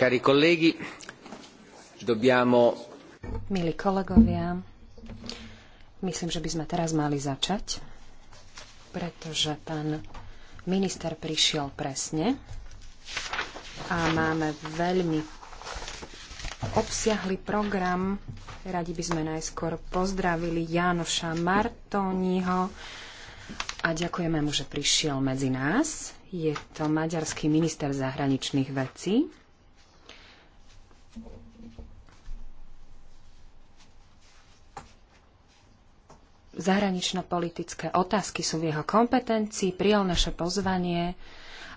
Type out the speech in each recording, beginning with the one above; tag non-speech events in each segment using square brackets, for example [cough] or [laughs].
Cari colleghi, dobbiamo... Milí kolegovia, myslím, že by sme teraz mali začať, pretože pán minister prišiel presne a máme veľmi obsiahly program. Radi by sme najskôr pozdravili Jánoša Martoniho. A ďakujeme mu, že prišiel medzi nás. Je to maďarský minister zahraničných vecí. Zahranično-politické otázky sú v jeho kompetencii. Prijal naše pozvanie,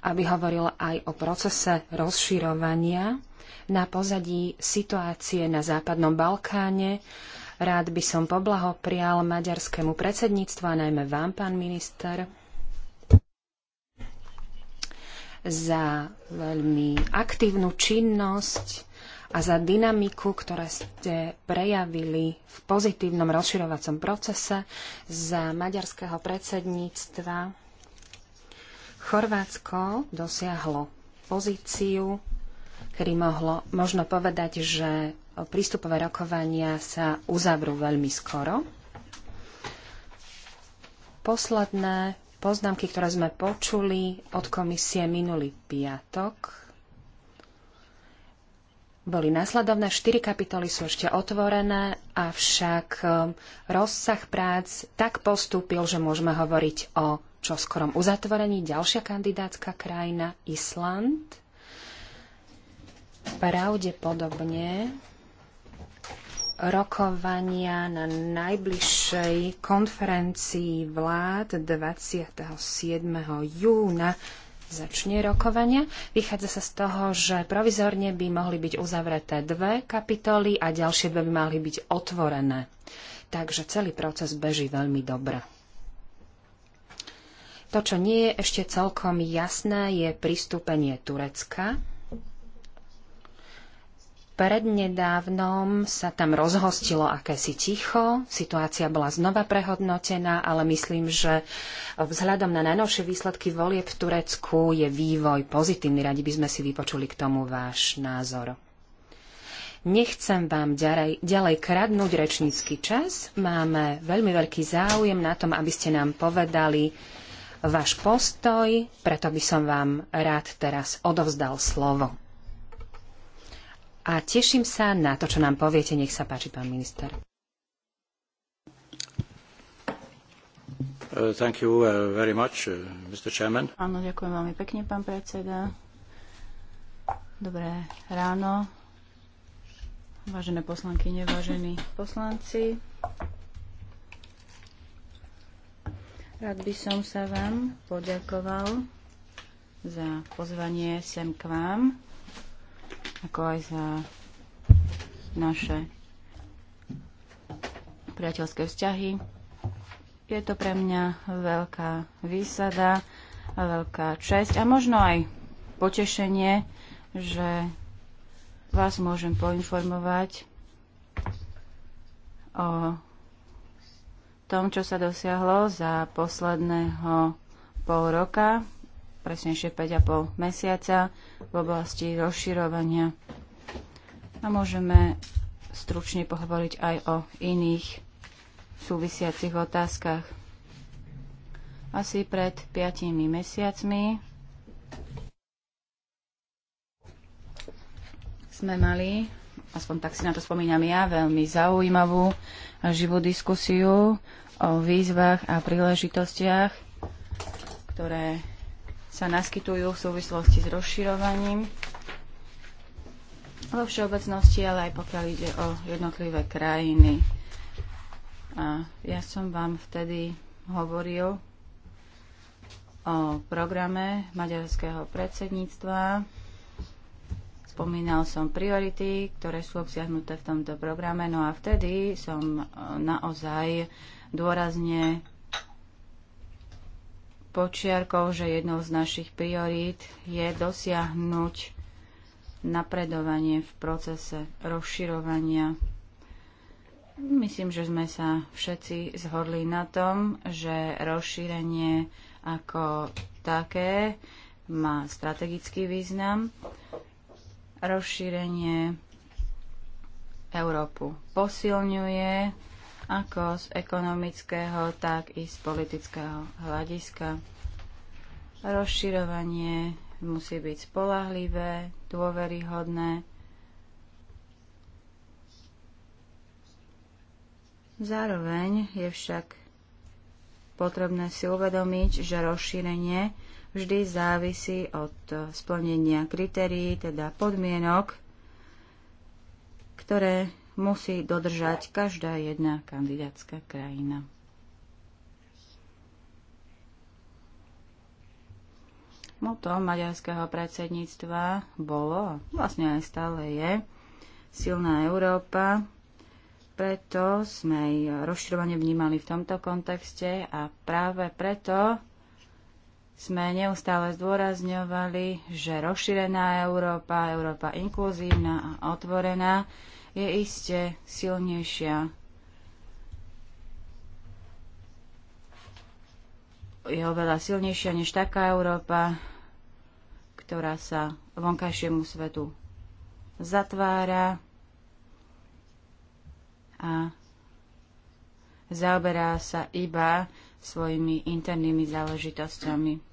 aby hovoril aj o procese rozširovania na pozadí situácie na Západnom Balkáne Rád by som poblahoprial maďarskému predsedníctvu a najmä vám, pán minister, za veľmi aktívnu činnosť a za dynamiku, ktoré ste prejavili v pozitívnom rozširovacom procese za maďarského predsedníctva. Chorvátsko dosiahlo pozíciu, kedy mohlo možno povedať, že prístupové rokovania sa uzavrú veľmi skoro. Posledné poznámky, ktoré sme počuli od komisie minulý piatok, boli následovné. Štyri kapitoly sú ešte otvorené, avšak e, rozsah prác tak postúpil, že môžeme hovoriť o čoskorom uzatvorení. Ďalšia kandidátska krajina, Island, pravdepodobne rokovania na najbližšej konferencii vlád 27. júna začne rokovania. Vychádza sa z toho, že provizorne by mohli byť uzavreté dve kapitoly a ďalšie dve by mali byť otvorené. Takže celý proces beží veľmi dobre. To, čo nie je ešte celkom jasné, je pristúpenie Turecka Prednedávnom sa tam rozhostilo akési ticho, situácia bola znova prehodnotená, ale myslím, že vzhľadom na najnovšie výsledky volieb v Turecku je vývoj pozitívny. Radi by sme si vypočuli k tomu váš názor. Nechcem vám ďalej, ďalej kradnúť rečnícky čas. Máme veľmi veľký záujem na tom, aby ste nám povedali váš postoj, preto by som vám rád teraz odovzdal slovo a teším sa na to, čo nám poviete. Nech sa páči, pán minister. Uh, uh, much, uh, Áno, ďakujem veľmi pekne, pán predseda. Dobré ráno, vážené poslanky, vážení poslanci. Rád by som sa vám poďakoval za pozvanie sem k vám ako aj za naše priateľské vzťahy. Je to pre mňa veľká výsada, veľká česť a možno aj potešenie, že vás môžem poinformovať o tom, čo sa dosiahlo za posledného pol roka presnejšie 5,5 mesiaca v oblasti rozširovania. A môžeme stručne pohovoriť aj o iných súvisiacich otázkach. Asi pred 5 mesiacmi sme mali, aspoň tak si na to spomínam ja, veľmi zaujímavú a živú diskusiu o výzvach a príležitostiach, ktoré sa naskytujú v súvislosti s rozširovaním vo všeobecnosti, ale aj pokiaľ ide o jednotlivé krajiny. A ja som vám vtedy hovoril o programe maďarského predsedníctva. Spomínal som priority, ktoré sú obsiahnuté v tomto programe, no a vtedy som naozaj dôrazne počiarkol, že jednou z našich priorít je dosiahnuť napredovanie v procese rozširovania. Myslím, že sme sa všetci zhodli na tom, že rozšírenie ako také má strategický význam. Rozšírenie Európu posilňuje, ako z ekonomického, tak i z politického hľadiska. Rozširovanie musí byť spolahlivé, dôveryhodné. Zároveň je však potrebné si uvedomiť, že rozšírenie vždy závisí od splnenia kritérií, teda podmienok, ktoré musí dodržať každá jedna kandidátska krajina. Motom maďarského predsedníctva bolo, vlastne aj stále je, silná Európa, preto sme jej rozširovanie vnímali v tomto kontexte a práve preto sme neustále zdôrazňovali, že rozšírená Európa, Európa inkluzívna a otvorená je iste silnejšia. Je oveľa silnejšia než taká Európa, ktorá sa vonkajšiemu svetu zatvára a zaoberá sa iba svojimi internými záležitosťami.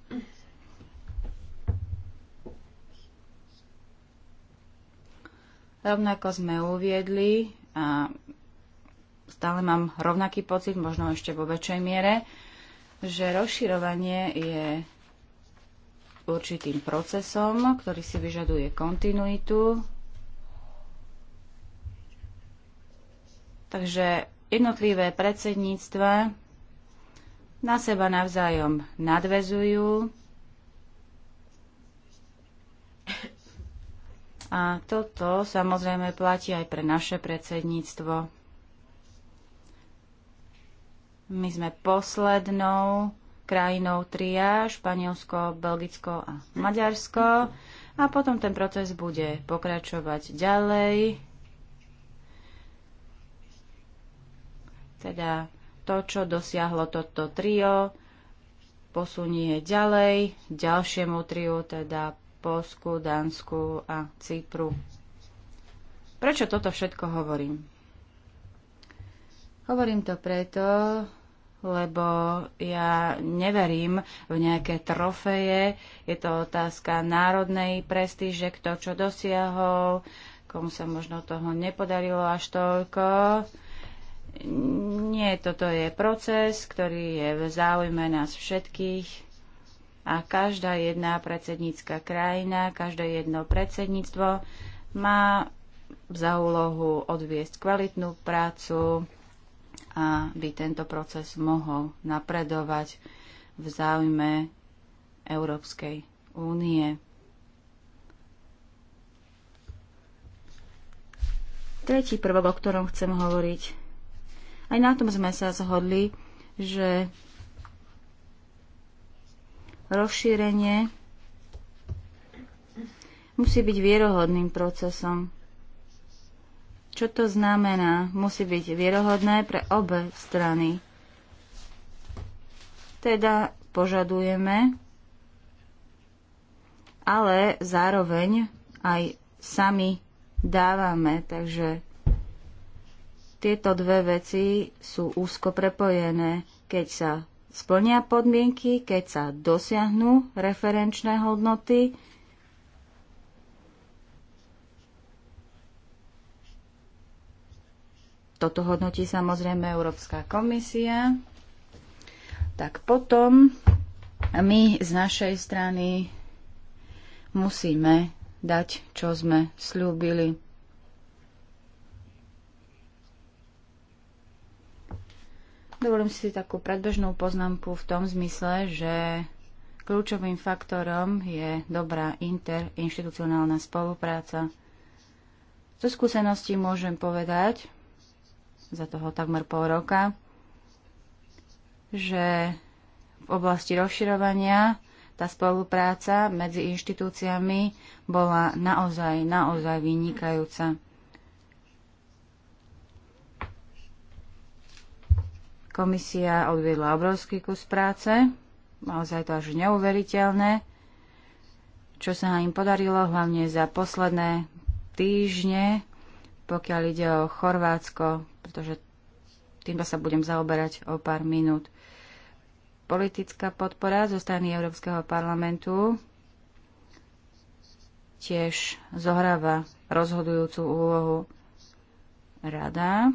Rovnako sme uviedli a stále mám rovnaký pocit, možno ešte vo väčšej miere, že rozširovanie je určitým procesom, ktorý si vyžaduje kontinuitu. Takže jednotlivé predsedníctva na seba navzájom nadvezujú A toto samozrejme platí aj pre naše predsedníctvo. My sme poslednou krajinou tria, Španielsko, Belgicko a Maďarsko. A potom ten proces bude pokračovať ďalej. Teda to, čo dosiahlo toto trio, posunie ďalej ďalšiemu triu, teda Polsku, Dánsku a Cypru. Prečo toto všetko hovorím? Hovorím to preto, lebo ja neverím v nejaké trofeje. Je to otázka národnej prestíže, kto čo dosiahol, komu sa možno toho nepodarilo až toľko. Nie, toto je proces, ktorý je v záujme nás všetkých a každá jedna predsednícka krajina, každé jedno predsedníctvo má za úlohu odviesť kvalitnú prácu, aby tento proces mohol napredovať v záujme Európskej únie. Tretí prvok, o ktorom chcem hovoriť. Aj na tom sme sa zhodli, že rozšírenie musí byť vierohodným procesom. Čo to znamená? Musí byť vierohodné pre obe strany. Teda požadujeme, ale zároveň aj sami dávame, takže tieto dve veci sú úzko prepojené. Keď sa splnia podmienky, keď sa dosiahnu referenčné hodnoty, toto hodnotí samozrejme Európska komisia, tak potom my z našej strany musíme dať, čo sme slúbili. Dovolím si takú predbežnú poznámku v tom zmysle, že kľúčovým faktorom je dobrá interinstitucionálna spolupráca. Zo skúsenosti môžem povedať, za toho takmer pol roka, že v oblasti rozširovania tá spolupráca medzi inštitúciami bola naozaj, naozaj vynikajúca. Komisia odviedla obrovský kus práce, naozaj to až neuveriteľné, čo sa im podarilo hlavne za posledné týždne, pokiaľ ide o Chorvátsko, pretože týmto sa budem zaoberať o pár minút. Politická podpora zo strany Európskeho parlamentu tiež zohráva rozhodujúcu úlohu. Rada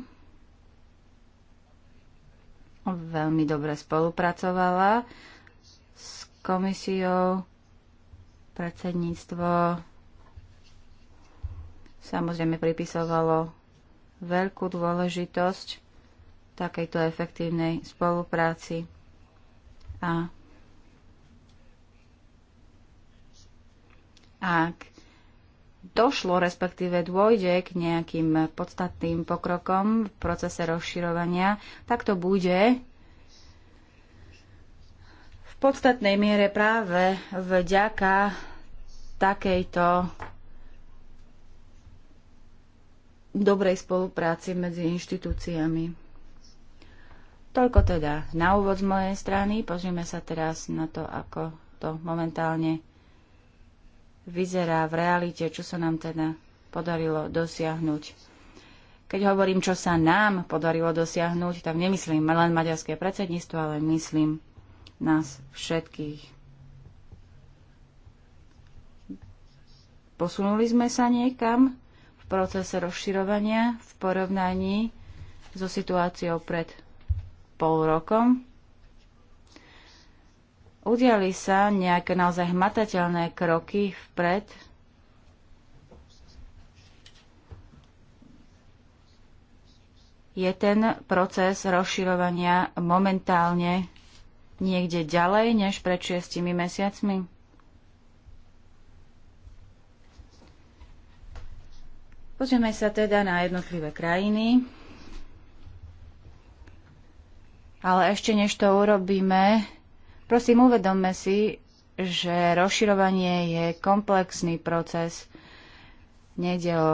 veľmi dobre spolupracovala s komisiou, predsedníctvo samozrejme pripisovalo veľkú dôležitosť takejto efektívnej spolupráci a ak došlo, respektíve dôjde k nejakým podstatným pokrokom v procese rozširovania, tak to bude v podstatnej miere práve vďaka takejto dobrej spolupráci medzi inštitúciami. Toľko teda na úvod z mojej strany. Pozrieme sa teraz na to, ako to momentálne vyzerá v realite, čo sa nám teda podarilo dosiahnuť. Keď hovorím, čo sa nám podarilo dosiahnuť, tak nemyslím len maďarské predsedníctvo, ale myslím nás všetkých. Posunuli sme sa niekam v procese rozširovania v porovnaní so situáciou pred pol rokom. Udiali sa nejaké naozaj hmatateľné kroky vpred? Je ten proces rozširovania momentálne niekde ďalej než pred šiestimi mesiacmi? Pozrieme sa teda na jednotlivé krajiny. Ale ešte než to urobíme, Prosím, uvedomme si, že rozširovanie je komplexný proces. Nejde o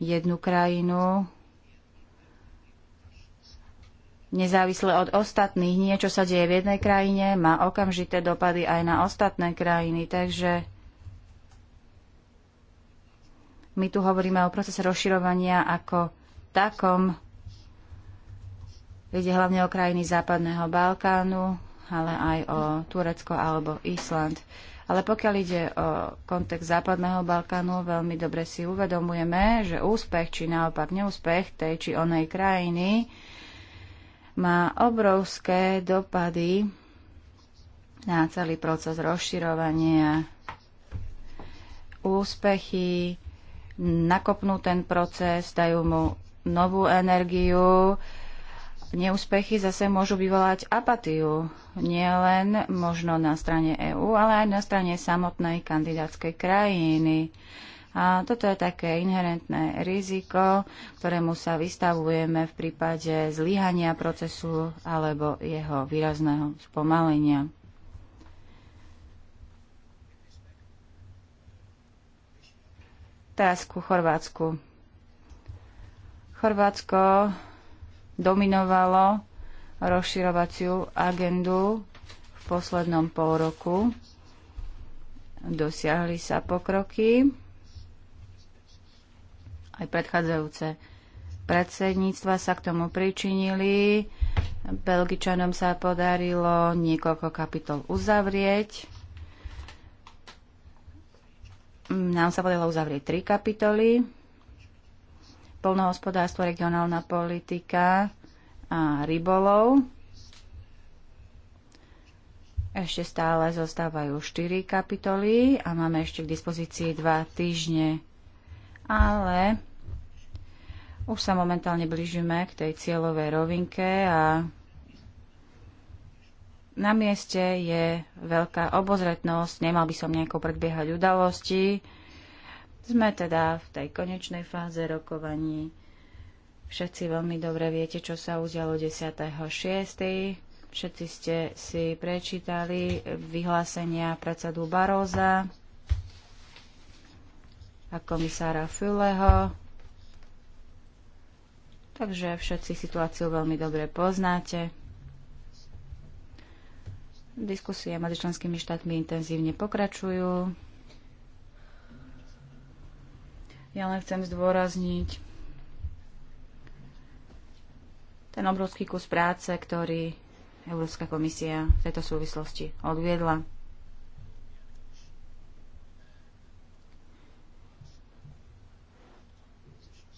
jednu krajinu, nezávisle od ostatných. Niečo sa deje v jednej krajine, má okamžité dopady aj na ostatné krajiny. Takže my tu hovoríme o procese rozširovania ako takom. Ide hlavne o krajiny Západného Balkánu, ale aj o Turecko alebo Island. Ale pokiaľ ide o kontext Západného Balkánu, veľmi dobre si uvedomujeme, že úspech či naopak neúspech tej či onej krajiny má obrovské dopady na celý proces rozširovania. Úspechy nakopnú ten proces, dajú mu novú energiu, neúspechy zase môžu vyvolať apatiu nielen možno na strane EÚ, ale aj na strane samotnej kandidátskej krajiny. A toto je také inherentné riziko, ktorému sa vystavujeme v prípade zlyhania procesu alebo jeho výrazného spomalenia. Teraz ku Chorvátsku. Chorvátsko dominovalo rozširovaciu agendu v poslednom pol roku. Dosiahli sa pokroky. Aj predchádzajúce predsedníctva sa k tomu pričinili. Belgičanom sa podarilo niekoľko kapitol uzavrieť. Nám sa podarilo uzavrieť tri kapitoly polnohospodárstvo, regionálna politika a rybolov. Ešte stále zostávajú 4 kapitoly a máme ešte k dispozícii 2 týždne. Ale už sa momentálne blížime k tej cieľovej rovinke a na mieste je veľká obozretnosť. Nemal by som nejako predbiehať udalosti sme teda v tej konečnej fáze rokovaní. Všetci veľmi dobre viete, čo sa udialo 10.6. Všetci ste si prečítali vyhlásenia predsedu Baróza a komisára Füleho. Takže všetci situáciu veľmi dobre poznáte. Diskusie medzi členskými štátmi intenzívne pokračujú. Ja len chcem zdôrazniť ten obrovský kus práce, ktorý Európska komisia v tejto súvislosti odviedla.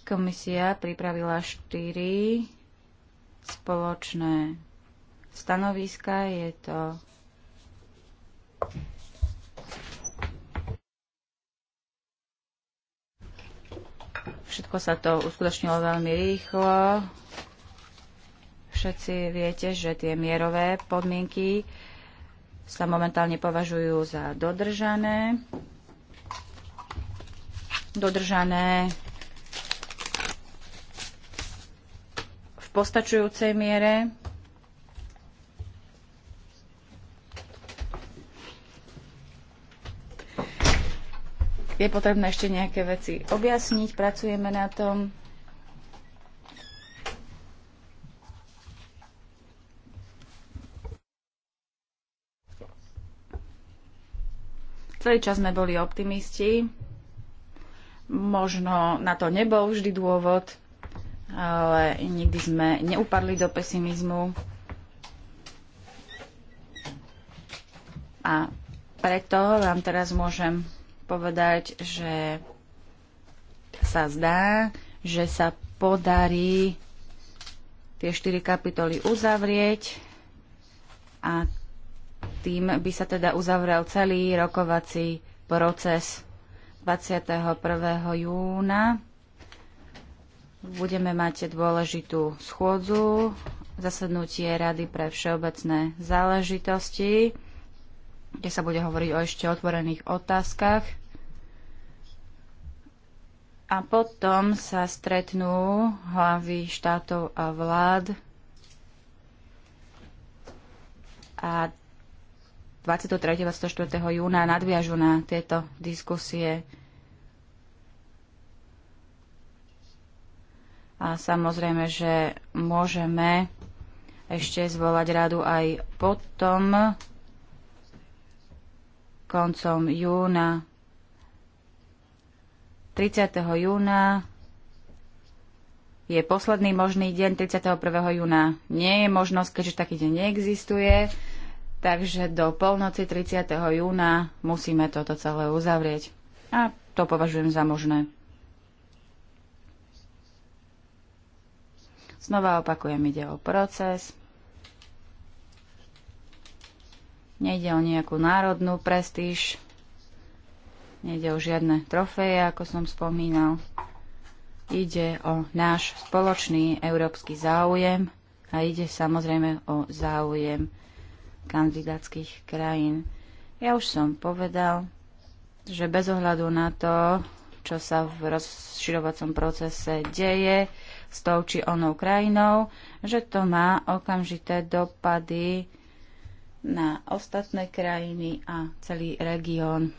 Komisia pripravila štyri spoločné stanoviska. Je to Všetko sa to uskutočnilo veľmi rýchlo. Všetci viete, že tie mierové podmienky sa momentálne považujú za dodržané. Dodržané v postačujúcej miere. Je potrebné ešte nejaké veci objasniť, pracujeme na tom. Celý čas sme boli optimisti. Možno na to nebol vždy dôvod, ale nikdy sme neupadli do pesimizmu. A preto vám teraz môžem povedať, že sa zdá, že sa podarí tie štyri kapitoly uzavrieť a tým by sa teda uzavrel celý rokovací proces 21. júna. Budeme mať dôležitú schôdzu, zasednutie Rady pre všeobecné záležitosti, kde sa bude hovoriť o ešte otvorených otázkach a potom sa stretnú hlavy štátov a vlád a 23. 24. júna nadviažu na tieto diskusie. A samozrejme, že môžeme ešte zvolať radu aj potom, koncom júna 30. júna je posledný možný deň, 31. júna nie je možnosť, keďže taký deň neexistuje, takže do polnoci 30. júna musíme toto celé uzavrieť. A to považujem za možné. Znova opakujem, ide o proces. Nejde o nejakú národnú prestíž Nejde o žiadne trofeje, ako som spomínal. Ide o náš spoločný európsky záujem a ide samozrejme o záujem kandidátskych krajín. Ja už som povedal, že bez ohľadu na to, čo sa v rozširovacom procese deje s tou či onou krajinou, že to má okamžité dopady na ostatné krajiny a celý región.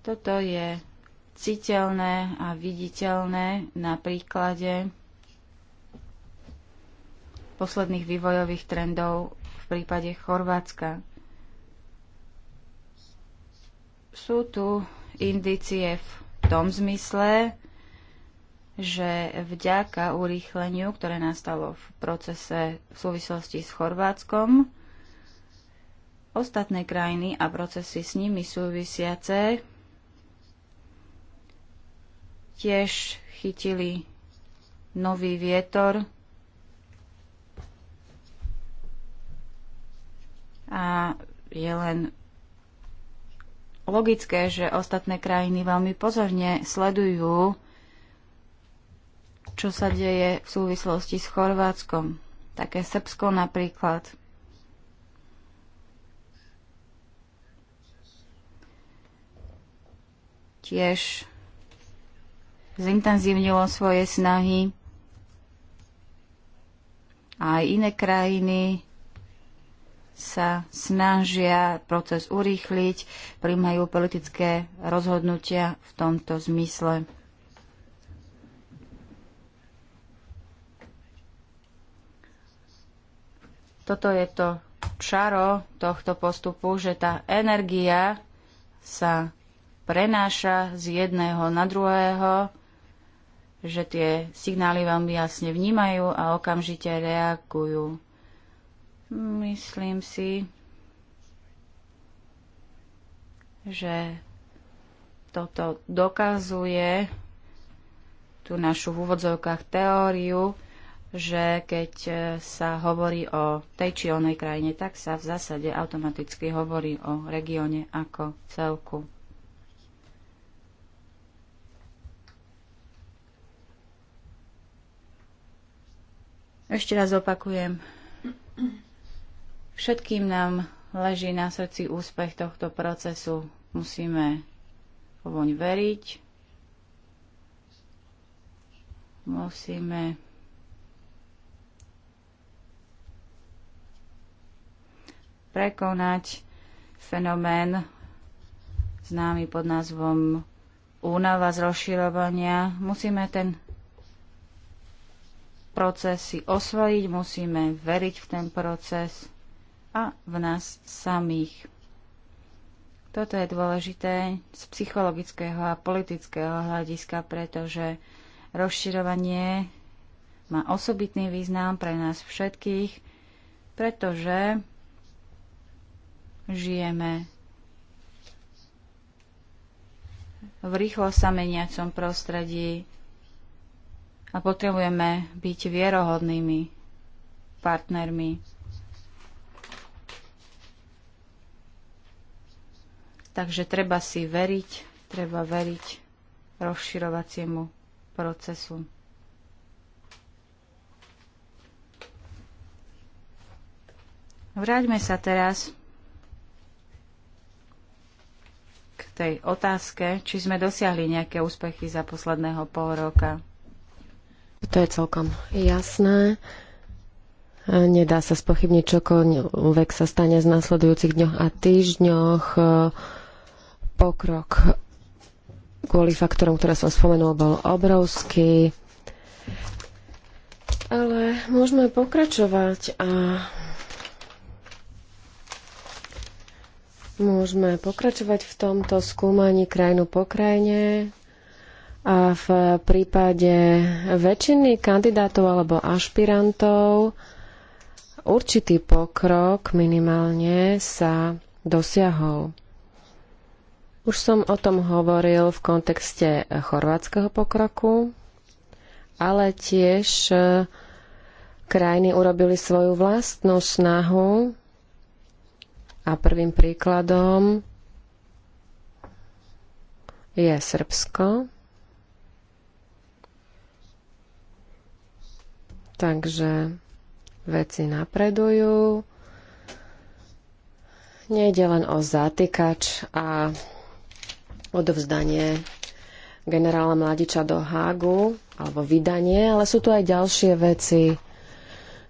Toto je citeľné a viditeľné na príklade posledných vývojových trendov v prípade Chorvátska. Sú tu indície v tom zmysle, že vďaka urýchleniu, ktoré nastalo v procese v súvislosti s Chorvátskom, ostatné krajiny a procesy s nimi súvisiace tiež chytili nový vietor a je len logické, že ostatné krajiny veľmi pozorne sledujú, čo sa deje v súvislosti s Chorvátskom. Také Srbsko napríklad. Tiež zintenzívnilo svoje snahy a aj iné krajiny sa snažia proces urýchliť, príjmajú politické rozhodnutia v tomto zmysle. Toto je to čaro tohto postupu, že tá energia sa prenáša z jedného na druhého že tie signály veľmi jasne vnímajú a okamžite reagujú. Myslím si, že toto dokazuje tú našu v úvodzovkách teóriu, že keď sa hovorí o tej či onej krajine, tak sa v zásade automaticky hovorí o regióne ako celku. Ešte raz opakujem. Všetkým nám leží na srdci úspech tohto procesu. Musíme voň veriť. Musíme prekonať fenomén známy pod názvom únava z rozširovania. Musíme ten proces si osvojiť, musíme veriť v ten proces a v nás samých. Toto je dôležité z psychologického a politického hľadiska, pretože rozširovanie má osobitný význam pre nás všetkých, pretože žijeme v rýchlo sa meniacom prostredí a potrebujeme byť vierohodnými partnermi. Takže treba si veriť, treba veriť rozširovaciemu procesu. Vráťme sa teraz k tej otázke, či sme dosiahli nejaké úspechy za posledného pol roka. To je celkom jasné. Nedá sa spochybniť, čokoľvek sa stane z následujúcich dňoch a týždňoch. E, pokrok kvôli faktorom, ktoré som spomenul, bol obrovský. Ale môžeme pokračovať a môžeme pokračovať v tomto skúmaní krajinu po krajine. A v prípade väčšiny kandidátov alebo ašpirantov určitý pokrok minimálne sa dosiahol. Už som o tom hovoril v kontexte chorvátskeho pokroku, ale tiež e, krajiny urobili svoju vlastnú snahu a prvým príkladom je Srbsko Takže veci napredujú. Nejde len o zatýkač a odovzdanie generála Mladiča do Hágu, alebo vydanie, ale sú tu aj ďalšie veci.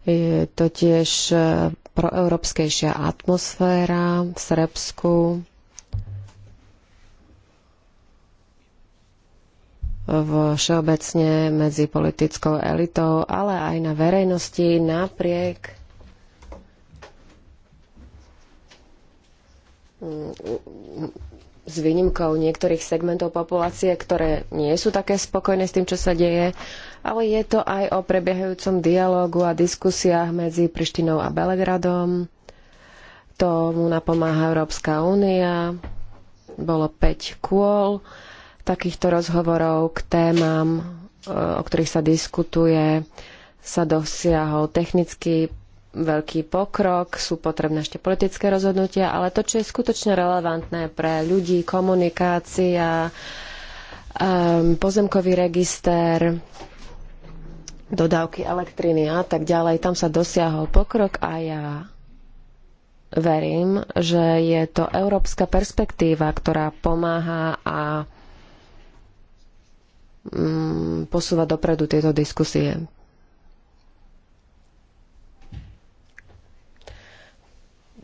Je to tiež proeurópskejšia atmosféra v Srbsku. všeobecne medzi politickou elitou, ale aj na verejnosti napriek mm, s výnimkou niektorých segmentov populácie, ktoré nie sú také spokojné s tým, čo sa deje, ale je to aj o prebiehajúcom dialógu a diskusiách medzi Prištinou a Belegradom. Tomu napomáha Európska únia. Bolo 5 kôl. Cool takýchto rozhovorov k témam, e, o ktorých sa diskutuje, sa dosiahol technický veľký pokrok, sú potrebné ešte politické rozhodnutia, ale to, čo je skutočne relevantné pre ľudí, komunikácia, pozemkový register, dodávky elektriny a tak ďalej, tam sa dosiahol pokrok a ja verím, že je to európska perspektíva, ktorá pomáha a Mm, posúvať dopredu tieto diskusie.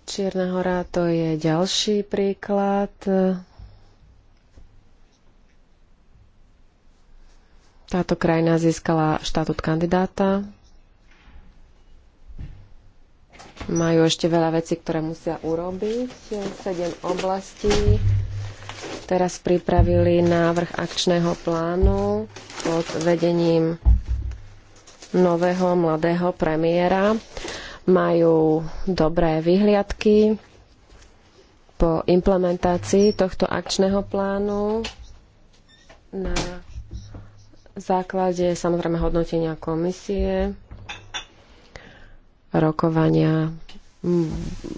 Čierna hora to je ďalší príklad. Táto krajina získala štatút kandidáta. Majú ešte veľa vecí, ktoré musia urobiť. Sedem oblastí teraz pripravili návrh akčného plánu pod vedením nového mladého premiéra. Majú dobré vyhliadky po implementácii tohto akčného plánu na základe samozrejme hodnotenia komisie rokovania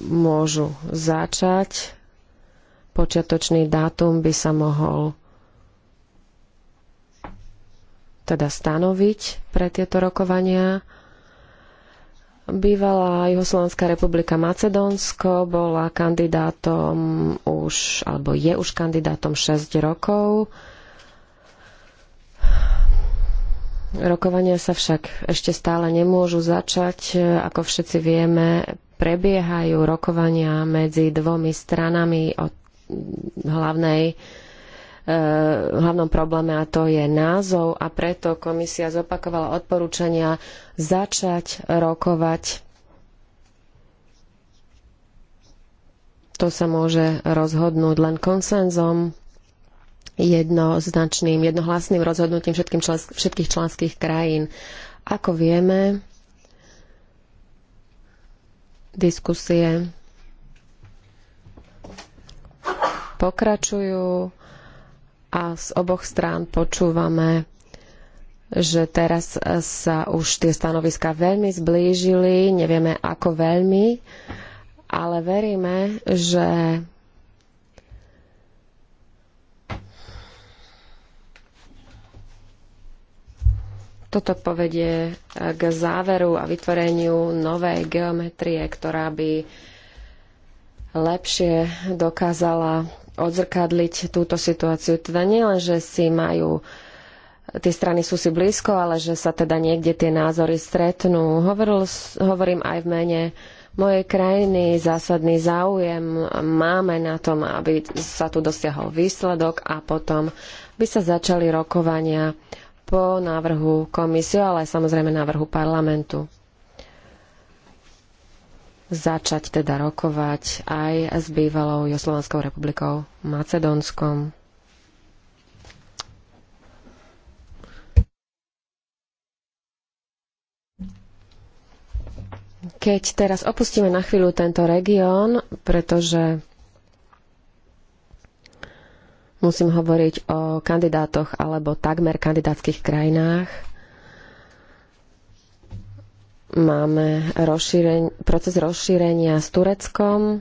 môžu začať Počiatočný dátum by sa mohol teda stanoviť pre tieto rokovania. Bývalá Juhoslovanská republika Macedónsko bola kandidátom už, alebo je už kandidátom 6 rokov. Rokovania sa však ešte stále nemôžu začať. Ako všetci vieme, prebiehajú rokovania medzi dvomi stranami o hlavnej e, hlavnom probléme a to je názov a preto komisia zopakovala odporúčania začať rokovať. To sa môže rozhodnúť len konsenzom, jednoznačným, jednohlasným rozhodnutím všetkých členských krajín. Ako vieme, diskusie pokračujú a z oboch strán počúvame, že teraz sa už tie stanoviska veľmi zblížili, nevieme ako veľmi, ale veríme, že toto povedie k záveru a vytvoreniu novej geometrie, ktorá by lepšie dokázala odzrkadliť túto situáciu. Teda nie len, že si majú tie strany sú si blízko, ale že sa teda niekde tie názory stretnú. Hovoril, hovorím aj v mene mojej krajiny, zásadný záujem máme na tom, aby sa tu dosiahol výsledok a potom by sa začali rokovania po návrhu komisie, ale aj samozrejme návrhu parlamentu začať teda rokovať aj s bývalou Joslovanskou republikou Macedónskom. Keď teraz opustíme na chvíľu tento región, pretože musím hovoriť o kandidátoch alebo takmer kandidátskych krajinách, Máme rozšíren- proces rozšírenia s Tureckom.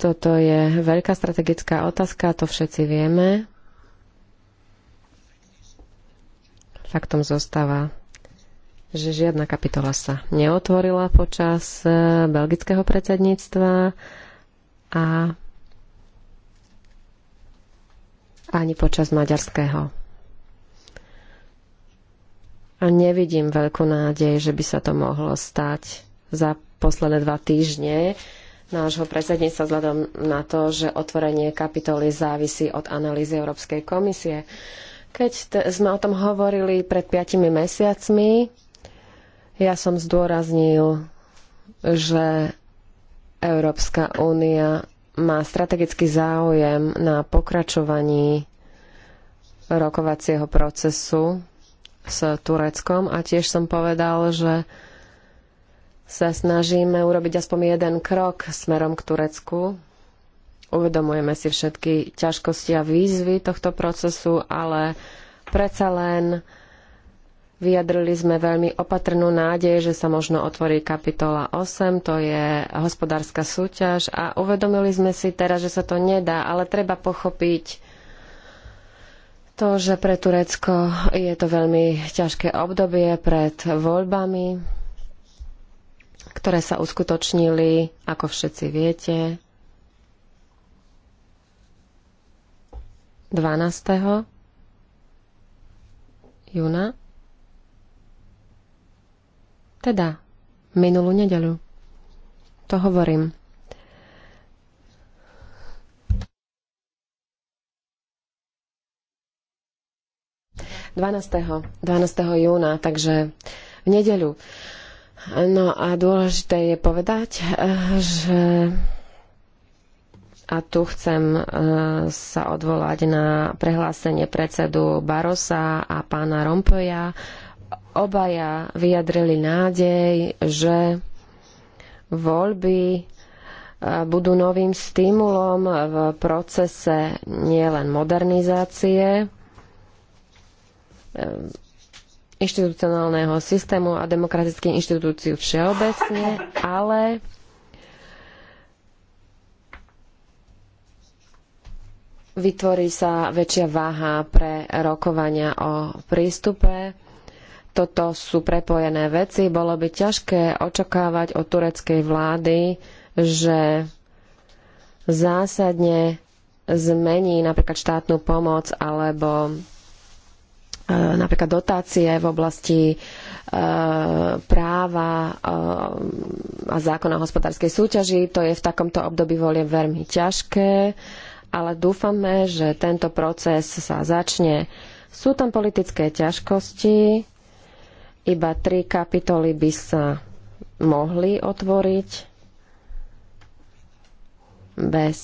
Toto je veľká strategická otázka, to všetci vieme. Faktom zostáva, že žiadna kapitola sa neotvorila počas e, belgického predsedníctva a ani počas maďarského. A nevidím veľkú nádej, že by sa to mohlo stať za posledné dva týždne nášho predsedníctva vzhľadom na to, že otvorenie kapitoly závisí od analýzy Európskej komisie. Keď sme o tom hovorili pred piatimi mesiacmi, ja som zdôraznil, že Európska únia má strategický záujem na pokračovaní rokovacieho procesu s Tureckom a tiež som povedal, že sa snažíme urobiť aspoň jeden krok smerom k Turecku. Uvedomujeme si všetky ťažkosti a výzvy tohto procesu, ale predsa len vyjadrili sme veľmi opatrnú nádej, že sa možno otvorí kapitola 8, to je hospodárska súťaž a uvedomili sme si teraz, že sa to nedá, ale treba pochopiť, to, že pre Turecko je to veľmi ťažké obdobie pred voľbami, ktoré sa uskutočnili, ako všetci viete, 12. júna, teda minulú nedeľu. To hovorím. 12. 12. júna, takže v nedeľu. No a dôležité je povedať, eh, že a tu chcem eh, sa odvolať na prehlásenie predsedu Barosa a pána Rompoja. Obaja vyjadrili nádej, že voľby eh, budú novým stimulom v procese nielen modernizácie Eh, inštitucionálneho systému a demokratických inštitúcií všeobecne, ale vytvorí sa väčšia váha pre rokovania o prístupe. Toto sú prepojené veci. Bolo by ťažké očakávať od tureckej vlády, že zásadne zmení napríklad štátnu pomoc alebo E, napríklad dotácie v oblasti e, práva e, a zákona o hospodárskej súťaži. To je v takomto období volie veľmi ťažké, ale dúfame, že tento proces sa začne. Sú tam politické ťažkosti, iba tri kapitoly by sa mohli otvoriť bez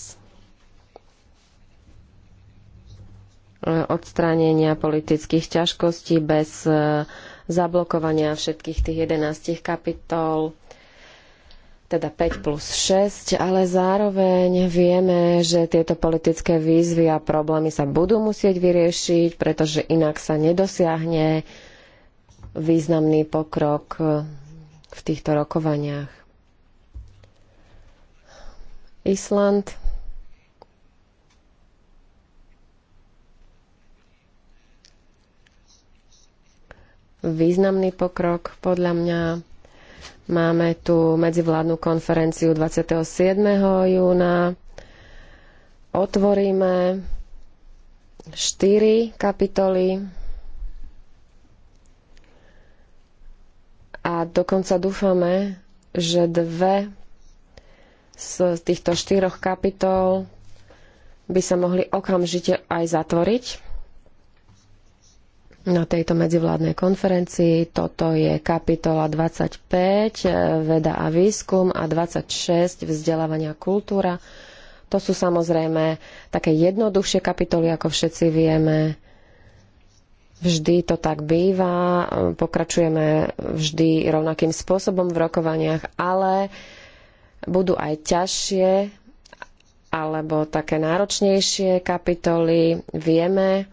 odstránenia politických ťažkostí bez e, zablokovania všetkých tých 11 kapitol teda 5 plus 6, ale zároveň vieme, že tieto politické výzvy a problémy sa budú musieť vyriešiť, pretože inak sa nedosiahne významný pokrok e, v týchto rokovaniach. Island významný pokrok. Podľa mňa máme tu medzivládnu konferenciu 27. júna. Otvoríme štyri kapitoly a dokonca dúfame, že dve z týchto štyroch kapitol by sa mohli okamžite aj zatvoriť na tejto medzivládnej konferencii. Toto je kapitola 25, e, veda a výskum a 26, vzdelávania a kultúra. To sú samozrejme také jednoduchšie kapitoly, ako všetci vieme. Vždy to tak býva, pokračujeme vždy rovnakým spôsobom v rokovaniach, ale budú aj ťažšie alebo také náročnejšie kapitoly. Vieme,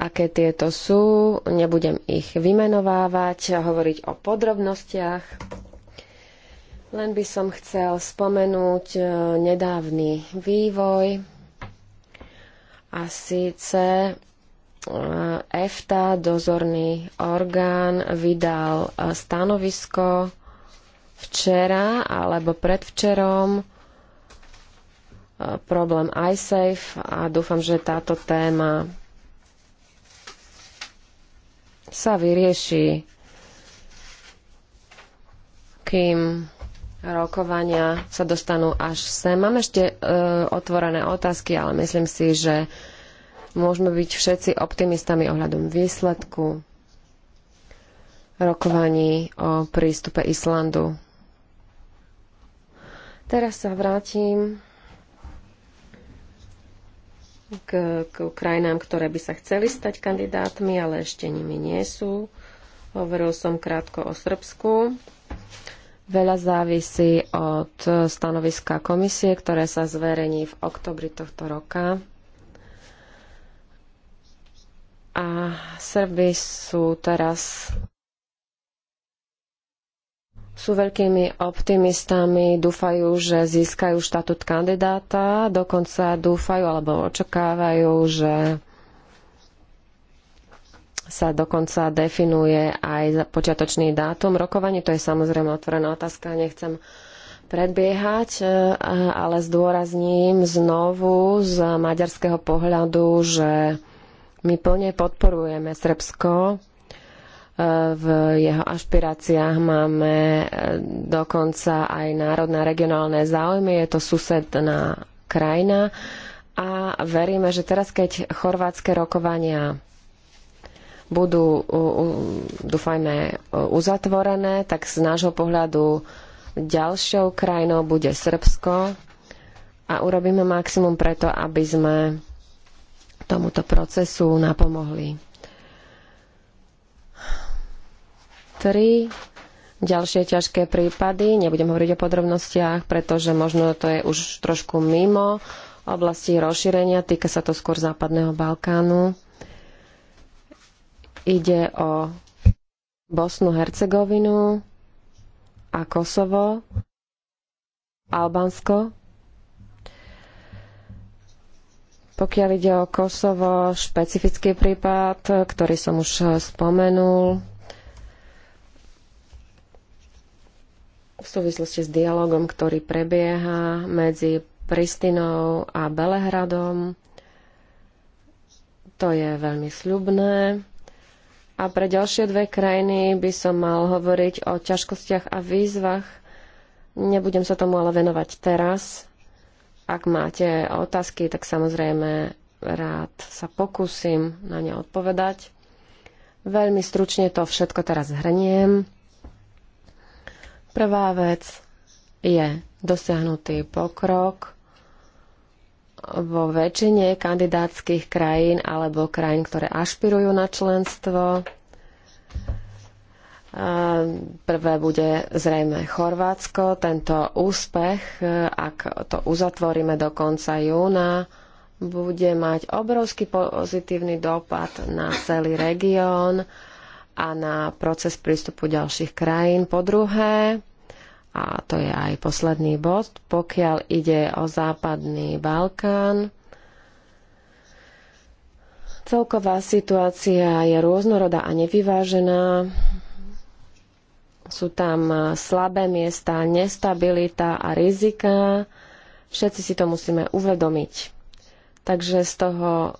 aké tieto sú. Nebudem ich vymenovávať a hovoriť o podrobnostiach. Len by som chcel spomenúť e, nedávny vývoj a síce e, EFTA, dozorný orgán, vydal e, stanovisko včera alebo predvčerom problém iSafe a dúfam, že táto téma sa vyrieši, kým rokovania sa dostanú až sem. Mám ešte e, otvorené otázky, ale myslím si, že môžeme byť všetci optimistami ohľadom výsledku rokovaní o prístupe Islandu. Teraz sa vrátim k, k krajinám, ktoré by sa chceli stať kandidátmi, ale ešte nimi nie sú. Hovoril som krátko o Srbsku. Veľa závisí od stanoviska komisie, ktoré sa zverejní v oktobri tohto roka. A Srby sú teraz sú veľkými optimistami, dúfajú, že získajú štatút kandidáta, dokonca dúfajú alebo očakávajú, že sa dokonca definuje aj počiatočný dátum rokovania. To je samozrejme otvorená otázka, nechcem predbiehať, e, ale zdôrazním znovu z maďarského pohľadu, že my plne podporujeme Srbsko v jeho ašpiráciách máme eh, dokonca aj národné a regionálne záujmy. Je to susedná krajina a veríme, že teraz, keď chorvátske rokovania budú, dúfajme, uzatvorené, tak z nášho pohľadu ďalšou krajinou bude Srbsko a urobíme maximum preto, aby sme tomuto procesu napomohli. tri ďalšie ťažké prípady. Nebudem hovoriť o podrobnostiach, pretože možno to je už trošku mimo oblasti rozšírenia. Týka sa to skôr Západného Balkánu. Ide o Bosnu, Hercegovinu a Kosovo, Albánsko. Pokiaľ ide o Kosovo, špecifický prípad, ktorý som už spomenul, v súvislosti s dialogom, ktorý prebieha medzi Pristinou a Belehradom. To je veľmi sľubné. A pre ďalšie dve krajiny by som mal hovoriť o ťažkostiach a výzvach. Nebudem sa tomu ale venovať teraz. Ak máte otázky, tak samozrejme rád sa pokúsim na ne odpovedať. Veľmi stručne to všetko teraz zhrniem. Prvá vec je dosiahnutý pokrok vo väčšine kandidátskych krajín alebo krajín, ktoré ašpirujú na členstvo. Prvé bude zrejme Chorvátsko. Tento úspech, ak to uzatvoríme do konca júna, bude mať obrovský pozitívny dopad na celý región a na proces prístupu ďalších krajín. Po druhé, a to je aj posledný bod, pokiaľ ide o západný Balkán, celková situácia je rôznorodá a nevyvážená. Sú tam slabé miesta, nestabilita a rizika. Všetci si to musíme uvedomiť. Takže z toho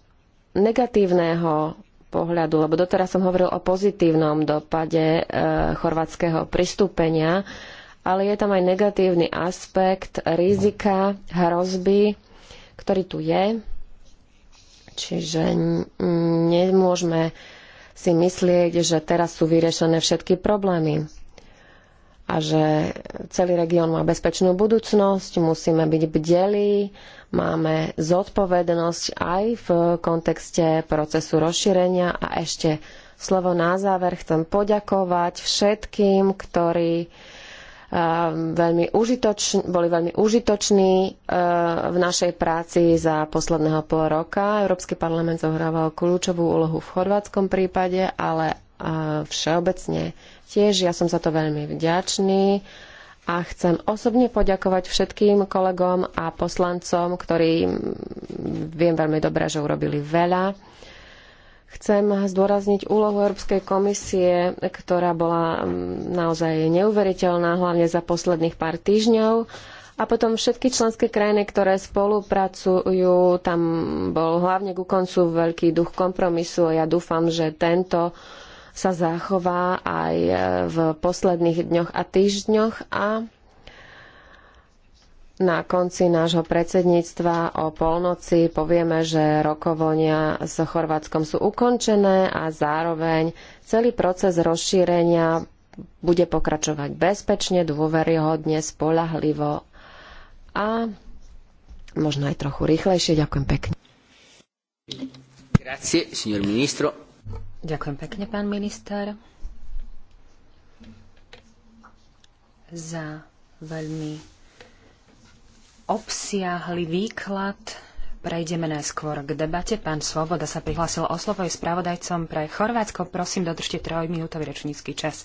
negatívneho pohľadu, lebo doteraz som hovoril o pozitívnom dopade eh, chorvátskeho pristúpenia, ale je tam aj negatívny aspekt rizika, hrozby, ktorý tu je. Čiže nemôžeme si myslieť, že teraz sú vyriešené všetky problémy a že celý región má bezpečnú budúcnosť, musíme byť bdelí Máme zodpovednosť aj v kontexte procesu rozšírenia a ešte slovo na záver chcem poďakovať všetkým, ktorí eh, veľmi boli veľmi užitoční eh, v našej práci za posledného pol roka. Európsky parlament zohrával kľúčovú úlohu v chorvátskom prípade, ale eh, všeobecne tiež. Ja som za to veľmi vďačný a chcem osobne poďakovať všetkým kolegom a poslancom, ktorí mm, viem veľmi dobre, že urobili veľa. Chcem zdôrazniť úlohu Európskej komisie, ktorá bola mm, naozaj neuveriteľná, hlavne za posledných pár týždňov. A potom všetky členské krajiny, ktoré spolupracujú, tam bol hlavne ku koncu veľký duch kompromisu. a Ja dúfam, že tento sa zachová aj e, v posledných dňoch a týždňoch a na konci nášho predsedníctva o polnoci povieme, že rokovania s Chorvátskom sú ukončené a zároveň celý proces rozšírenia bude pokračovať bezpečne, dôveryhodne, spolahlivo a možno aj trochu rýchlejšie. Ďakujem pekne. Grazie, signor ministro. Ďakujem pekne, pán minister, za veľmi obsiahly výklad. Prejdeme najskôr k debate. Pán Svoboda sa prihlásil o slovo, je spravodajcom pre Chorvátsko. Prosím, dodržte trojminútový rečnícky čas.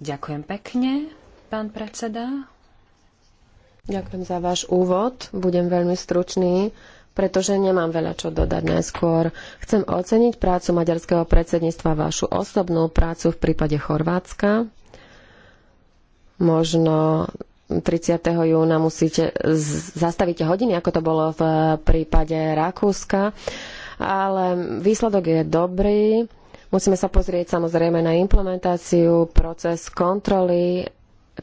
Ďakujem pekne, pán predseda. Ďakujem za váš úvod. Budem veľmi stručný pretože nemám veľa čo dodať najskôr. Chcem oceniť prácu maďarského predsedníctva, vašu osobnú prácu v prípade Chorvátska. Možno 30. júna musíte zastaviť hodiny, ako to bolo v prípade Rakúska, ale výsledok je dobrý. Musíme sa pozrieť samozrejme na implementáciu, proces kontroly,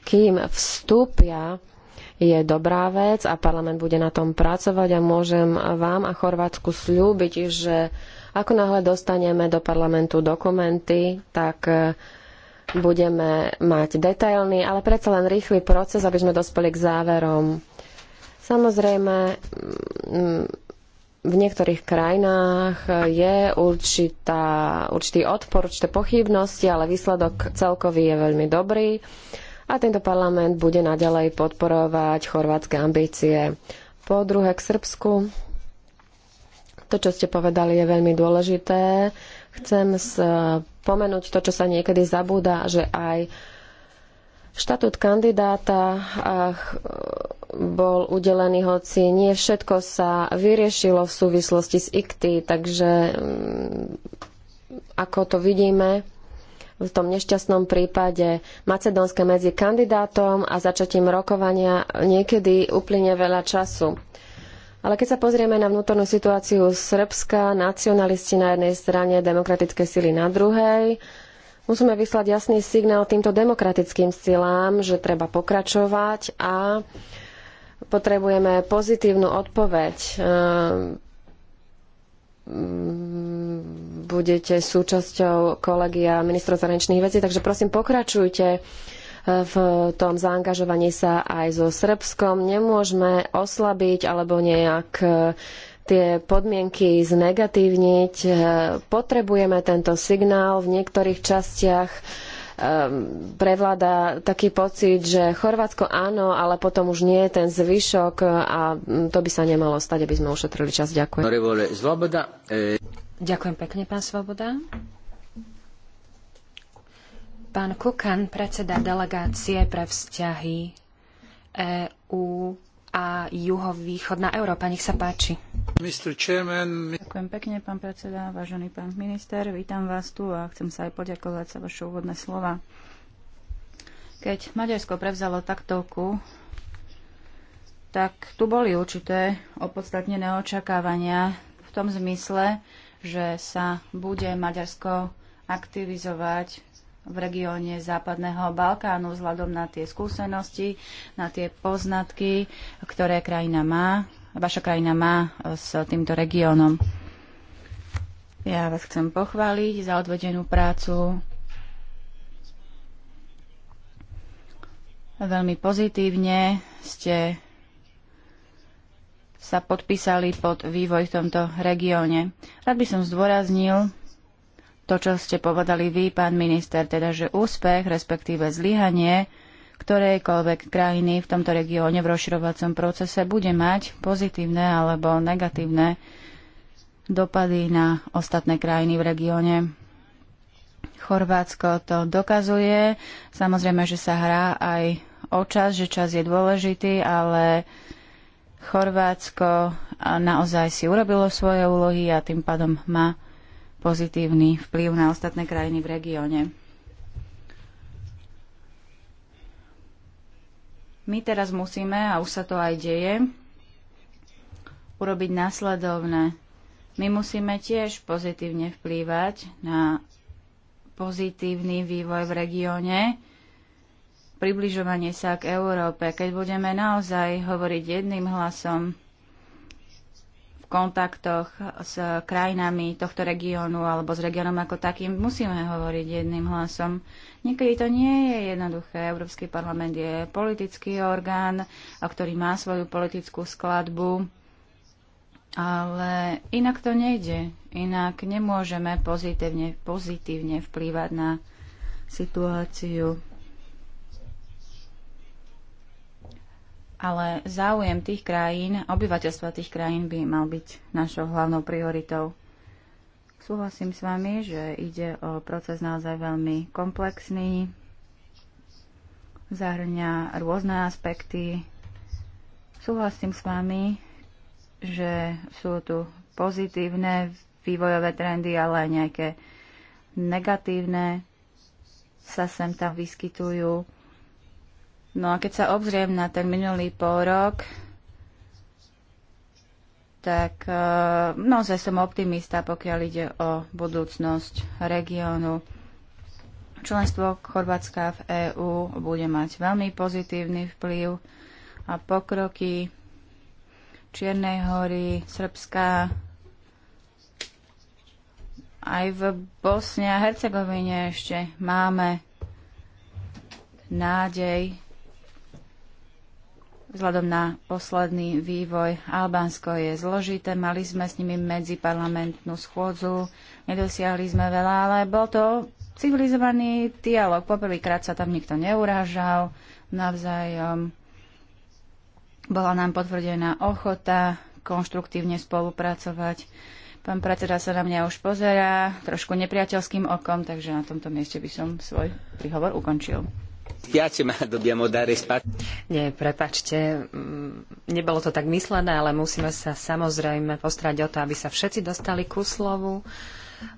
kým vstúpia je dobrá vec a parlament bude na tom pracovať a môžem vám a Chorvátsku slúbiť, že ako náhle dostaneme do parlamentu dokumenty, tak e, budeme mať detailný, ale predsa len rýchly proces, aby sme dospeli k záverom. Samozrejme, mm, v niektorých krajinách je určitá, určitý odpor, určité pochybnosti, ale výsledok celkový je veľmi dobrý a tento parlament bude naďalej podporovať chorvátske ambície. Po druhé k Srbsku. To, čo ste povedali, je veľmi dôležité. Chcem spomenúť to, čo sa niekedy zabúda, že aj štatút kandidáta bol udelený, hoci nie všetko sa vyriešilo v súvislosti s IKTY, takže mm, ako to vidíme, v tom nešťastnom prípade Macedónska medzi kandidátom a začatím rokovania niekedy uplyne veľa času. Ale keď sa pozrieme na vnútornú situáciu Srbska, nacionalisti na jednej strane, demokratické sily na druhej, musíme vyslať jasný signál týmto demokratickým silám, že treba pokračovať a potrebujeme pozitívnu odpoveď. Ehm, budete súčasťou kolegia ministrov zahraničných vecí, takže prosím pokračujte eh, v tom zaangažovaní sa aj so Srbskom. Nemôžeme oslabiť alebo nejak eh, tie podmienky znegatívniť. Eh, potrebujeme tento signál v niektorých častiach Ehm, prevláda taký pocit, že Chorvátsko áno, ale potom už nie je ten zvyšok a mm, to by sa nemalo stať, aby sme ušetrili čas. Ďakujem. E, Ďakujem pekne, pán Svoboda. Pán Kukan, predseda delegácie pre vzťahy EÚ a juhovýchodná Európa. Nech sa páči. Chairman... Ďakujem pekne, pán predseda, vážený pán minister. Vítam vás tu a chcem sa aj poďakovať za vaše úvodné slova. Keď Maďarsko prevzalo taktovku, tak tu boli určité opodstatnené očakávania v tom zmysle, že sa bude Maďarsko aktivizovať v regióne Západného Balkánu vzhľadom na tie skúsenosti, na tie poznatky, ktoré krajina má, vaša krajina má e, s týmto regiónom. Ja vás chcem pochváliť za odvedenú prácu. Veľmi pozitívne ste sa podpísali pod vývoj v tomto regióne. Rád by som zdôraznil, to, čo ste povedali vy, pán minister, teda že úspech, respektíve zlyhanie ktorejkoľvek krajiny v tomto regióne v rozširovacom procese bude mať pozitívne alebo negatívne dopady na ostatné krajiny v regióne. Chorvátsko to dokazuje. Samozrejme, že sa hrá aj o čas, že čas je dôležitý, ale Chorvátsko naozaj si urobilo svoje úlohy a tým pádom má pozitívny vplyv na ostatné krajiny v regióne. My teraz musíme, a už sa to aj deje, urobiť následovné. My musíme tiež pozitívne vplývať na pozitívny vývoj v regióne, približovanie sa k Európe, keď budeme naozaj hovoriť jedným hlasom, kontaktoch s krajinami tohto regiónu alebo s regiónom ako takým musíme hovoriť jedným hlasom. Niekedy to nie je jednoduché. Európsky parlament je politický orgán, ktorý má svoju politickú skladbu, ale inak to nejde. Inak nemôžeme pozitívne, pozitívne vplývať na situáciu ale záujem tých krajín, obyvateľstva tých krajín by mal byť našou hlavnou prioritou. Súhlasím s vami, že ide o proces naozaj veľmi komplexný, zahrňa rôzne aspekty. Súhlasím s vami, že sú tu pozitívne vývojové trendy, ale aj nejaké negatívne sa sem tam vyskytujú No a keď sa obzriem na ten minulý pol rok, tak e, naozaj som optimista, pokiaľ ide o budúcnosť regiónu. Členstvo Chorvátska v EÚ bude mať veľmi pozitívny vplyv a pokroky Čiernej hory, Srbska, aj v Bosne a Hercegovine ešte máme nádej Vzhľadom na posledný vývoj Albánsko je zložité, mali sme s nimi medziparlamentnú schôdzu, nedosiahli sme veľa, ale bol to civilizovaný dialog. Poprvýkrát sa tam nikto neurážal navzájom. Bola nám potvrdená ochota konštruktívne spolupracovať. Pán predseda sa na mňa už pozerá trošku nepriateľským okom, takže na tomto mieste by som svoj príhovor ukončil. Nie, prepačte, mm, nebolo to tak myslené, ale musíme sa samozrejme postarať o to, aby sa všetci dostali ku slovu.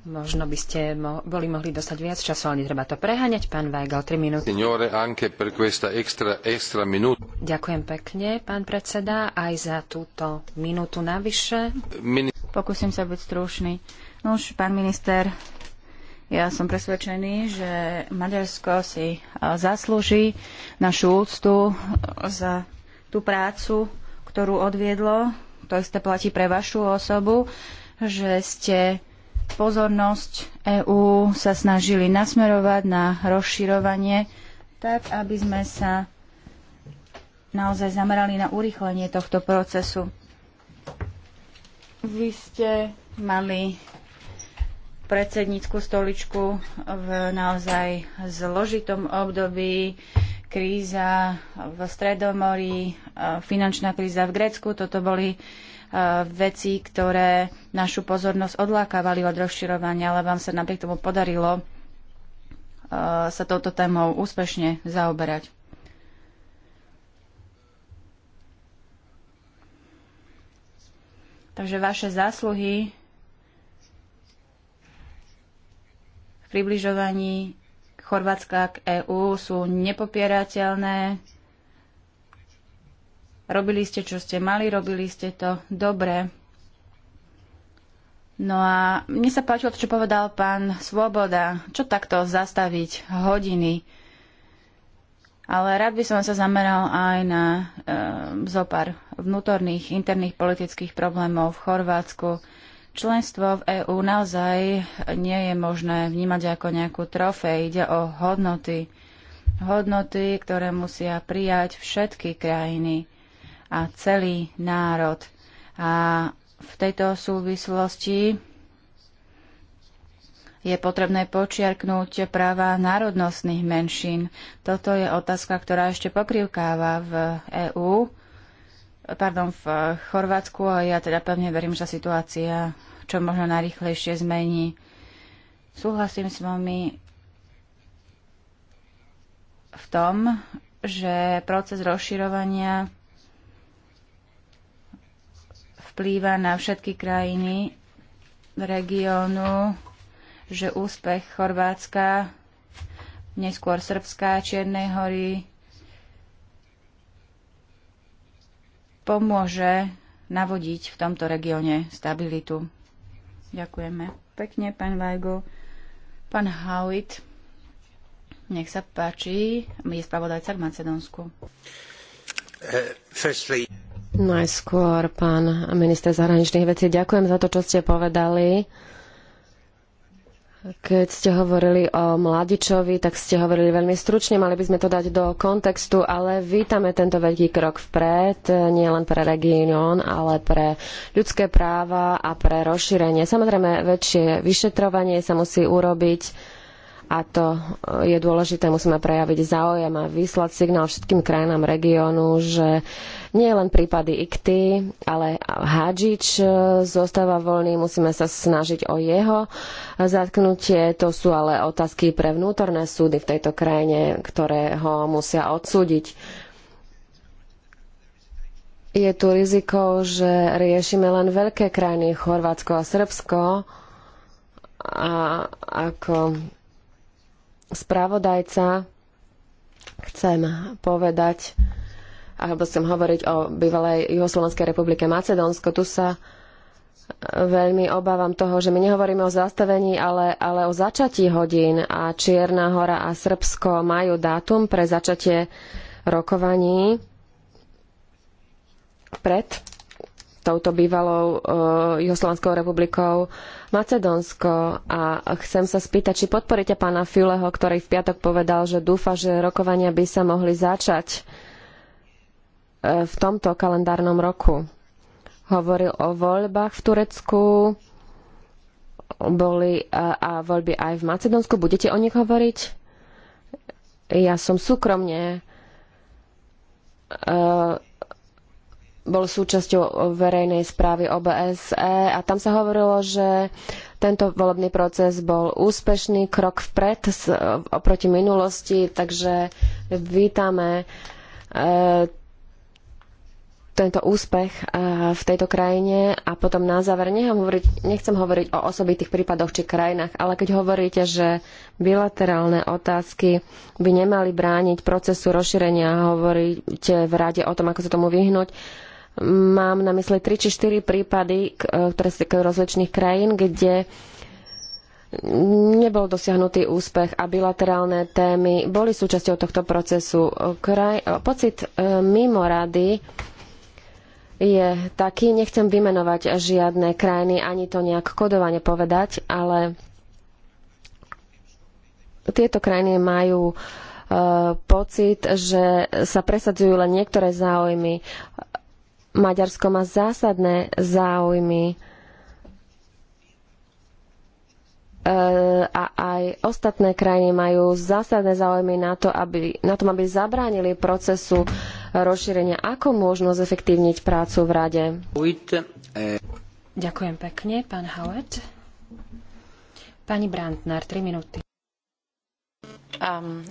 Možno by ste mo boli mohli dostať viac času, ale netreba to preháňať. Pán Weigel, 3 minúty. Ďakujem pekne, pán predseda, aj za túto minútu navyše. Min- Pokúsim sa byť stručný. No už, pán minister, ja som presvedčený, že Maďarsko si e, zaslúži našu úctu e, za tú prácu, ktorú odviedlo. To isté platí pre vašu osobu, že ste pozornosť EÚ sa snažili nasmerovať na rozširovanie, tak aby sme sa naozaj zamerali na urýchlenie tohto procesu. Vy ste mali predsednícku stoličku v naozaj zložitom období. Kríza v Stredomorí, e, finančná kríza v Grécku, toto boli e, veci, ktoré našu pozornosť odlákavali od rozširovania, ale vám sa napriek tomu podarilo e, sa touto témou úspešne zaoberať. Takže vaše zásluhy približovaní Chorvátska k EÚ sú nepopierateľné. Robili ste, čo ste mali, robili ste to dobre. No a mne sa páčilo to, čo povedal pán Svoboda. Čo takto zastaviť hodiny? Ale rád by som sa zameral aj na e, zopár vnútorných, interných politických problémov v Chorvátsku. Členstvo v EÚ naozaj nie je možné vnímať ako nejakú trofej. Ide o hodnoty. Hodnoty, ktoré musia prijať všetky krajiny a celý národ. A v tejto súvislosti je potrebné počiarknúť práva národnostných menšín. Toto je otázka, ktorá ešte pokrivkáva v EÚ pardon, v Chorvátsku a ja teda pevne verím, že situácia čo možno najrychlejšie zmení. Súhlasím s vami v tom, že proces rozširovania vplýva na všetky krajiny regiónu, že úspech Chorvátska, neskôr Srbská, Čiernej hory, pomôže navodiť v tomto regióne stabilitu. Ďakujeme pekne, pán Vajgo. Pán Howitt, nech sa páči, je spravodajca v Macedónsku. Najskôr, pán minister zahraničných vecí, ďakujem za to, čo ste povedali. Keď ste hovorili o mladičovi, tak ste hovorili veľmi stručne, mali by sme to dať do kontextu, ale vítame tento veľký krok vpred, nie len pre región, ale pre ľudské práva a pre rozšírenie. Samozrejme, väčšie vyšetrovanie sa musí urobiť a to e, je dôležité, musíme prejaviť záujem a vyslať signál všetkým krajinám regiónu, že nie len prípady IKTY, ale Hadžič e, zostáva voľný, musíme sa snažiť o jeho zatknutie. To sú ale otázky pre vnútorné súdy v tejto krajine, ktoré ho musia odsúdiť. Je tu riziko, že riešime len veľké krajiny, Chorvátsko a Srbsko, a ako spravodajca, chcem povedať, alebo chcem hovoriť o bývalej Juhoslovenskej republike Macedónsko. Tu sa e, veľmi obávam toho, že my nehovoríme o zastavení, ale, ale o začatí hodín a Čierna hora a Srbsko majú dátum pre začatie rokovaní pred touto bývalou uh, e, Juhoslovanskou republikou Macedónsko a chcem sa spýtať, či podporíte pána Fileho, ktorý v piatok povedal, že dúfa, že rokovania by sa mohli začať e, v tomto kalendárnom roku. Hovoril o voľbách v Turecku, boli a voľby aj v Macedónsku. Budete o nich hovoriť? Ja som súkromne uh, bol súčasťou verejnej správy OBSE a tam sa hovorilo, že tento volebný proces bol úspešný krok vpred e, oproti minulosti, takže vítame e, tento úspech e, v tejto krajine a potom na záver hovoriť, nechcem hovoriť o osobitých prípadoch či krajinách, ale keď hovoríte, že bilaterálne otázky by nemali brániť procesu rozšírenia a hovoríte v rade o tom, ako sa tomu vyhnúť, Mám na mysli 3 či 4 prípady, e, ktoré sa týkajú rozličných krajín, kde nebol dosiahnutý úspech a bilaterálne témy boli súčasťou tohto procesu. Kraj, e, pocit e, mimo rady je taký, nechcem vymenovať žiadne krajiny, ani to nejak kodovane povedať, ale tieto krajiny majú pocit, že sa presadzujú len niektoré záujmy Maďarsko má zásadné záujmy eh, a aj ostatné krajiny majú zásadné záujmy na, to, aby, na tom, aby zabránili procesu rozšírenia. Ako možno zefektívniť prácu v Rade? Ďakujem pekne, pán Howard. Pani Brandner, 3 minúty. Um,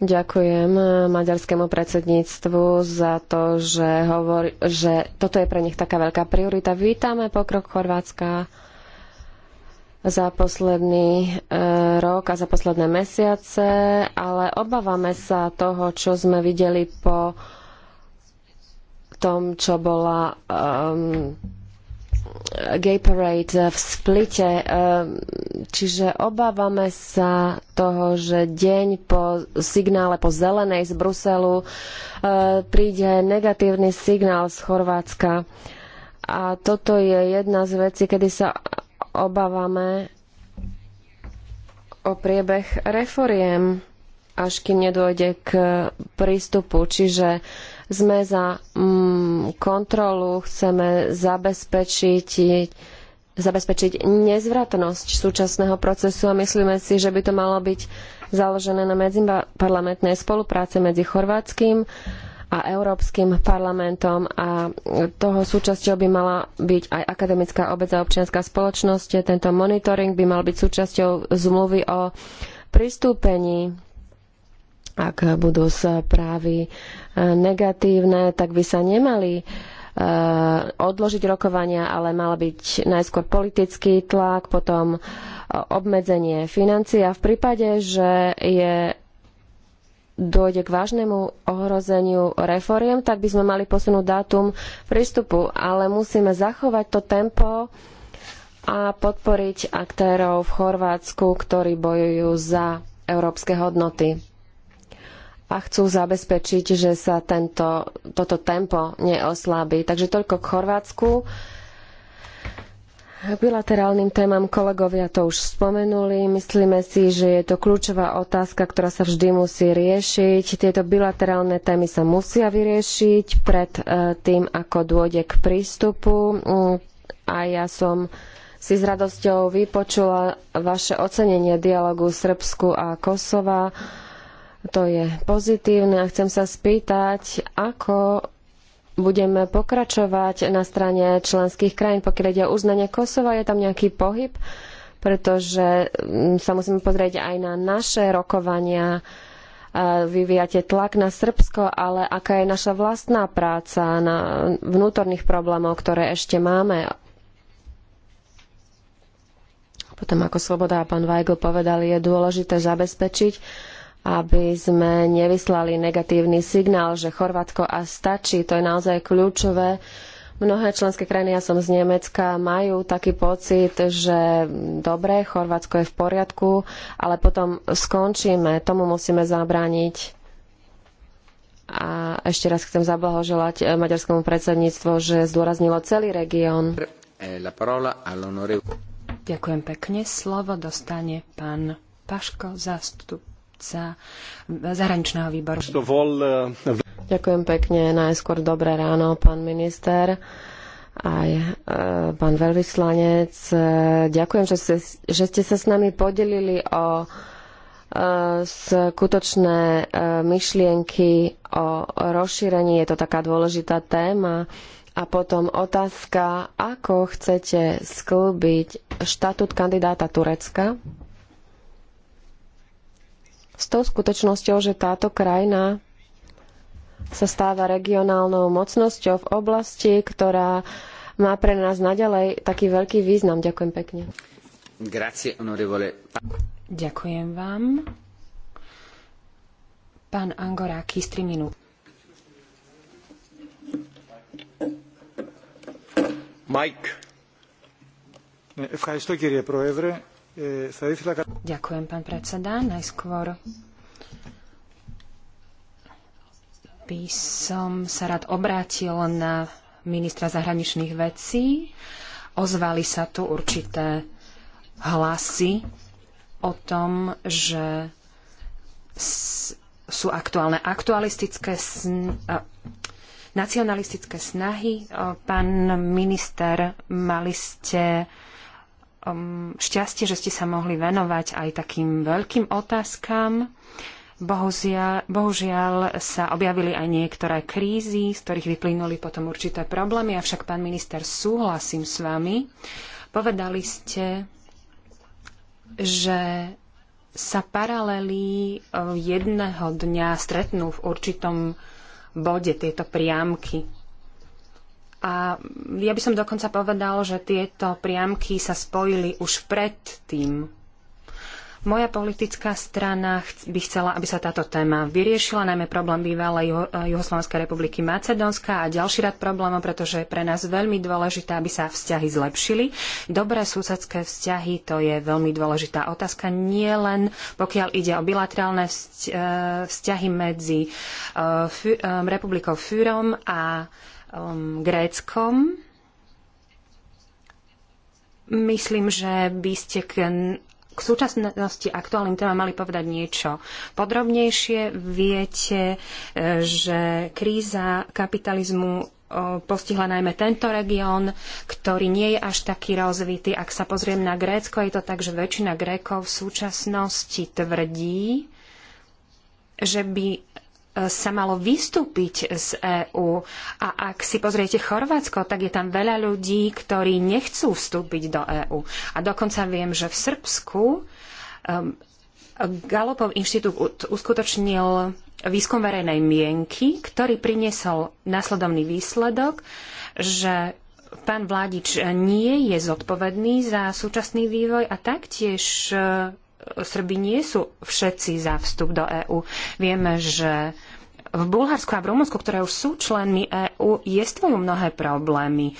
Ďakujem eh, maďarskému predsedníctvu za to, že, hovor, že toto je pre nich taká veľká priorita. Vítame pokrok Chorvátska za posledný eh, rok a za posledné mesiace, ale obávame sa toho, čo sme videli po tom, čo bola ehm, gay parade v Splite. Ehm, čiže obávame sa toho, že deň po signále po zelenej z Bruselu ehm, príde negatívny signál z Chorvátska. A toto je jedna z vecí, kedy sa obávame o priebeh reforiem, až kým nedôjde k prístupu. Čiže sme za mm, kontrolu, chceme zabezpečiť zabezpečiť nezvratnosť súčasného procesu a myslíme si, že by to malo byť založené na medziparlamentnej spolupráce medzi chorvátskym a Európskym parlamentom a toho súčasťou by mala byť aj akademická obec a občianská spoločnosť. Tento monitoring by mal byť súčasťou zmluvy o pristúpení, ak budú správy negatívne, tak by sa nemali e, odložiť rokovania, ale mal byť najskôr politický tlak, potom e, obmedzenie financií a v prípade, že je dôjde k vážnemu ohrozeniu reforiem, tak by sme mali posunúť dátum prístupu, ale musíme zachovať to tempo a podporiť aktérov v Chorvátsku, ktorí bojujú za európske hodnoty a chcú zabezpečiť, že sa tento, toto tempo neoslábi. Takže toľko k Chorvátsku. K bilaterálnym témam kolegovia to už spomenuli. Myslíme si, že je to kľúčová otázka, ktorá sa vždy musí riešiť. Tieto bilaterálne témy sa musia vyriešiť pred e, tým, ako dôjde k prístupu. Mm, a ja som si s radosťou vypočula vaše ocenenie dialogu Srbsku a Kosova. To je pozitívne a chcem sa spýtať, ako budeme pokračovať na strane členských krajín, pokiaľ ide o uznanie Kosova. Je tam nejaký pohyb? Pretože mm, sa musíme pozrieť aj na naše rokovania. E, Vyvíjate tlak na Srbsko, ale aká je naša vlastná práca na vnútorných problémov, ktoré ešte máme? Potom, ako Svoboda a pán Weigl povedali, je dôležité zabezpečiť, aby sme nevyslali negatívny signál, že Chorvátsko a stačí. To je naozaj kľúčové. Mnohé členské krajiny, ja som z Nemecka, majú taký pocit, že dobre, Chorvátsko je v poriadku, ale potom skončíme. Tomu musíme zabrániť. A ešte raz chcem zablahoželať eh, maďarskému predsedníctvu, že zdôraznilo celý región. Eh, Ďakujem pekne. Slovo dostane pán Paško, zástup predsedca zahraničného výboru. Uh, ďakujem pekne. Najskôr dobré ráno, pán minister aj e, pán veľvyslanec. E, ďakujem, že ste, že ste sa s nami podelili o e, skutočné myšlienky o rozšírení. Je to taká dôležitá téma. A potom otázka, ako chcete sklbiť štatút kandidáta Turecka s tou skutočnosťou, že táto krajina sa stáva regionálnou mocnosťou v oblasti, ktorá má pre nás naďalej taký veľký význam. Ďakujem pekne. Grazie, onorevole. Ďakujem vám. Pán Angoráky, 3 minút. Mike. Ευχαριστώ pro evre. Ďakujem, pán predseda. Najskôr by som sa rád obrátil na ministra zahraničných vecí. Ozvali sa tu určité hlasy o tom, že sú aktuálne aktualistické sn- nacionalistické snahy. Pán minister, mali ste Ehm, šťastie, že ste sa mohli venovať aj takým veľkým otázkam. Bohužiaľ, bohužiaľ sa objavili aj niektoré krízy, z ktorých vyplynuli potom určité problémy, avšak pán minister, súhlasím s vami. Povedali ste, že sa paralely ehm, jedného dňa stretnú v určitom bode tieto priamky. A ja by som dokonca povedal, že tieto priamky sa spojili už pred tým. Moja politická strana by chcela, aby sa táto téma vyriešila, najmä problém bývalej eh, Juhoslovenskej republiky Macedónska a ďalší rad problémov, pretože je pre nás veľmi dôležité, aby sa vzťahy zlepšili. Dobré susedské vzťahy, to je veľmi dôležitá otázka, nie len pokiaľ ide o bilaterálne eh, vzťahy medzi eh, Republikou Fyrom a um, Gréckom. Myslím, že by ste k, k súčasnosti aktuálnym témam mali povedať niečo podrobnejšie. Viete, e, že kríza kapitalizmu postihla najmä tento región, ktorý nie je až taký rozvitý. Ak sa pozriem na Grécko, je to tak, že väčšina Grékov v súčasnosti tvrdí, že by sa malo vystúpiť z EÚ. A ak si pozriete Chorvátsko, tak je tam veľa ľudí, ktorí nechcú vstúpiť do EÚ. A dokonca viem, že v Srbsku um, Galopov inštitút uskutočnil výskum verejnej mienky, ktorý priniesol následovný výsledok, že pán Vládič nie je zodpovedný za súčasný vývoj a taktiež e, Srby nie sú všetci za vstup do EÚ. Vieme, že v Bulharsku a v Rumunsku, ktoré už sú členmi EÚ, je mnohé problémy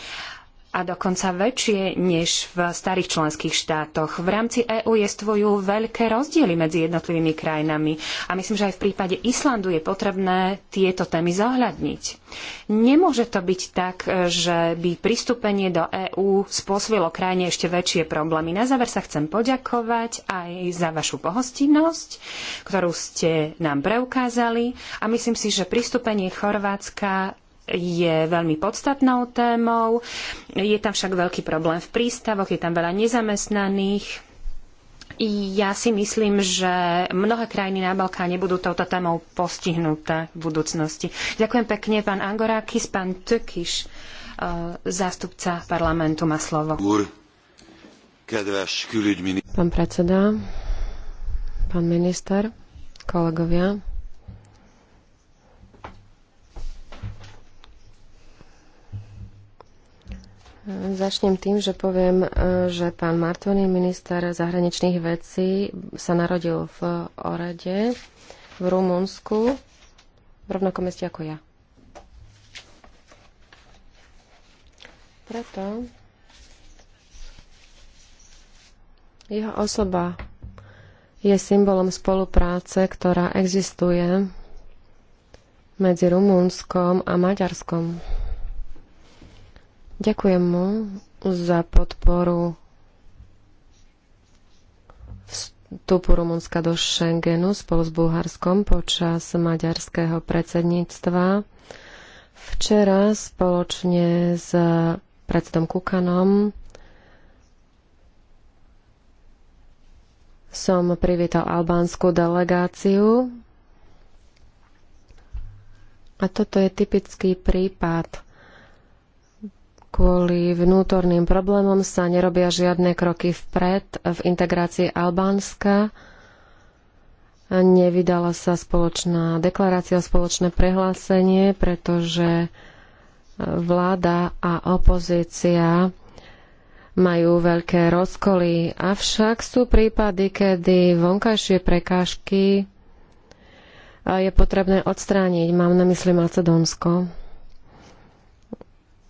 a dokonca väčšie než v starých členských štátoch. V rámci EÚ jestvujú veľké rozdiely medzi jednotlivými krajinami a myslím, že aj v prípade Islandu je potrebné tieto témy zohľadniť. Nemôže to byť tak, že by pristúpenie do EÚ spôsobilo krajine ešte väčšie problémy. Na záver sa chcem poďakovať aj za vašu pohostinnosť, ktorú ste nám preukázali a myslím si, že pristúpenie Chorvátska je veľmi podstatnou témou. Je tam však veľký problém v prístavoch, je tam veľa nezamestnaných. Ja si myslím, že mnohé krajiny na Balkáne budú touto témou postihnuté v budúcnosti. Ďakujem pekne, pán Angorakis, pán Tökiš, eh, zástupca parlamentu má slovo. Pán predseda, pán minister, kolegovia, Začnem tým, že poviem, e, že pán Martoni, minister zahraničných vecí, sa narodil v Orade v Rumunsku, v rovnakom meste ako ja. Preto jeho osoba je symbolom spolupráce, ktorá existuje medzi Rumunskom a Maďarskom. Ďakujem mu za podporu vstupu Rumunska do Schengenu spolu s Bulharskom počas maďarského predsedníctva. Včera spoločne s predsedom Kukanom som privítal albánsku delegáciu. A toto je typický prípad kvôli vnútorným problémom sa nerobia žiadne kroky vpred v integrácii Albánska. Nevydala sa spoločná deklarácia, spoločné prehlásenie, pretože vláda a opozícia majú veľké rozkoly. Avšak sú prípady, kedy vonkajšie prekážky eh, je potrebné odstrániť. Mám na mysli Macedónsko.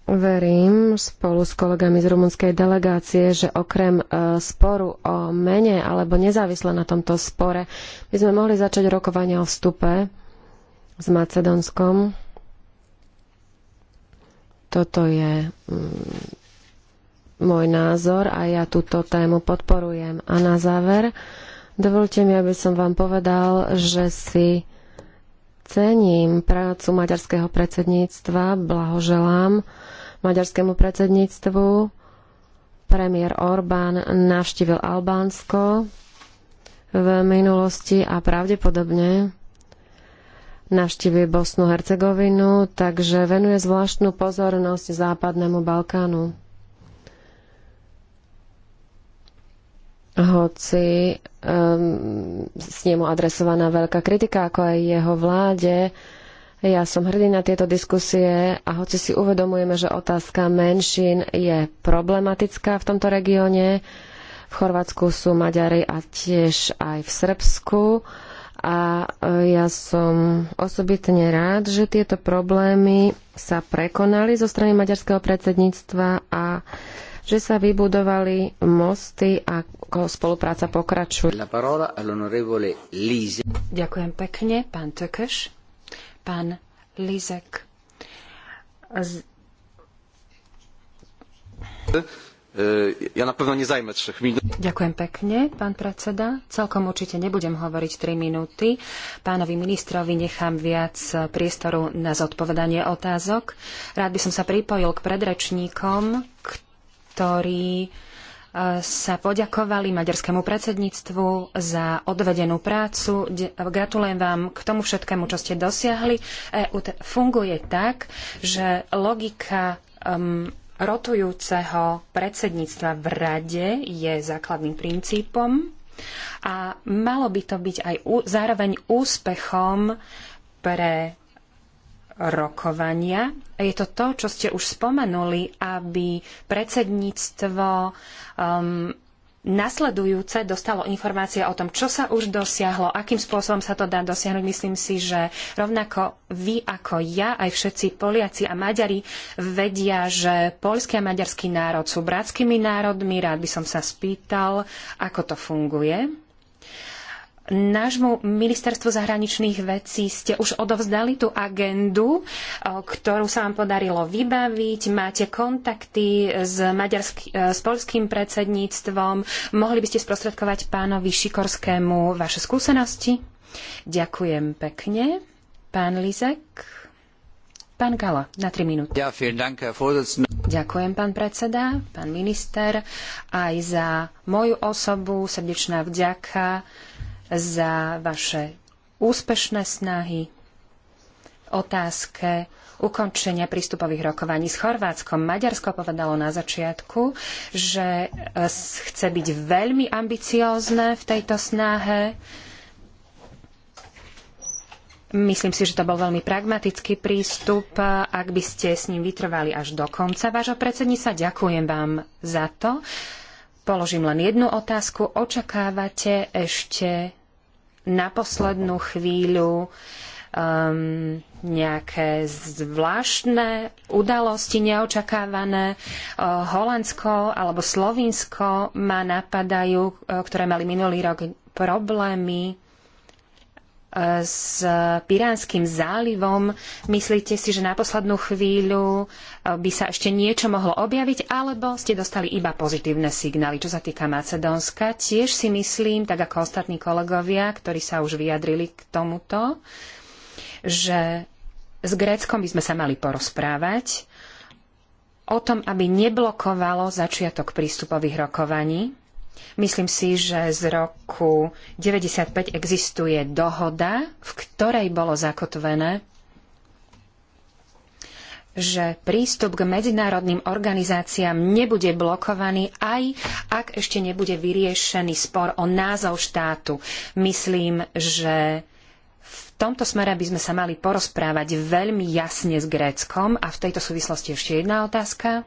Verím spolu s kolegami z rumunskej delegácie, že okrem e, sporu o mene alebo nezávisle na tomto spore by sme mohli začať rokovania o vstupe s Macedónskom. Toto je mm, môj názor a ja túto tému podporujem. A na záver, dovolte mi, aby som vám povedal, že si cením prácu maďarského predsedníctva, blahoželám maďarskému predsedníctvu. Premiér Orbán navštívil Albánsko v minulosti a pravdepodobne navštívi Bosnu Hercegovinu, takže venuje zvláštnu pozornosť Západnému Balkánu. Hoci um, s nemu adresovaná veľká kritika, ako aj jeho vláde, ja som hrdý na tieto diskusie a hoci si uvedomujeme, že otázka menšín je problematická v tomto regióne, v Chorvátsku sú Maďari a tiež aj v Srbsku. A e, ja som osobitne rád, že tieto problémy sa prekonali zo strany maďarského predsedníctva a že sa vybudovali mosty a spolupráca pokračuje. Ďakujem pekne, pán Tökeš pán Lizek. Z... Ja na pevno nezajme 3 minút. Ďakujem pekne, pán predseda. Celkom určite nebudem hovoriť 3 minúty. Pánovi ministrovi nechám viac priestoru na zodpovedanie otázok. Rád by som sa pripojil k predrečníkom, ktorí E, sa poďakovali maďarskému predsedníctvu za odvedenú prácu. Gratulujem vám k tomu všetkému, čo ste dosiahli. EU funguje tak, že logika um, rotujúceho predsedníctva v rade je základným princípom a malo by to byť aj zároveň úspechom pre rokovania. Je to to, čo ste už spomenuli, aby predsedníctvo um, nasledujúce dostalo informácie o tom, čo sa už dosiahlo, akým spôsobom sa to dá dosiahnuť. Myslím si, že rovnako vy ako ja, aj všetci Poliaci a Maďari vedia, že poľský a maďarský národ sú bratskými národmi. Rád by som sa spýtal, ako to funguje nášmu ministerstvu zahraničných vecí ste už odovzdali tú agendu, ktorú sa vám podarilo vybaviť, máte kontakty s, maďarsk- e, s polským predsedníctvom, mohli by ste sprostredkovať pánovi Šikorskému vaše skúsenosti? Ďakujem pekne. Pán Lizek. Pán Gala, na 3 minúty. Ja, danke, Ďakujem, pán predseda, pán minister, aj za moju osobu srdečná vďaka za vaše úspešné snahy otázke ukončenia prístupových rokovaní s Chorvátskom. Maďarsko povedalo na začiatku, že e, chce byť veľmi ambiciózne v tejto snahe. Myslím si, že to bol veľmi pragmatický prístup. Ak by ste s ním vytrvali až do konca vášho predsednica. ďakujem vám za to. Položím len jednu otázku. Očakávate ešte na poslednú chvíľu um, nejaké zvláštne udalosti neočakávané. Uh, Holandsko alebo Slovinsko ma napadajú, uh, ktoré mali minulý rok problémy s Piránskym zálivom. Myslíte si, že na poslednú chvíľu eh, by sa ešte niečo mohlo objaviť, alebo ste dostali iba pozitívne signály, čo sa týka Macedónska? Tiež si myslím, tak ako ostatní kolegovia, ktorí sa už vyjadrili k tomuto, že s Gréckom by sme sa mali porozprávať o tom, aby neblokovalo začiatok prístupových rokovaní Myslím si, že z roku 1995 existuje dohoda, v ktorej bolo zakotvené, že prístup k medzinárodným organizáciám nebude blokovaný, aj ak ešte nebude vyriešený spor o názov štátu. Myslím, že v tomto smere by sme sa mali porozprávať veľmi jasne s Gréckom a v tejto súvislosti ešte jedna otázka. Uh,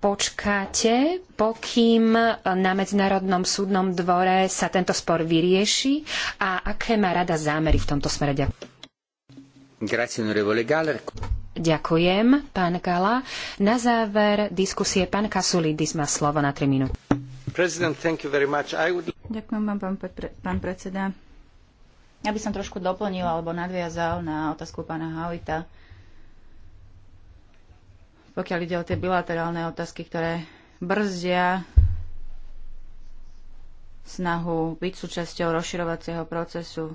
počkáte, pokým na Medzinárodnom súdnom dvore sa tento spor vyrieši a aké má rada zámery v tomto smere? Ďakujem, pán Gala. Na záver diskusie pán Kasulidis má slovo na 3 minúty. Ďakujem vám, pán, pán predseda. Ja by som trošku doplnil alebo nadviazal na otázku pána Hauita pokiaľ ide o tie bilaterálne otázky, ktoré brzdia snahu byť súčasťou rozširovacieho procesu.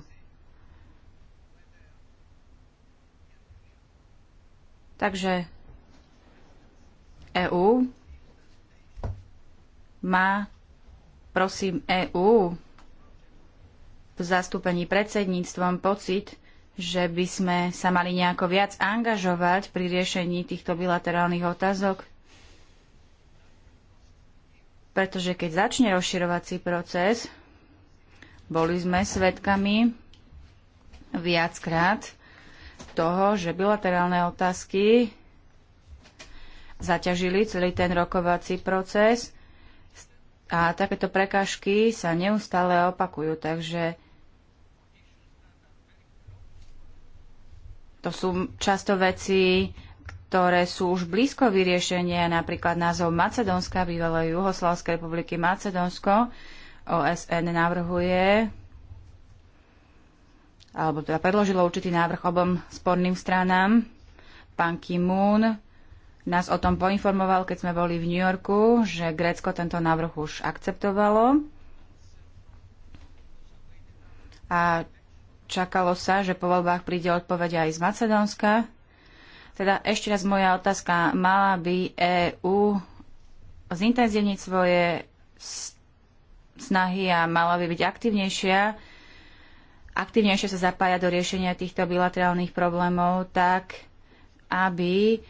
Takže EÚ má, prosím, EÚ v zastúpení predsedníctvom pocit, že by sme sa mali nejako viac angažovať pri riešení týchto bilaterálnych otázok? Pretože keď začne rozširovací proces, boli sme svedkami viackrát toho, že bilaterálne otázky zaťažili celý ten rokovací proces a takéto prekážky sa neustále opakujú. Takže To sú často veci, ktoré sú už blízko vyriešenia, napríklad názov Macedónska, bývalé Juhoslavské republiky Macedónsko. OSN navrhuje, alebo teda predložilo určitý návrh obom sporným stranám. Pán Kim Moon nás o tom poinformoval, keď sme boli v New Yorku, že Grécko tento návrh už akceptovalo. A Čakalo sa, že po voľbách príde odpoveď aj z Macedónska. Teda ešte raz moja otázka. Mala by EÚ zintenzívniť svoje snahy a mala by byť aktívnejšia, aktívnejšie sa zapája do riešenia týchto bilaterálnych problémov tak, aby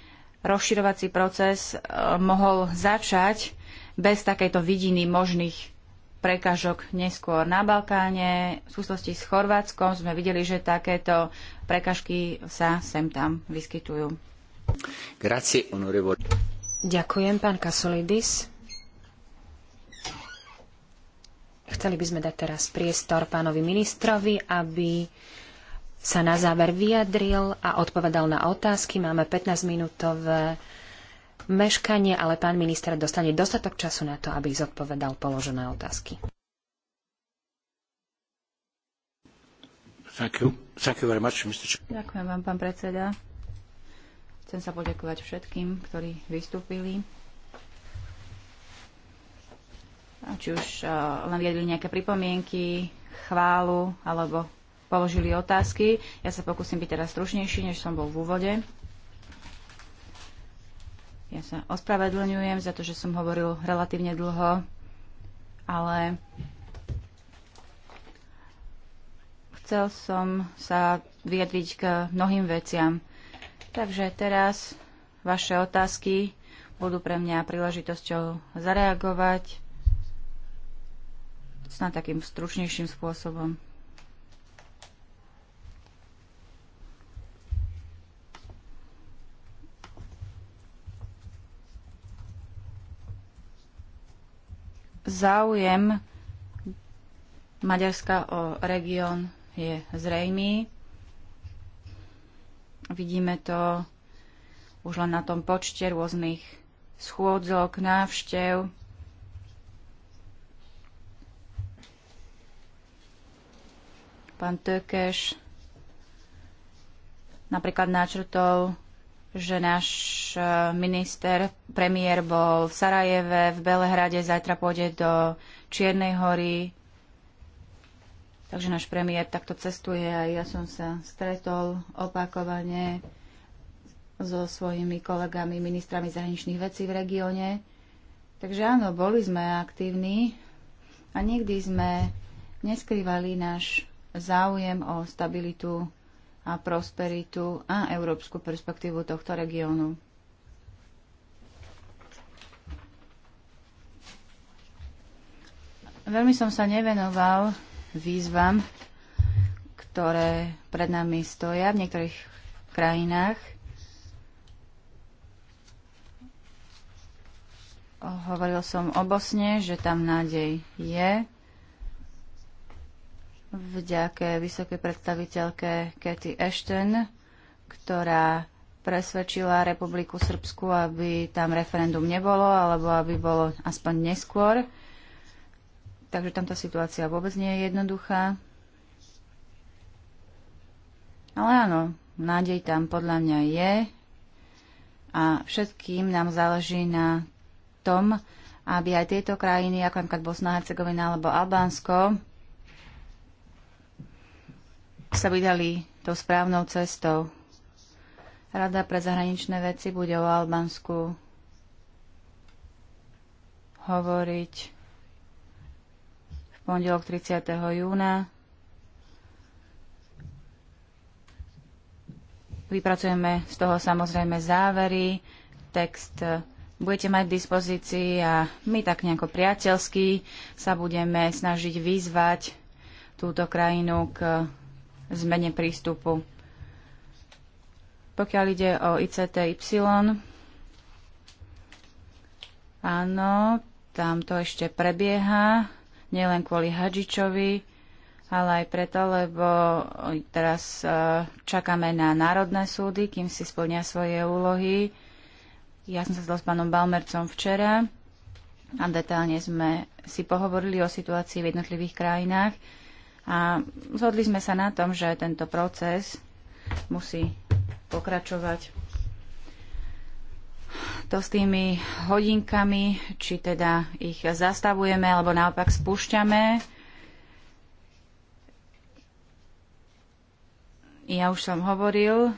rozširovací proces e, mohol začať bez takejto vidiny možných prekážok neskôr. Na Balkáne v súvislosti s Chorvátskom sme videli, že takéto prekažky sa sem tam vyskytujú. Grazie, onorevole. Ďakujem, pán Kasolidis. Chceli by sme dať teraz priestor pánovi ministrovi, aby sa na záver vyjadril a odpovedal na otázky. Máme 15-minútové meškanie, ale pán minister dostane dostatok času na to, aby zodpovedal položené otázky. Thank you. Thank you much, Ďakujem vám, pán predseda. Chcem sa poďakovať všetkým, ktorí vystúpili. A či už uh, len viedli nejaké pripomienky, chválu alebo položili otázky. Ja sa pokúsim byť teraz stručnejší, než som bol v úvode. Ja sa ospravedlňujem za to, že som hovoril relatívne dlho, ale chcel som sa vyjadriť k mnohým veciam. Takže teraz vaše otázky budú pre mňa príležitosťou zareagovať s na takým stručnejším spôsobom. Záujem Maďarska o región je zrejmý. Vidíme to už len na tom počte rôznych schôdzok, návštev. Pán Tökeš napríklad náčrtol že náš e, minister, premiér bol v Sarajeve, v Belehrade, zajtra pôjde do Čiernej hory. Takže náš premiér takto cestuje a ja som sa stretol opakovane so svojimi kolegami, ministrami zahraničných vecí v regióne. Takže áno, boli sme aktívni a nikdy sme neskrývali náš záujem o stabilitu a prosperitu a európsku perspektívu tohto regiónu. Veľmi som sa nevenoval výzvam, ktoré pred nami stoja v niektorých krajinách. Hovoril som o Bosne, že tam nádej je vďake vysokej predstaviteľke Katy Ashton, ktorá presvedčila Republiku Srbsku, aby tam referendum nebolo, alebo aby bolo aspoň neskôr. Takže tam tá situácia vôbec nie je jednoduchá. Ale áno, nádej tam podľa mňa je. A všetkým nám záleží na tom, aby aj tieto krajiny, ako napríklad Bosna, Hercegovina alebo Albánsko, sa vydali tou správnou cestou. Rada pre zahraničné veci bude o Albánsku hovoriť v pondelok 30. júna. Vypracujeme z toho samozrejme závery, text budete mať v dispozícii a my tak nejako priateľsky sa budeme snažiť vyzvať túto krajinu k zmene prístupu. Pokiaľ ide o ICTY, áno, tam to ešte prebieha, nielen kvôli Hadžičovi, ale aj preto, lebo teraz e, čakáme na národné súdy, kým si splnia svoje úlohy. Ja som sa stal s pánom Balmercom včera a detálne sme si pohovorili o situácii v jednotlivých krajinách. A zhodli sme sa na tom, že tento proces musí pokračovať. To s tými hodinkami, či teda ich zastavujeme alebo naopak spúšťame. Ja už som hovoril,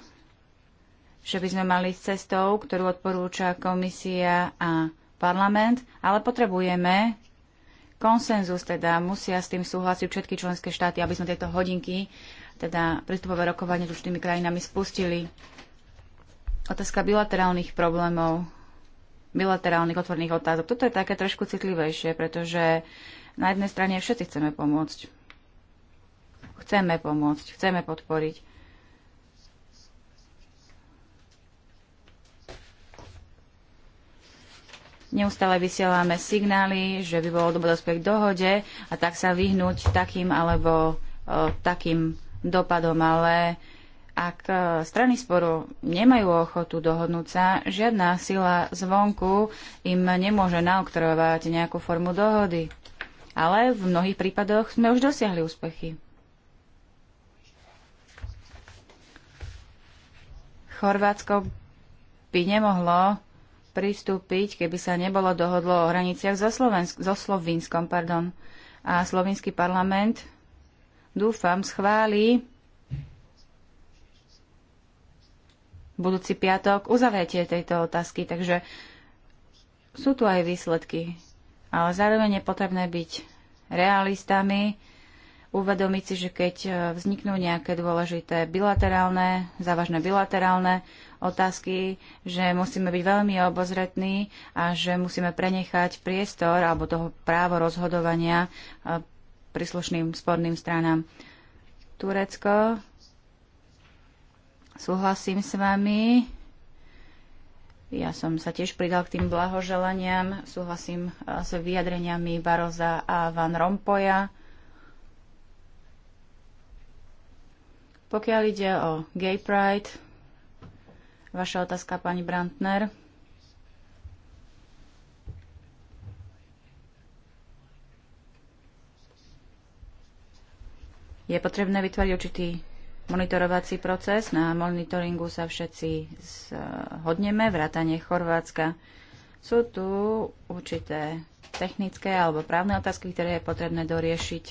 že by sme mali cestou, ktorú odporúča komisia a parlament, ale potrebujeme konsenzus, teda musia s tým súhlasiť všetky členské štáty, aby sme tieto hodinky, teda prístupové rokovanie s určitými krajinami spustili. Otázka bilaterálnych problémov, bilaterálnych otvorných otázok. Toto je také trošku citlivejšie, pretože na jednej strane všetci chceme pomôcť. Chceme pomôcť, chceme podporiť. Neustále vysielame signály, že by bolo dobré dospieť k dohode a tak sa vyhnúť takým alebo uh, takým dopadom, ale ak e, strany sporu nemajú ochotu dohodnúť sa, žiadna sila zvonku im nemôže naoktorovať nejakú formu dohody. Ale v mnohých prípadoch sme už dosiahli úspechy. Chorvátsko by nemohlo pristúpiť, keby sa nebolo dohodlo o hraniciach so, Slovensk- so Slovinskom. Pardon. A slovinský parlament, dúfam, schváli budúci piatok uzavretie tejto otázky. Takže sú tu aj výsledky. Ale zároveň je potrebné byť realistami, uvedomiť si, že keď e, vzniknú nejaké dôležité bilaterálne, závažné bilaterálne otázky, že musíme byť veľmi obozretní a že musíme prenechať priestor alebo toho právo rozhodovania e, príslušným sporným stranám. Turecko, súhlasím s vami. Ja som sa tiež pridal k tým blahoželaniam. Súhlasím e, s vyjadreniami Baroza a Van Rompoja. Pokiaľ ide o Gay Pride, Vaša otázka, pani Brantner. Je potrebné vytvoriť určitý monitorovací proces. Na monitoringu sa všetci zhodneme, vrátane Chorvátska. Sú tu určité technické alebo právne otázky, ktoré je potrebné doriešiť.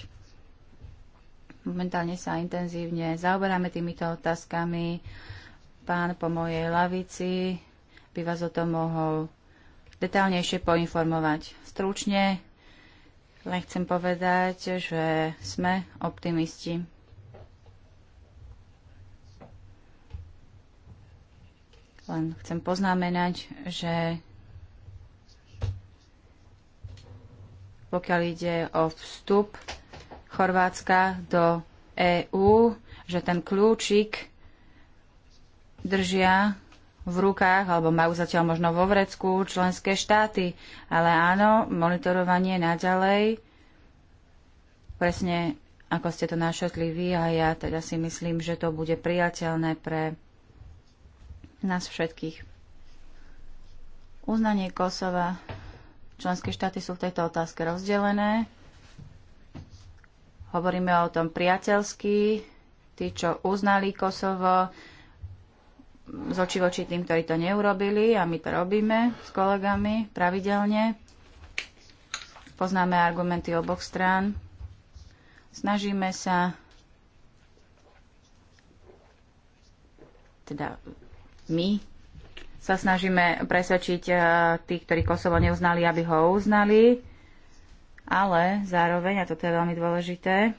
Momentálne sa intenzívne zaoberáme týmito otázkami Pán po mojej lavici by vás o tom mohol detálnejšie poinformovať. Stručne len chcem povedať, že sme optimisti. Len chcem poznamenať, že pokiaľ ide o vstup Chorvátska do EÚ, že ten kľúčik držia v rukách alebo majú zatiaľ možno vo vrecku členské štáty. Ale áno, monitorovanie naďalej, presne ako ste to našetli vy a ja teda si myslím, že to bude priateľné pre nás všetkých. Uznanie Kosova. Členské štáty sú v tejto otázke rozdelené. Hovoríme o tom priateľsky. Tí, čo uznali Kosovo, z oči voči tým, ktorí to neurobili a my to robíme s kolegami pravidelne. Poznáme argumenty oboch strán. Snažíme sa teda my sa snažíme presvedčiť eh, tých, ktorí Kosovo neuznali, aby ho uznali, ale zároveň, a toto je veľmi dôležité,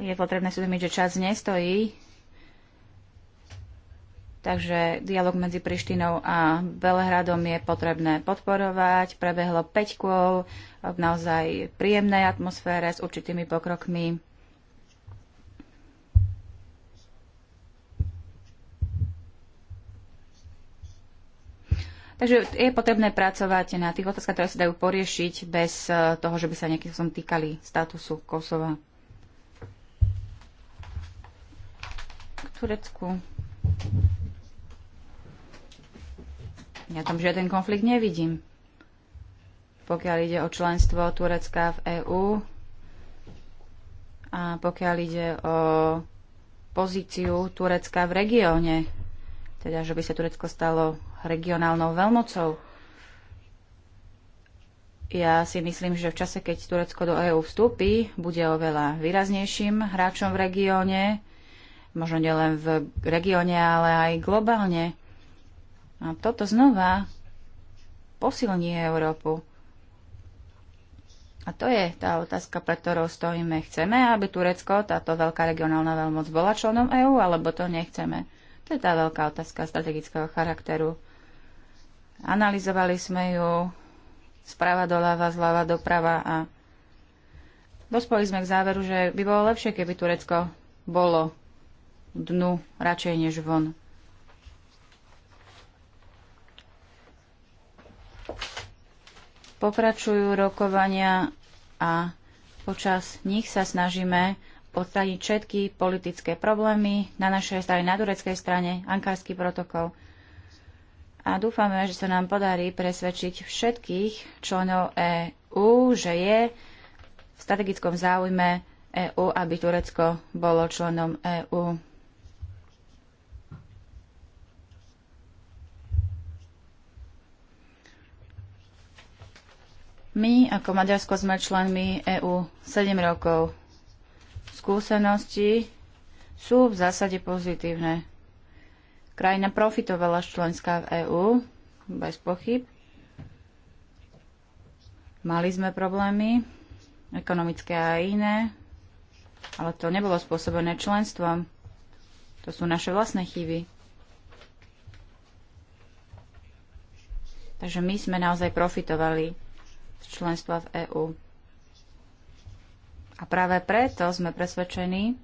je potrebné súdomiť, že čas nestojí Takže dialog medzi Prištinou a Belehradom je potrebné podporovať. Prebehlo 5 kôl v naozaj príjemnej atmosfére s určitými pokrokmi. Takže je potrebné pracovať na tých otázkach, ktoré sa dajú poriešiť bez eh, toho, že by sa nejakým som týkali statusu Kosova. K Turecku. Ja tam žiaden konflikt nevidím. Pokiaľ ide o členstvo Turecka v EÚ a pokiaľ ide o pozíciu Turecka v regióne, teda že by sa Turecko stalo regionálnou veľmocou. Ja si myslím, že v čase, keď Turecko do EÚ vstúpi, bude oveľa výraznejším hráčom v regióne, možno nielen v regióne, ale aj globálne. A toto znova posilní Európu. A to je tá otázka, pre ktorou stojíme. Chceme, aby Turecko, táto veľká regionálna veľmoc, bola členom EÚ, alebo to nechceme? To je tá veľká otázka strategického charakteru. Analizovali sme ju sprava doľava, zľava doprava a dospeli sme k záveru, že by bolo lepšie, keby Turecko bolo dnu radšej než von. Pokračujú rokovania a počas nich sa snažíme odstrániť všetky politické problémy na našej strane, na tureckej strane, ankarský protokol. A dúfame, že sa nám podarí presvedčiť všetkých členov EÚ, že je v strategickom záujme EÚ, aby Turecko bolo členom EÚ. My ako Maďarsko sme členmi EÚ 7 rokov. Skúsenosti sú v zásade pozitívne. Krajina profitovala z členská v EÚ, bez pochyb. Mali sme problémy, ekonomické a iné, ale to nebolo spôsobené členstvom. To sú naše vlastné chyby. Takže my sme naozaj profitovali členstva v EÚ. A práve preto sme presvedčení,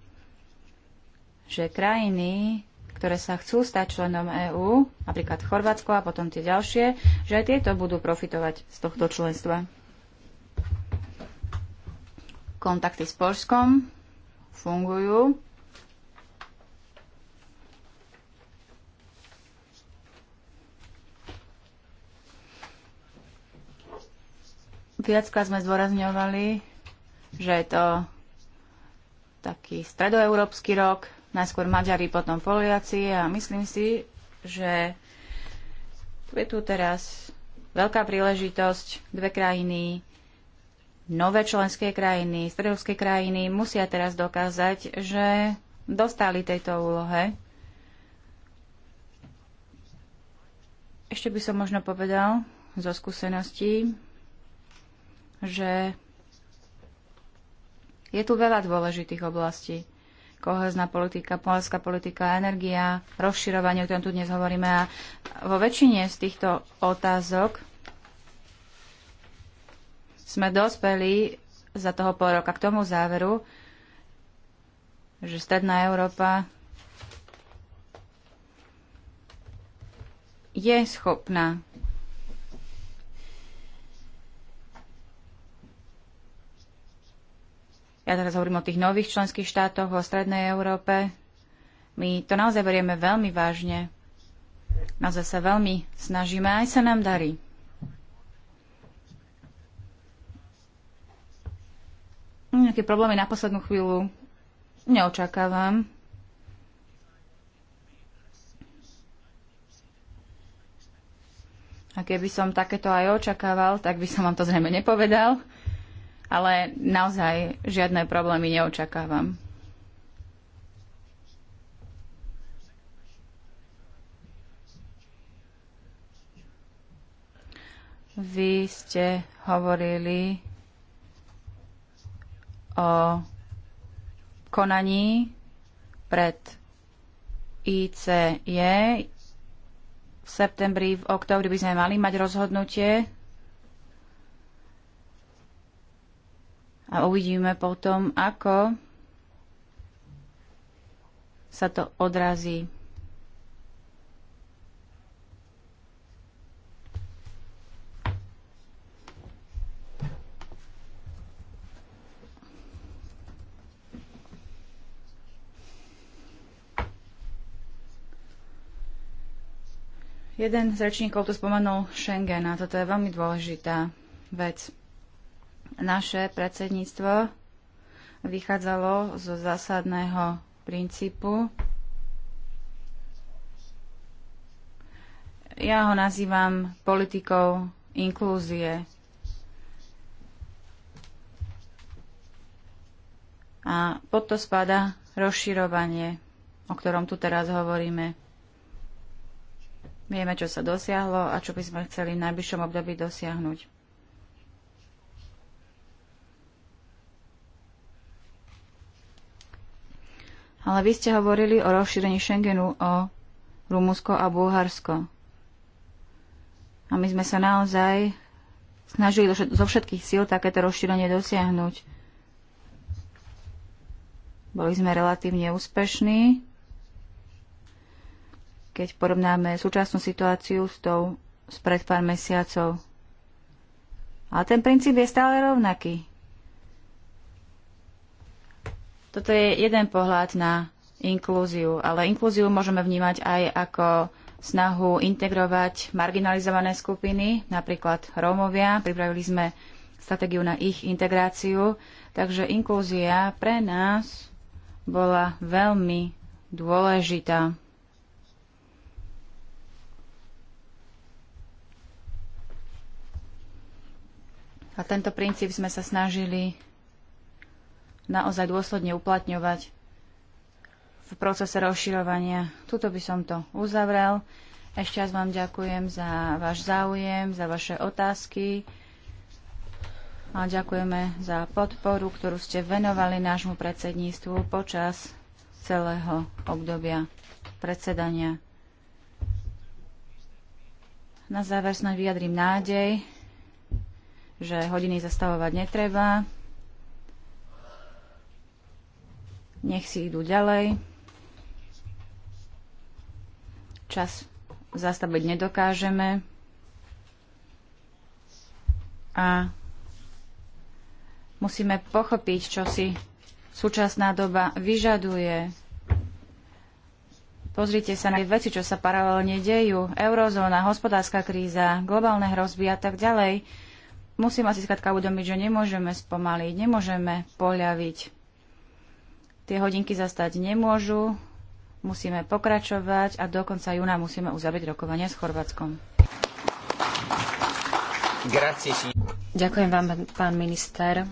že krajiny, ktoré sa chcú stať členom EÚ, napríklad Chorvátsko a potom tie ďalšie, že aj tieto budú profitovať z tohto členstva. Kontakty s Polskom fungujú Viackrát sme zdôrazňovali, že je to taký stredoeurópsky rok, najskôr Maďari, potom Poliaci a myslím si, že je tu teraz veľká príležitosť, dve krajiny, nové členské krajiny, stredovské krajiny musia teraz dokázať, že dostali tejto úlohe. Ešte by som možno povedal zo skúseností, že je tu veľa dôležitých oblastí. Kohezná politika, polská politika, energia, rozširovanie, o ktorom tu dnes hovoríme. A vo väčšine z týchto otázok sme dospeli za toho pol roka k tomu záveru, že stredná Európa je schopná Ja teraz hovorím o tých nových členských štátoch, o Strednej Európe. My to naozaj berieme veľmi vážne. Naozaj sa veľmi snažíme, aj sa nám darí. Nejaké problémy na poslednú chvíľu neočakávam. A keby som takéto aj očakával, tak by som vám to zrejme nepovedal ale naozaj žiadne problémy neočakávam. Vy ste hovorili o konaní pred ICE. V septembri, v októbri by sme mali mať rozhodnutie A uvidíme potom, ako sa to odrazí Jeden z rečníkov tu spomenul Schengen a toto je veľmi dôležitá vec. Naše predsedníctvo vychádzalo zo zásadného princípu. Ja ho nazývam politikou inklúzie. A pod to spada rozširovanie, o ktorom tu teraz hovoríme. Vieme, čo sa dosiahlo a čo by sme chceli v najbližšom období dosiahnuť. Ale vy ste hovorili o rozšírení Schengenu o Rumunsko a Bulharsko. A my sme sa naozaj snažili zo všetkých síl takéto rozšírenie dosiahnuť. Boli sme relatívne úspešní, keď porovnáme súčasnú situáciu s tou spred pár mesiacov. Ale ten princíp je stále rovnaký. Toto je jeden pohľad na inklúziu, ale inklúziu môžeme vnímať aj ako snahu integrovať marginalizované skupiny, napríklad Rómovia. Pripravili sme stratégiu na ich integráciu, takže inklúzia pre nás bola veľmi dôležitá. A tento princíp sme sa snažili naozaj dôsledne uplatňovať v procese rozširovania. Tuto by som to uzavrel. Ešte raz vám ďakujem za váš záujem, za vaše otázky a ďakujeme za podporu, ktorú ste venovali nášmu predsedníctvu počas celého obdobia predsedania. Na záver snáď vyjadrím nádej, že hodiny zastavovať netreba. Nech si idú ďalej. Čas zastaviť nedokážeme. A musíme pochopiť, čo si súčasná doba vyžaduje. Pozrite sa na tie veci, čo sa paralelne dejú. Eurozóna, hospodárska kríza, globálne hrozby a tak ďalej. Musíme si skratka uvedomiť, že nemôžeme spomaliť, nemôžeme poľaviť. Tie hodinky zastať nemôžu, musíme pokračovať a do konca júna musíme uzavrieť rokovania s Chorvátskom. Ďakujem vám, pán minister.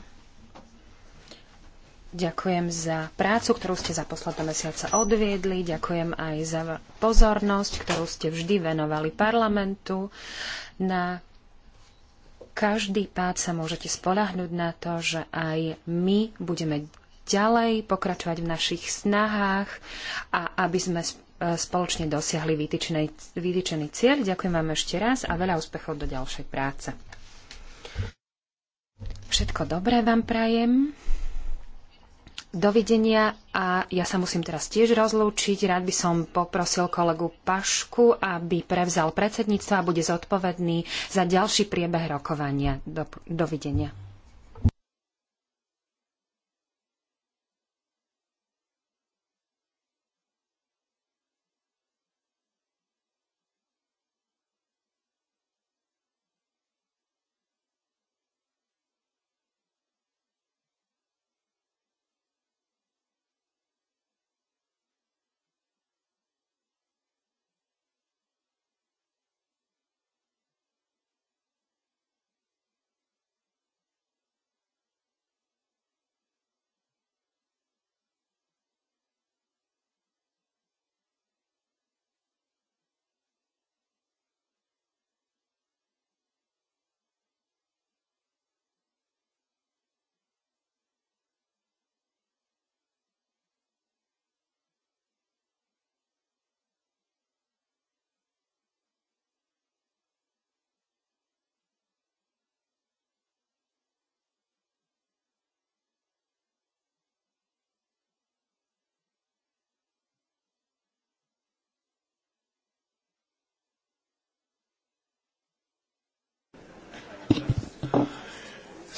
Ďakujem za prácu, ktorú ste za posledné mesiace odviedli. Ďakujem aj za pozornosť, ktorú ste vždy venovali parlamentu. Na každý pád sa môžete spolahnuť na to, že aj my budeme ďalej, pokračovať v našich snahách a aby sme e, spoločne dosiahli vytýčený, cieľ. Ďakujem vám ešte raz a veľa úspechov do ďalšej práce. Všetko dobré vám prajem. Dovidenia a ja sa musím teraz tiež rozlúčiť. Rád by som poprosil kolegu Pašku, aby prevzal predsedníctvo a bude zodpovedný za ďalší priebeh rokovania. dovidenia.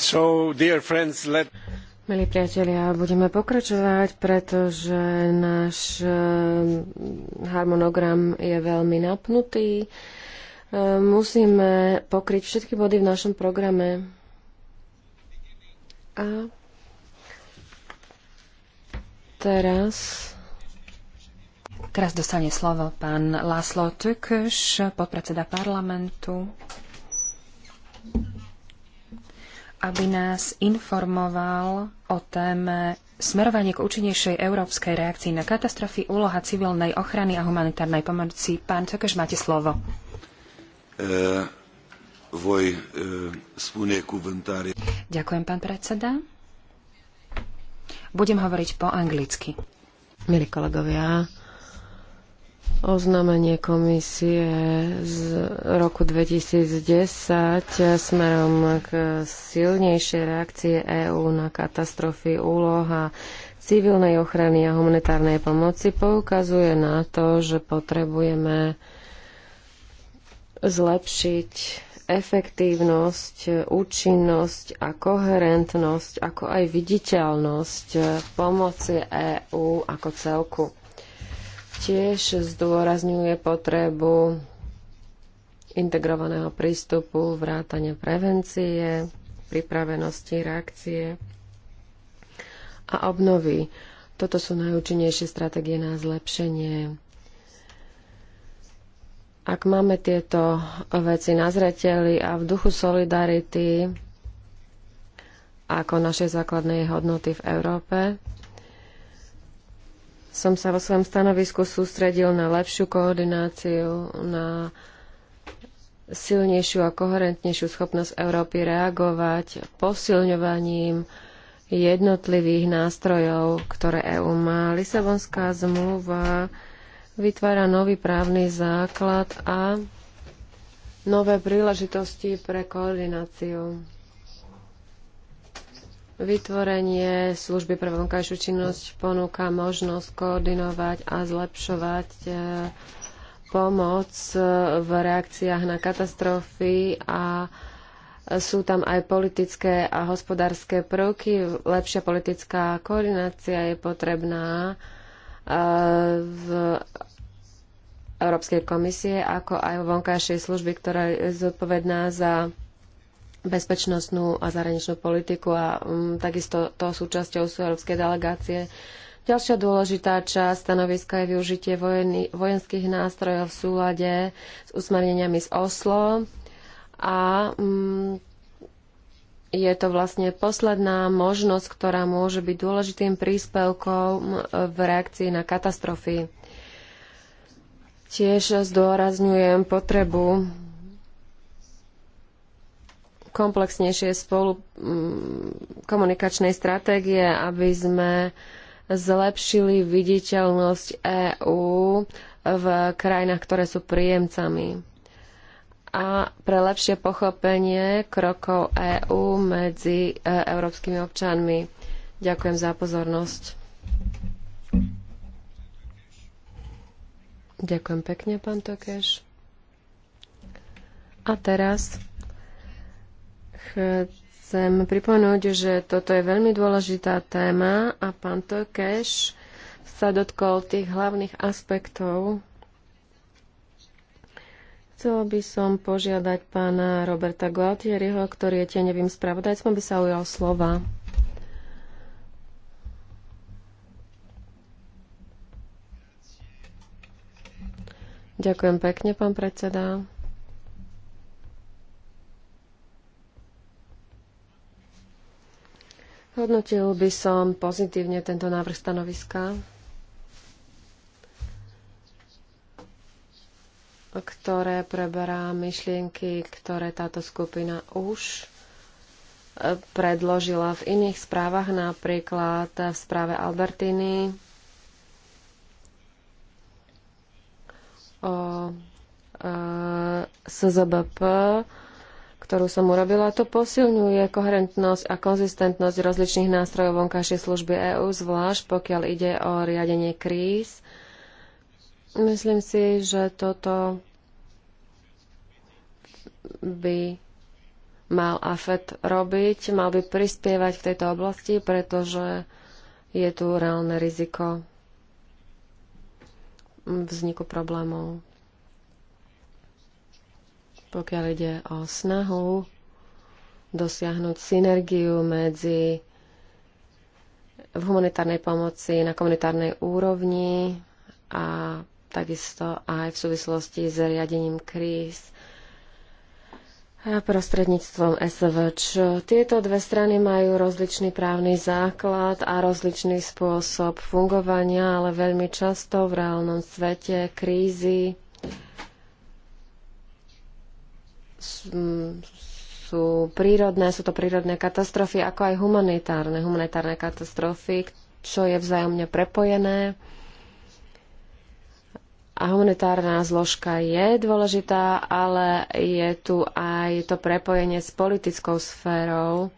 So, friends, let... Milí priatelia, budeme pokračovať, pretože náš eh, harmonogram je veľmi napnutý. Eh, musíme pokryť všetky body v našom programe. A teraz... Teraz dostane slovo pán Laszlo Tökös, podpredseda parlamentu aby nás informoval o téme smerovanie k účinnejšej európskej reakcii na katastrofy, úloha civilnej ochrany a humanitárnej pomoci. Pán Tökeš, máte slovo. E, e, Ďakujem, pán predseda. Budem hovoriť po anglicky. Milí kolegovia, oznámenie komisie z roku 2010 smerom k silnejšej reakcie EÚ na katastrofy úloha civilnej ochrany a humanitárnej pomoci poukazuje na to, že potrebujeme zlepšiť efektívnosť, účinnosť a koherentnosť, ako aj viditeľnosť pomoci EÚ ako celku tiež zdôrazňuje potrebu integrovaného prístupu, vrátania prevencie, pripravenosti, reakcie a obnovy. Toto sú najúčinnejšie stratégie na zlepšenie. Ak máme tieto veci na zreteli a v duchu solidarity ako našej základnej hodnoty v Európe, som sa vo svojom stanovisku sústredil na lepšiu koordináciu, na silnejšiu a koherentnejšiu schopnosť Európy reagovať posilňovaním jednotlivých nástrojov, ktoré EÚ má. Lisabonská zmluva vytvára nový právny základ a nové príležitosti pre koordináciu. Vytvorenie služby pre vonkajšiu činnosť ponúka možnosť koordinovať a zlepšovať e, pomoc e, v reakciách na katastrofy a sú tam aj politické a hospodárske prvky. Lepšia politická koordinácia je potrebná e, v Európskej komisie, ako aj vonkajšej služby, ktorá je zodpovedná za bezpečnostnú a zahraničnú politiku a um, takisto to súčasťou sú európskej delegácie. Ďalšia dôležitá časť stanoviska je využitie vojny, vojenských nástrojov v súlade s usmerneniami z Oslo a um, je to vlastne posledná možnosť, ktorá môže byť dôležitým príspevkom v reakcii na katastrofy. Tiež zdôrazňujem potrebu komplexnejšie spolu mm, komunikačnej stratégie, aby sme zlepšili viditeľnosť EÚ v krajinách, ktoré sú príjemcami a pre lepšie pochopenie krokov EÚ medzi e, európskymi občanmi. Ďakujem za pozornosť. Ďakujem pekne, pán Tokeš. A teraz Chcem pripomenúť, že toto je veľmi dôležitá téma a pán Tokeš sa dotkol tých hlavných aspektov. Chcela by som požiadať pána Roberta Gualtieriho, ktorý je tieňovým spravodajcom, by sa ujal slova. Ďakujem pekne, pán predseda. Hodnotil by som pozitívne tento návrh stanoviska, ktoré preberá myšlienky, ktoré táto skupina už e, predložila v iných správach, napríklad v správe Albertiny o e, SZBP ktorú som urobila, to posilňuje koherentnosť a konzistentnosť rozličných nástrojov vonkajšej služby EÚ, zvlášť pokiaľ ide o riadenie kríz. Myslím si, že toto by mal AFET robiť, mal by prispievať v tejto oblasti, pretože je tu reálne riziko vzniku problémov pokiaľ ide o snahu dosiahnuť synergiu medzi v humanitárnej pomoci na komunitárnej úrovni a takisto aj v súvislosti s riadením kríz a prostredníctvom SVČ. Tieto dve strany majú rozličný právny základ a rozličný spôsob fungovania, ale veľmi často v reálnom svete krízy sú prírodné, sú to prírodné katastrofy, ako aj humanitárne, humanitárne katastrofy, čo je vzájomne prepojené. A humanitárna zložka je dôležitá, ale je tu aj to prepojenie s politickou sférou,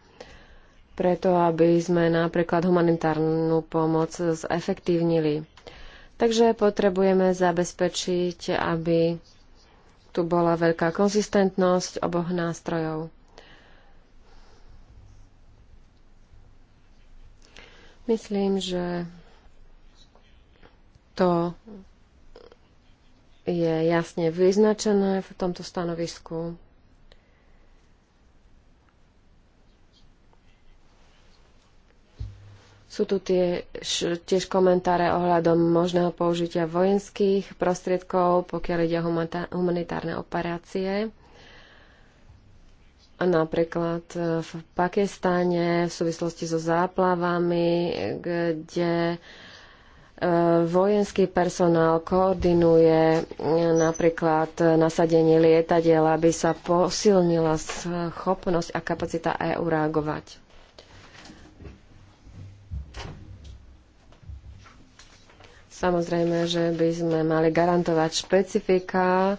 preto aby sme napríklad humanitárnu pomoc zefektívnili. Takže potrebujeme zabezpečiť, aby tu bola veľká konzistentnosť oboch nástrojov. Myslím, že to je jasne vyznačené v tomto stanovisku. Sú tu tie, tiež komentáre ohľadom možného použitia vojenských prostriedkov, pokiaľ ide o humanitárne operácie. A napríklad e, v Pakistáne v súvislosti so záplavami, kde e, vojenský personál koordinuje e, napríklad nasadenie lietadiel, aby sa posilnila schopnosť a kapacita EU reagovať. Samozrejme, že by sme mali garantovať špecifika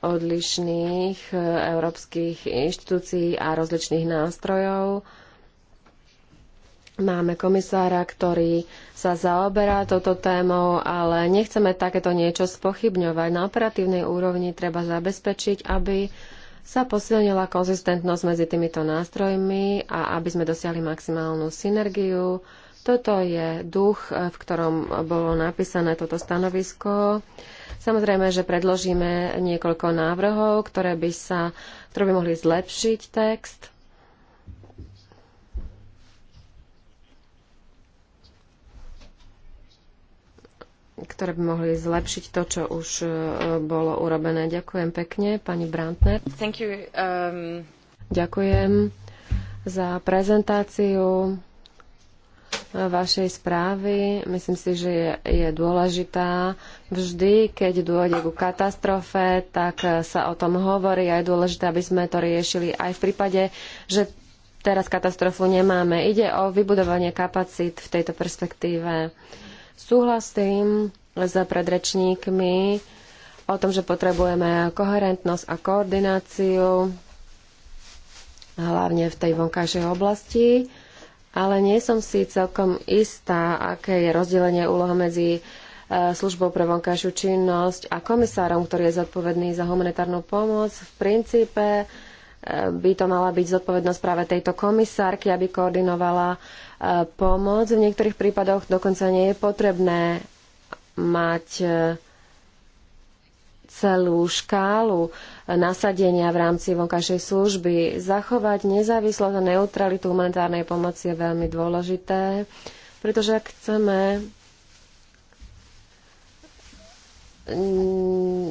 odlišných e, európskych inštitúcií a rozličných nástrojov. Máme komisára, ktorý sa zaoberá toto témou, ale nechceme takéto niečo spochybňovať. Na operatívnej úrovni treba zabezpečiť, aby sa posilnila konzistentnosť medzi týmito nástrojmi a aby sme dosiahli maximálnu synergiu toto je duch, v ktorom bolo napísané toto stanovisko. Samozrejme, že predložíme niekoľko návrhov, ktoré by, sa, ktoré by mohli zlepšiť text. ktoré by mohli zlepšiť to, čo už e, bolo urobené. Ďakujem pekne, pani Brandner. Thank you, um... Ďakujem za prezentáciu vašej správy. Myslím si, že je, je dôležitá. Vždy, keď dôjde ku katastrofe, tak e, sa o tom hovorí a je dôležité, aby sme to riešili aj v prípade, že teraz katastrofu nemáme. Ide o vybudovanie kapacít v tejto perspektíve. Súhlasím s predrečníkmi o tom, že potrebujeme koherentnosť a koordináciu, hlavne v tej vonkajšej oblasti ale nie som si celkom istá, aké je rozdelenie úloh medzi e, službou pre vonkajšiu činnosť a komisárom, ktorý je zodpovedný za humanitárnu pomoc. V princípe e, by to mala byť zodpovednosť práve tejto komisárky, aby koordinovala e, pomoc. V niektorých prípadoch dokonca nie je potrebné mať celú škálu nasadenia v rámci vonkajšej služby. Zachovať nezávislosť a neutralitu humanitárnej pomoci je veľmi dôležité, pretože ak chceme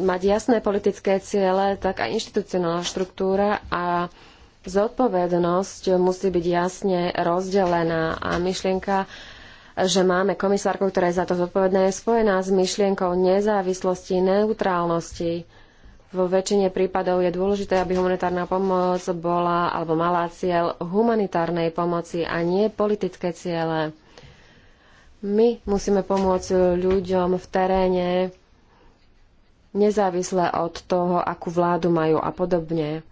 mať jasné politické ciele, tak aj inštitucionálna štruktúra a zodpovednosť musí byť jasne rozdelená a myšlienka že máme komisárku, ktorá je za to zodpovedná, je spojená s myšlienkou nezávislosti, neutrálnosti vo väčšine prípadov je dôležité, aby humanitárna pomoc bola alebo mala cieľ humanitárnej pomoci a nie politické ciele. My musíme pomôcť ľuďom v teréne, nezávisle od toho, akú vládu majú a podobne.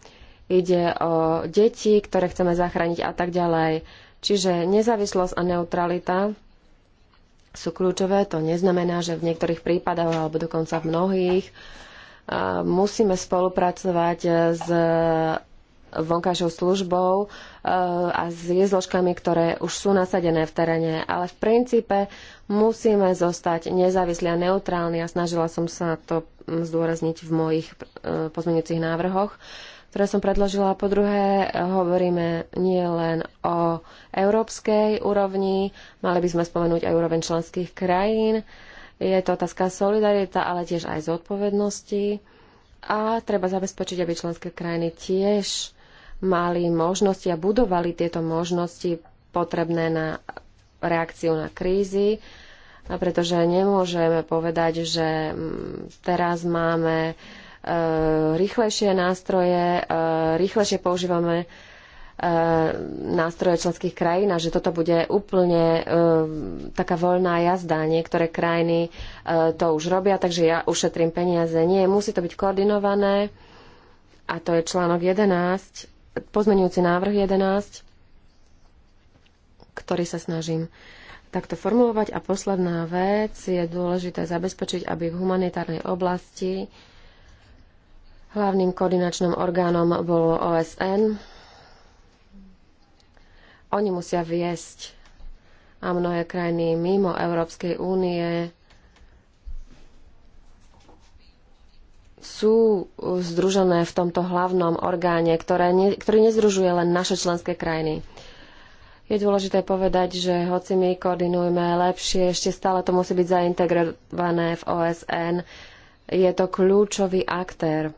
Ide o deti, ktoré chceme zachrániť a tak ďalej. Čiže nezávislosť a neutralita sú kľúčové. To neznamená, že v niektorých prípadoch alebo dokonca v mnohých musíme spolupracovať e, s e, vonkajšou službou e, a s jezložkami, ktoré už sú nasadené v teréne. Ale v princípe musíme zostať nezávislí a neutrálni a snažila som sa to zdôrazniť v mojich pozmeňujúcich návrhoch ktoré som predložila. Po druhé, hovoríme nie len o európskej úrovni, mali by sme spomenúť aj úroveň členských krajín je to otázka solidarita, ale tiež aj zodpovednosti. A treba zabezpečiť, aby členské krajiny tiež mali možnosti a budovali tieto možnosti potrebné na reakciu na krízy, pretože nemôžeme povedať, že mm, teraz máme e, rýchlejšie nástroje, e, rýchlejšie používame E, nástroje členských krajín a že toto bude úplne e, taká voľná jazda. Niektoré krajiny e, to už robia, takže ja ušetrím peniaze. Nie, musí to byť koordinované a to je článok 11, pozmenujúci návrh 11, ktorý sa snažím takto formulovať. A posledná vec je dôležité zabezpečiť, aby v humanitárnej oblasti hlavným koordinačným orgánom bolo OSN, oni musia viesť a mnohé krajiny mimo Európskej únie sú združené v tomto hlavnom orgáne, ktoré ne, ktorý nezdružuje len naše členské krajiny. Je dôležité povedať, že hoci my koordinujeme lepšie, ešte stále to musí byť zaintegrované v OSN. Je to kľúčový aktér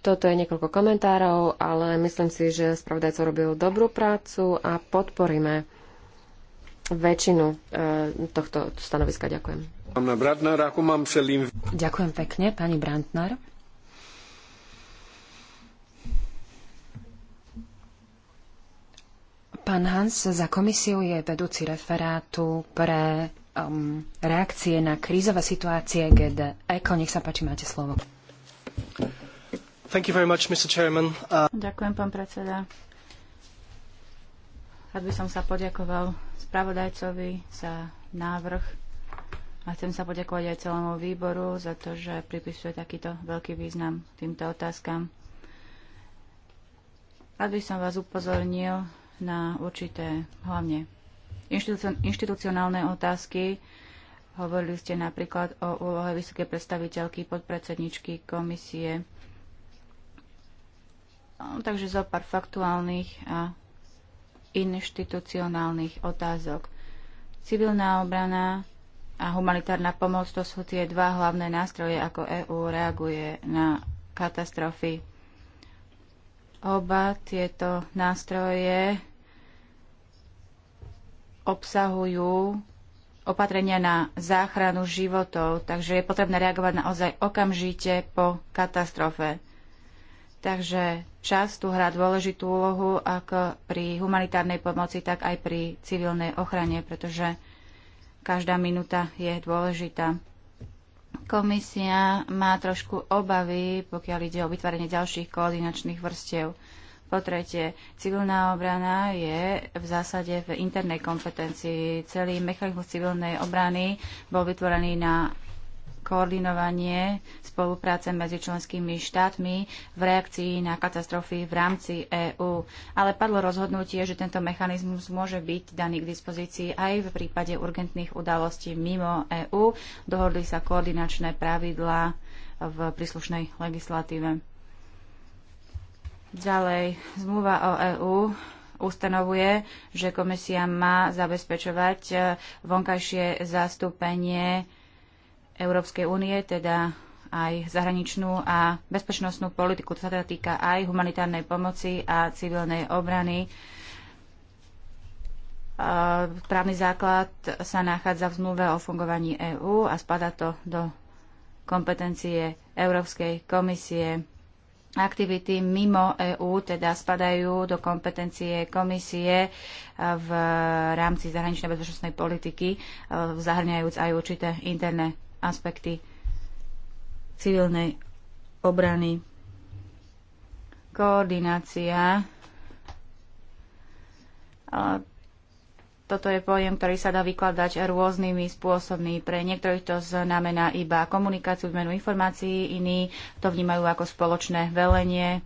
toto je niekoľko komentárov, ale myslím si, že spravodajco robil dobrú prácu a podporíme väčšinu e, tohto stanoviska. Ďakujem. Ďakujem pekne, pani Brantner. Pán Hans za komisiu je vedúci referátu pre um, reakcie na krízové situácie GDE. Eko, nech sa páči, máte slovo. Uh, Ďakujem, pán predseda. Rád by som sa poďakoval spravodajcovi za návrh a chcem sa poďakovať aj celému výboru za to, že pripisuje takýto veľký význam týmto otázkam. Rád by som vás upozornil na určité hlavne inštitucionálne otázky. Hovorili ste napríklad o úlohe vysokej predstaviteľky podpredsedničky komisie No, takže zo pár faktuálnych a inštitucionálnych otázok. Civilná obrana a humanitárna pomoc to sú tie dva hlavné nástroje, ako EÚ reaguje na katastrofy. Oba tieto nástroje obsahujú opatrenia na záchranu životov, takže je potrebné reagovať naozaj okamžite po katastrofe. Takže čas tu hrá dôležitú úlohu ako pri humanitárnej pomoci, tak aj pri civilnej ochrane, pretože každá minúta je dôležitá. Komisia má trošku obavy, pokiaľ ide o vytvárenie ďalších koordinačných vrstiev. Po tretie, civilná obrana je v zásade v internej kompetencii. Celý mechanizmus civilnej obrany bol vytvorený na koordinovanie spolupráce medzi členskými štátmi v reakcii na katastrofy v rámci EÚ. Ale padlo rozhodnutie, že tento mechanizmus môže byť daný k dispozícii aj v prípade urgentných udalostí mimo EÚ. Dohodli sa koordinačné pravidlá v príslušnej legislatíve. Ďalej, zmluva o EÚ ustanovuje, že komisia má zabezpečovať eh, vonkajšie zastúpenie Európskej únie, teda aj zahraničnú a bezpečnostnú politiku. To sa teda týka aj humanitárnej pomoci a civilnej obrany. Právny základ sa nachádza v zmluve o fungovaní EÚ a spada to do kompetencie Európskej komisie. Aktivity mimo EÚ teda spadajú do kompetencie komisie v rámci zahraničnej bezpečnostnej politiky, e, zahrňajúc aj určité interné aspekty civilnej obrany. Koordinácia. Toto je pojem, ktorý sa dá vykladať rôznymi spôsobmi. Pre niektorých to znamená iba komunikáciu, zmenu informácií, iní to vnímajú ako spoločné velenie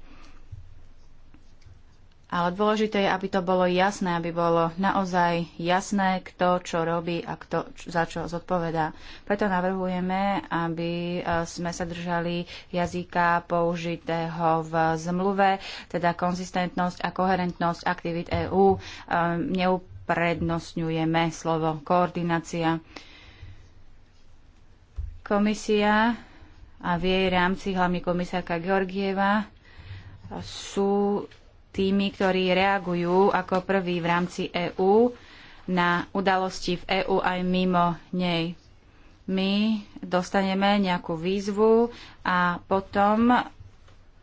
ale dôležité je, aby to bolo jasné, aby bolo naozaj jasné, kto čo robí a kto za čo zodpovedá. Preto navrhujeme, aby e, sme sa držali jazyka použitého v zmluve, teda konzistentnosť a koherentnosť aktivít EÚ. E, neuprednostňujeme slovo koordinácia. Komisia a v jej rámci hlavne komisárka Georgieva sú tými, ktorí reagujú ako prví v rámci EÚ na udalosti v EÚ aj mimo nej. My dostaneme nejakú výzvu a potom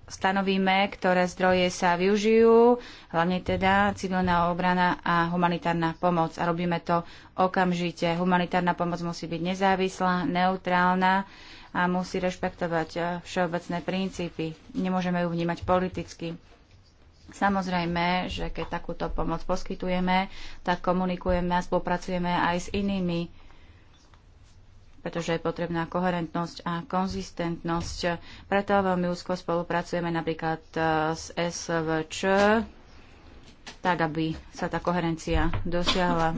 stanovíme, ktoré zdroje sa využijú, hlavne teda civilná obrana a humanitárna pomoc. A robíme to okamžite. Humanitárna pomoc musí byť nezávislá, neutrálna a musí rešpektovať eh, všeobecné princípy. Nemôžeme ju vnímať politicky. Samozrejme, že keď takúto pomoc poskytujeme, tak komunikujeme a spolupracujeme aj s inými, pretože je potrebná koherentnosť a konzistentnosť. Preto veľmi úzko spolupracujeme napríklad e, s SVČ, tak aby sa tá koherencia dosiahla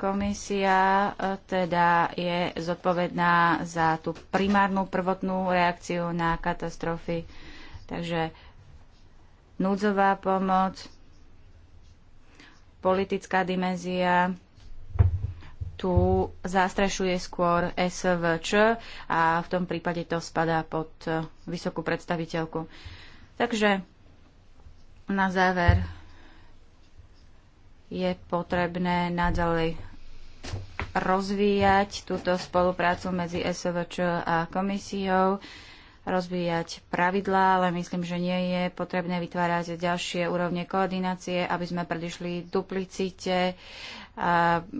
komisia e, teda je zodpovedná za tú primárnu prvotnú reakciu na katastrofy. Takže núdzová pomoc, politická dimenzia, tu zastrešuje skôr SVČ a v tom prípade to spadá pod eh, vysokú predstaviteľku. Takže na záver je potrebné nadalej rozvíjať túto spoluprácu medzi SVČ a komisiou rozvíjať pravidlá, ale myslím, že nie je potrebné vytvárať ďalšie úrovne koordinácie, aby sme predišli duplicite,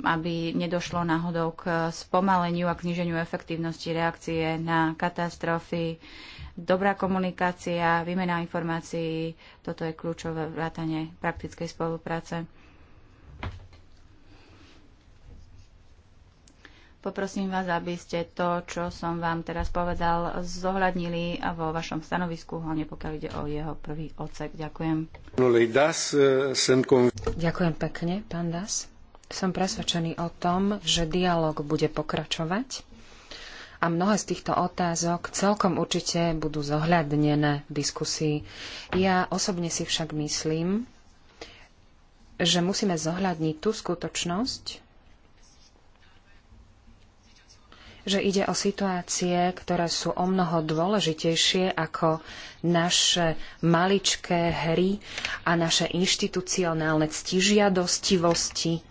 aby nedošlo náhodou k spomaleniu a kniženiu efektívnosti reakcie na katastrofy. Dobrá komunikácia, výmena informácií, toto je kľúčové vrátanie praktickej spolupráce. Poprosím vás, aby ste to, čo som vám teraz povedal, zohľadnili vo vašom stanovisku, hlavne pokiaľ ide o jeho prvý odsek. Ďakujem. No, e, Ďakujem pekne, pán Das. Som presvedčený o tom, že dialog bude pokračovať a mnohé z týchto otázok celkom určite budú zohľadnené v diskusii. Ja osobne si však myslím, že musíme zohľadniť tú skutočnosť, že ide o situácie, ktoré sú o mnoho dôležitejšie ako naše maličké hry a naše inštitucionálne ctižiadostivosti.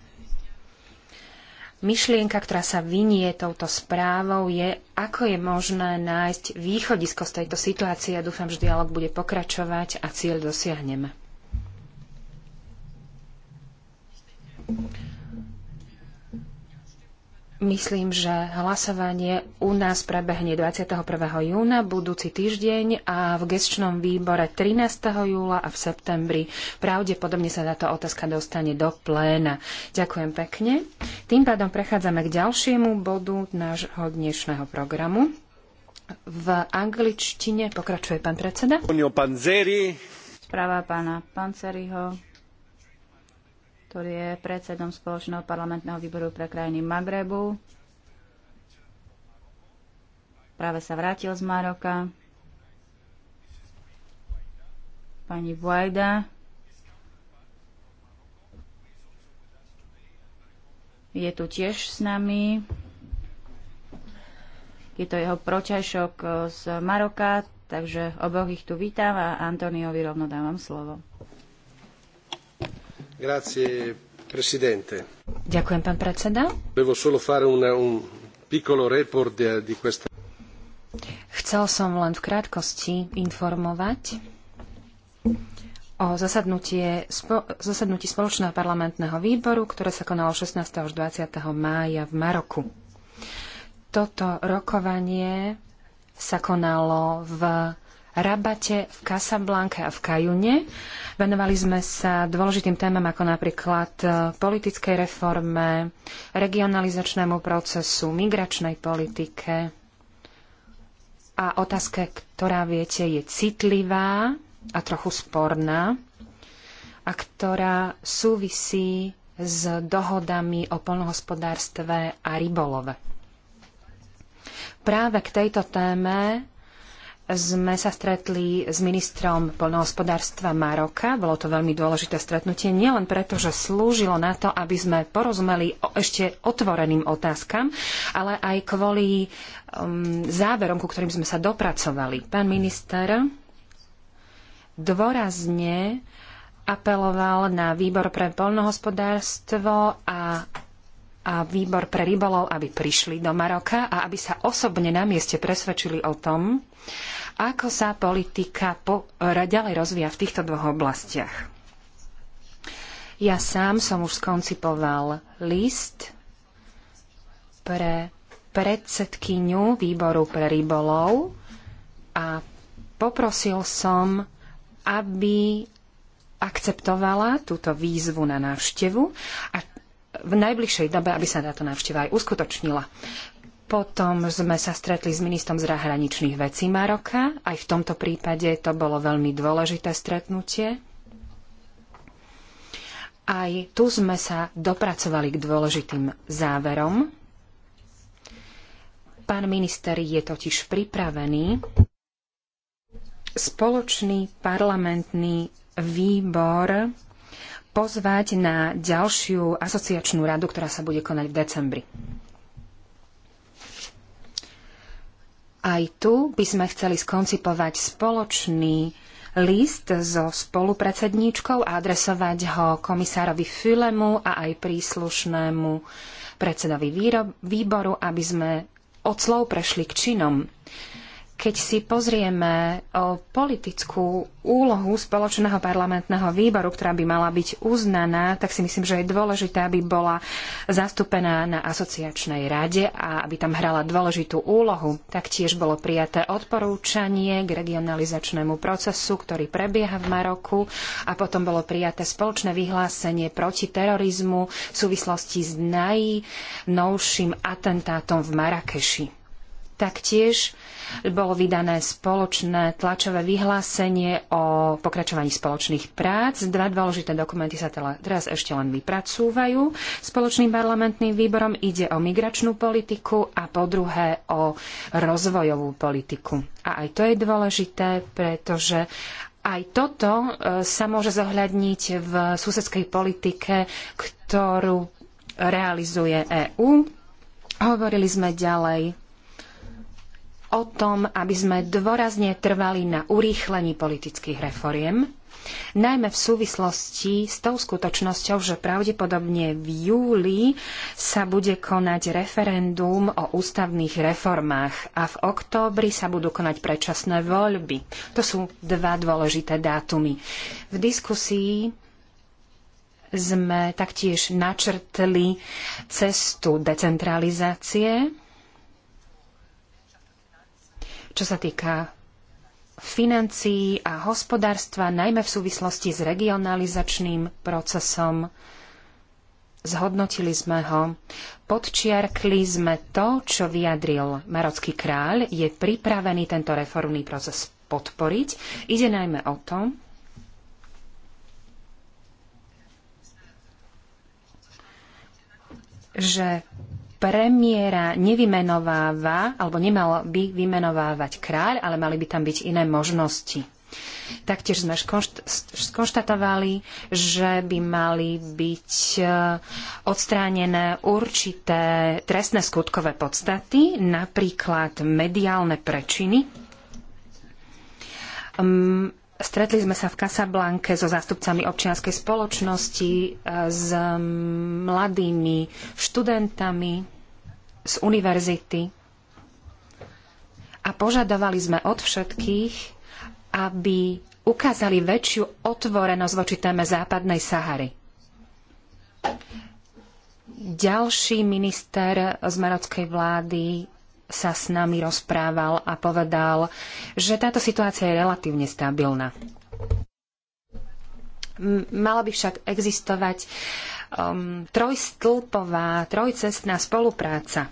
Myšlienka, ktorá sa vynie touto správou, je, ako je možné nájsť východisko z tejto situácie. Ja dúfam, že dialog bude pokračovať a cieľ dosiahneme. Myslím, že hlasovanie u nás prebehne 21. júna, budúci týždeň a v gestčnom výbore 13. júla a v septembri. Pravdepodobne sa táto otázka dostane do pléna. Ďakujem pekne. Tým pádom prechádzame k ďalšiemu bodu nášho dnešného programu. V angličtine pokračuje pán predseda. Správa pána Panceriho ktorý je predsedom Spoločného parlamentného výboru pre krajiny Magrebu. Práve sa vrátil z Maroka. Pani Vajda. je tu tiež s nami. Je to jeho pročajšok z Maroka, takže oboch ich tu vítam a Antoniovi rovno dávam slovo. Ďakujem, pán predseda. Devo Chcel som len v krátkosti informovať o zasadnutí spoločného parlamentného výboru, ktoré sa konalo 16. až 20. mája v Maroku. Toto rokovanie sa konalo v Rabate, v Casablanke a v Kajune. Venovali sme sa dôležitým témam ako napríklad e, politickej reforme, regionalizačnému procesu, migračnej politike a otázke, ktorá viete, je citlivá a trochu sporná a ktorá súvisí s dohodami o poľnohospodárstve a rybolove. Práve k tejto téme sme sa stretli s ministrom poľnohospodárstva Maroka. Bolo to veľmi dôležité stretnutie, nielen preto, že slúžilo na to, aby sme porozumeli o ešte otvoreným otázkam, ale aj kvôli um, záverom, ku ktorým sme sa dopracovali. Pán minister dôrazne apeloval na výbor pre poľnohospodárstvo a a výbor pre rybolov, aby prišli do Maroka a aby sa osobne na mieste presvedčili o tom, ako sa politika po, e, ďalej rozvíja v týchto dvoch oblastiach? Ja sám som už skoncipoval list pre predsedkyňu výboru pre rybolov a poprosil som, aby akceptovala túto výzvu na návštevu a v najbližšej dobe, aby sa táto návšteva aj uskutočnila. Potom sme sa stretli s ministrom zahraničných vecí Maroka. Aj v tomto prípade to bolo veľmi dôležité stretnutie. Aj tu sme sa dopracovali k dôležitým záverom. Pán minister je totiž pripravený spoločný parlamentný výbor pozvať na ďalšiu asociačnú radu, ktorá sa bude konať v decembri. Aj tu by sme chceli skoncipovať spoločný list so spolupredsedníčkou a adresovať ho komisárovi Fülemu a aj príslušnému predsedovi výboru, aby sme od slov prešli k činom. Keď si pozrieme o politickú úlohu spoločného parlamentného výboru, ktorá by mala byť uznaná, tak si myslím, že je dôležité, aby bola zastúpená na asociačnej rade a aby tam hrala dôležitú úlohu. Taktiež bolo prijaté odporúčanie k regionalizačnému procesu, ktorý prebieha v Maroku a potom bolo prijaté spoločné vyhlásenie proti terorizmu v súvislosti s najnovším atentátom v Marrakeši. Taktiež bolo vydané spoločné tlačové vyhlásenie o pokračovaní spoločných prác. Dva dôležité dokumenty sa teraz ešte len vypracúvajú. Spoločným parlamentným výborom ide o migračnú politiku a po druhé o rozvojovú politiku. A aj to je dôležité, pretože aj toto e, sa môže zohľadniť v susedskej politike, ktorú realizuje EÚ. Hovorili sme ďalej o tom, aby sme dôrazne trvali na urýchlení politických reforiem, najmä v súvislosti s tou skutočnosťou, že pravdepodobne v júli sa bude konať referendum o ústavných reformách a v októbri sa budú konať predčasné voľby. To sú dva dôležité dátumy. V diskusii sme taktiež načrtli cestu decentralizácie čo sa týka financií a hospodárstva, najmä v súvislosti s regionalizačným procesom. Zhodnotili sme ho. Podčiarkli sme to, čo vyjadril marocký kráľ. Je pripravený tento reformný proces podporiť. Ide najmä o to, že premiéra nevymenováva, alebo nemal by vymenovávať kráľ, ale mali by tam byť iné možnosti. Taktiež sme skonštatovali, že by mali byť eh, odstránené určité trestné skutkové podstaty, napríklad mediálne prečiny. Ehm, Stretli sme sa v Casablanke so zástupcami občianskej spoločnosti, e, s mladými študentami z univerzity a požadovali sme od všetkých, aby ukázali väčšiu otvorenosť voči téme západnej Sahary. Ďalší minister z marockej vlády sa s nami rozprával a povedal, že táto situácia je relatívne stabilná. Mala by však existovať um, trojstĺpová, trojcestná spolupráca.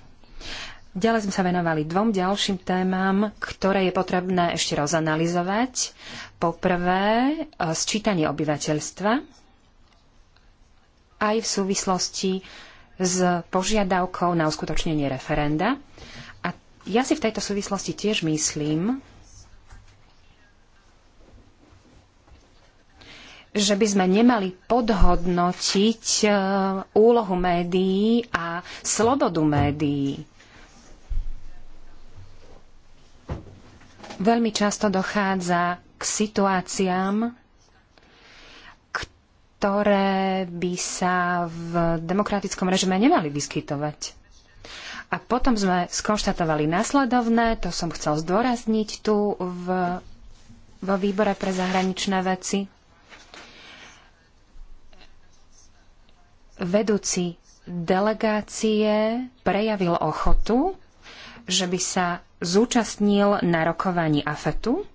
Ďalej sme sa venovali dvom ďalším témam, ktoré je potrebné ešte rozanalizovať. Poprvé, eh, sčítanie obyvateľstva aj v súvislosti s požiadavkou na uskutočnenie referenda. Ja si v tejto súvislosti tiež myslím, že by sme nemali podhodnotiť e, úlohu médií a slobodu médií. Veľmi často dochádza k situáciám, ktoré by sa v demokratickom režime nemali vyskytovať. A potom sme skonštatovali následovné, to som chcel zdôrazniť tu v, vo výbore pre zahraničné veci. Vedúci delegácie prejavil ochotu, že by sa zúčastnil na rokovaní AFETu.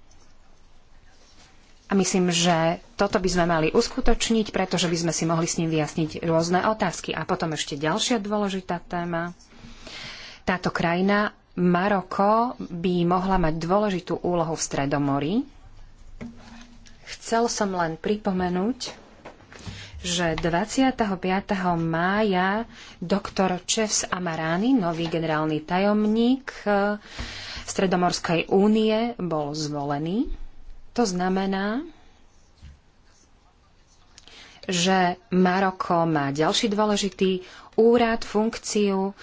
A myslím, že toto by sme mali uskutočniť, pretože by sme si mohli s ním vyjasniť rôzne otázky. A potom ešte ďalšia dôležitá téma. Táto krajina, Maroko, by mohla mať dôležitú úlohu v Stredomorí. Chcel som len pripomenúť, že 25. mája doktor Čevs Amarány, nový generálny tajomník eh, Stredomorskej únie, bol zvolený. To znamená, že Maroko má ďalší dôležitý úrad, funkciu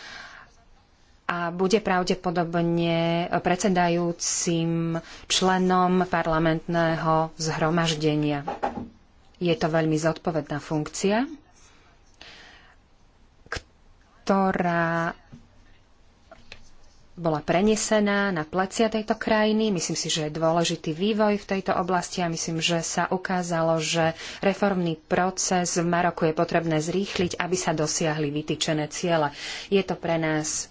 a bude pravdepodobne predsedajúcim členom parlamentného zhromaždenia. Je to veľmi zodpovedná funkcia, ktorá bola prenesená na plecia tejto krajiny. Myslím si, že je dôležitý vývoj v tejto oblasti a myslím, že sa ukázalo, že reformný proces v Maroku je potrebné zrýchliť, aby sa dosiahli vytýčené ciele. Je to pre nás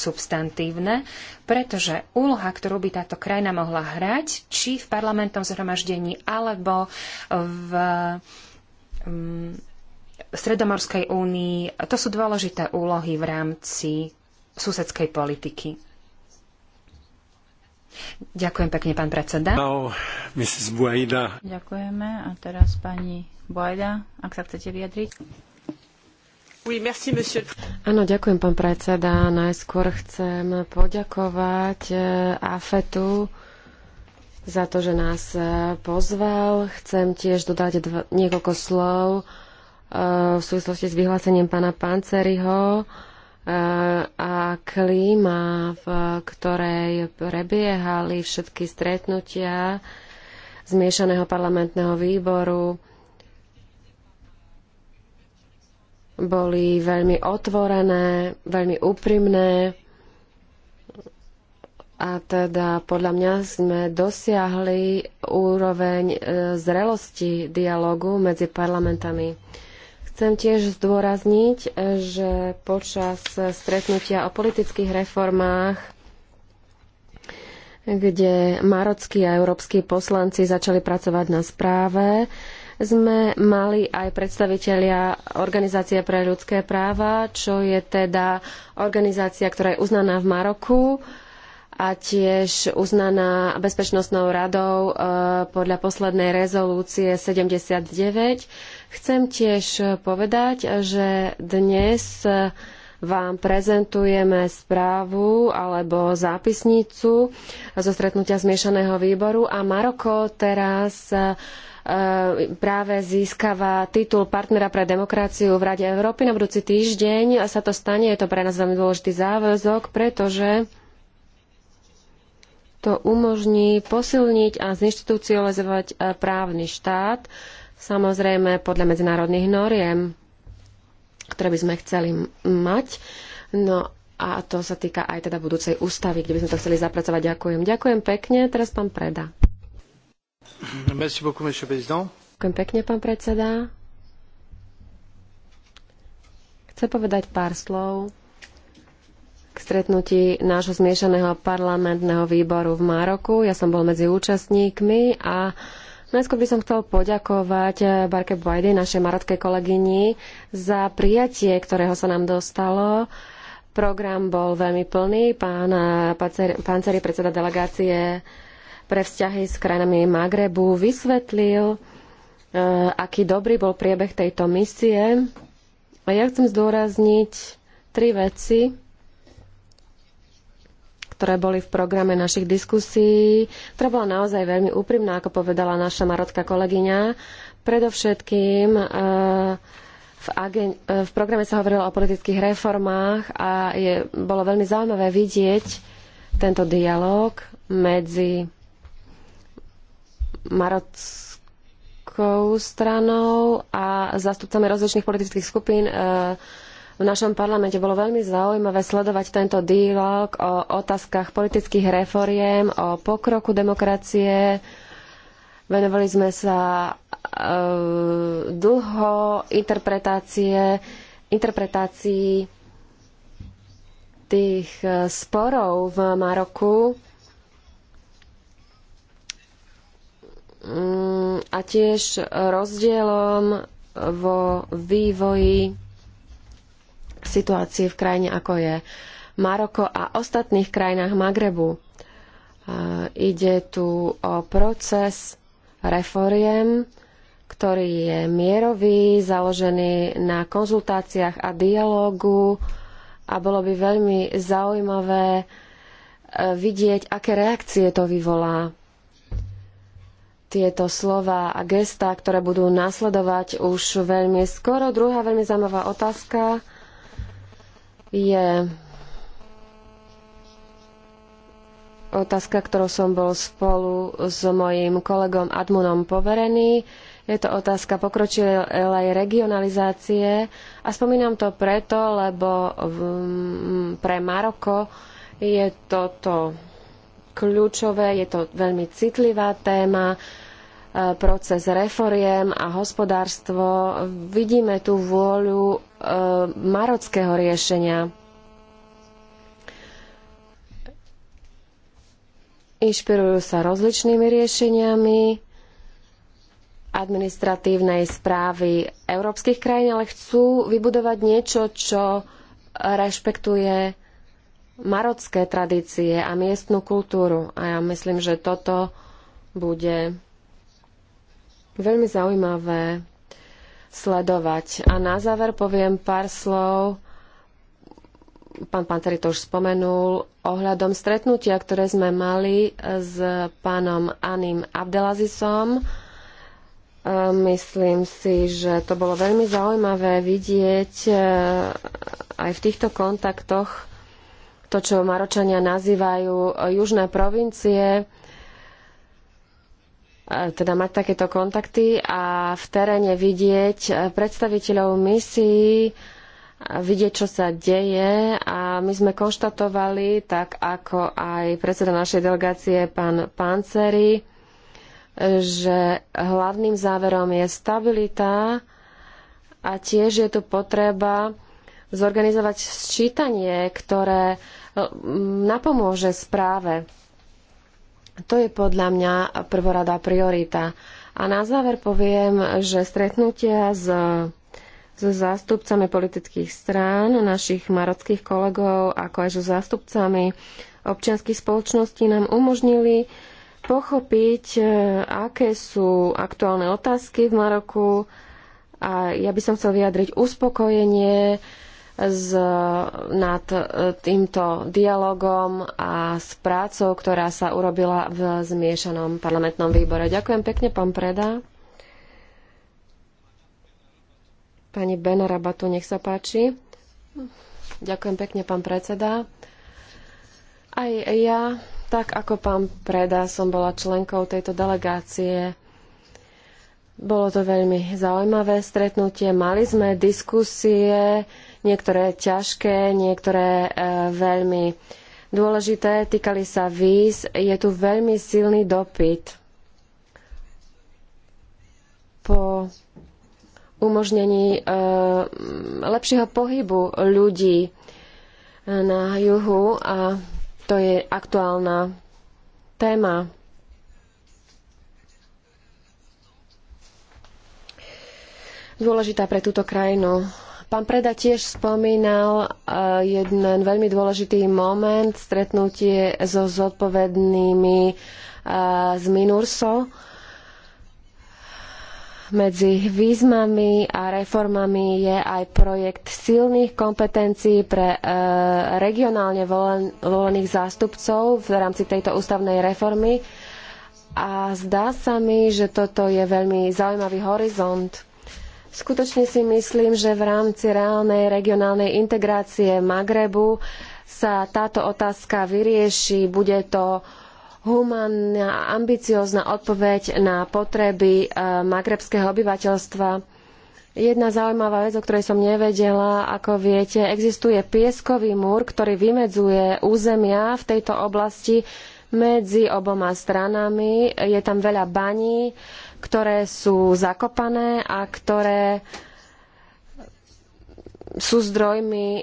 substantívne, pretože úloha, ktorú by táto krajina mohla hrať, či v parlamentom zhromaždení alebo v mm, Stredomorskej únii, to sú dôležité úlohy v rámci susedskej politiky. Ďakujem pekne, pán predseda. No, Mrs. Buajda. Ďakujeme. A teraz pani Buajda, ak sa chcete vyjadriť. Áno, ďakujem, pán predseda. Najskôr chcem poďakovať e, AFETu za to, že nás e, pozval. Chcem tiež dodať dv- niekoľko slov e, v súvislosti s vyhlásením pána Panceriho a klíma, v ktorej prebiehali všetky stretnutia zmiešaného parlamentného výboru boli veľmi otvorené, veľmi úprimné a teda podľa mňa sme dosiahli úroveň e, zrelosti dialogu medzi parlamentami. Chcem tiež zdôrazniť, e, že počas stretnutia o politických reformách kde marockí a európsky poslanci začali pracovať na správe, sme mali aj predstavitelia Organizácie pre ľudské práva, čo je teda organizácia, ktorá je uznaná v Maroku a tiež uznaná Bezpečnostnou radou e, podľa poslednej rezolúcie 79. Chcem tiež povedať, že dnes vám prezentujeme správu alebo zápisnicu zo stretnutia zmiešaného výboru a Maroko teraz E, práve získava titul partnera pre demokraciu v Rade Európy na budúci týždeň sa to stane. Je to pre nás veľmi dôležitý záväzok, pretože to umožní posilniť a zinstitucionalizovať e, právny štát, samozrejme podľa medzinárodných noriem, ktoré by sme chceli mať. No a to sa týka aj teda budúcej ústavy, kde by sme to chceli zapracovať. Ďakujem. Ďakujem pekne. Teraz pán Preda. Ďakujem pekne, pán predseda. Chcem povedať pár slov k stretnutí nášho zmiešaného parlamentného výboru v Maroku. Ja som bol medzi účastníkmi a najskôr by som chcel poďakovať Barke Bajdy, našej marockej kolegyni, za prijatie, ktorého sa nám dostalo. Program bol veľmi plný. Pán, pán, eh, pán predseda delegácie pre vzťahy s krajinami Magrebu vysvetlil, e, aký dobrý bol priebeh tejto misie. A ja chcem zdôrazniť tri veci, ktoré boli v programe našich diskusí, ktorá bola naozaj veľmi úprimná, ako povedala naša marotka kolegyňa. Predovšetkým e, v, agen- e, v programe sa hovorilo o politických reformách a je, bolo veľmi zaujímavé vidieť tento dialog medzi marockou stranou a zástupcami rozličných politických skupín e, v našom parlamente bolo veľmi zaujímavé sledovať tento dialog o otázkach politických reforiem, o pokroku demokracie. Venovali sme sa e, dlho interpretácie, tých e, sporov v Maroku Mm, a tiež rozdielom vo vývoji situácie v krajine ako je Maroko a ostatných krajinách Magrebu. Ide tu o proces reforiem, ktorý je mierový, založený na konzultáciách a dialógu a bolo by veľmi zaujímavé e, vidieť, aké reakcie to vyvolá tieto slova a gestá, ktoré budú nasledovať už veľmi skoro. Druhá veľmi zaujímavá otázka je otázka, ktorou som bol spolu s mojím kolegom Admunom poverený. Je to otázka pokročilej regionalizácie a spomínam to preto, lebo v, pre Maroko je toto kľúčové, je to veľmi citlivá téma, E, proces reforiem a hospodárstvo, vidíme tú vôľu e, marockého riešenia. Inšpirujú sa rozličnými riešeniami administratívnej správy európskych krajín, ale chcú vybudovať niečo, čo rešpektuje marocké tradície a miestnu kultúru. A ja myslím, že toto bude veľmi zaujímavé sledovať. A na záver poviem pár slov, pán Panteri to už spomenul, ohľadom stretnutia, ktoré sme mali s pánom Anim Abdelazisom. E, myslím si, že to bolo veľmi zaujímavé vidieť e, aj v týchto kontaktoch to, čo Maročania nazývajú južné provincie, E, teda mať takéto kontakty a v teréne vidieť e, predstaviteľov misií, e, vidieť, čo sa deje a my sme konštatovali, tak ako aj predseda našej delegácie, pán Panceri, že hlavným záverom je stabilita a tiež je tu potreba zorganizovať sčítanie, ktoré napomôže správe to je podľa mňa prvorada priorita. A na záver poviem, že stretnutia s, s zástupcami politických strán, našich marockých kolegov, ako aj so zástupcami občianských spoločností nám umožnili pochopiť, e, aké sú aktuálne otázky v Maroku. A ja by som chcel vyjadriť uspokojenie, z, nad e, týmto dialogom a s prácou, ktorá sa urobila v zmiešanom parlamentnom výbore. Ďakujem pekne, pán Preda. Pani Rabatu, nech sa páči. Ďakujem pekne, pán predseda. Aj ja, tak ako pán Preda, som bola členkou tejto delegácie bolo to veľmi zaujímavé stretnutie. Mali sme diskusie niektoré ťažké, niektoré e, veľmi dôležité, týkali sa víz. Je tu veľmi silný dopyt po umožnení e, lepšieho pohybu ľudí e, na juhu a to je aktuálna téma. Dôležitá pre túto krajinu. Pán Preda tiež spomínal e, jeden veľmi dôležitý moment, stretnutie so zodpovednými e, z Minurso medzi výzvami a reformami je aj projekt silných kompetencií pre e, regionálne volen, volených zástupcov v rámci tejto ústavnej reformy. A zdá sa mi, že toto je veľmi zaujímavý horizont Skutočne si myslím, že v rámci reálnej regionálnej integrácie Magrebu sa táto otázka vyrieši. Bude to humánna, a ambiciózna odpoveď na potreby eh, magrebského obyvateľstva. Jedna zaujímavá vec, o ktorej som nevedela, ako viete, existuje pieskový múr, ktorý vymedzuje územia v tejto oblasti medzi oboma stranami. Je tam veľa baní ktoré sú zakopané a ktoré sú zdrojmi e,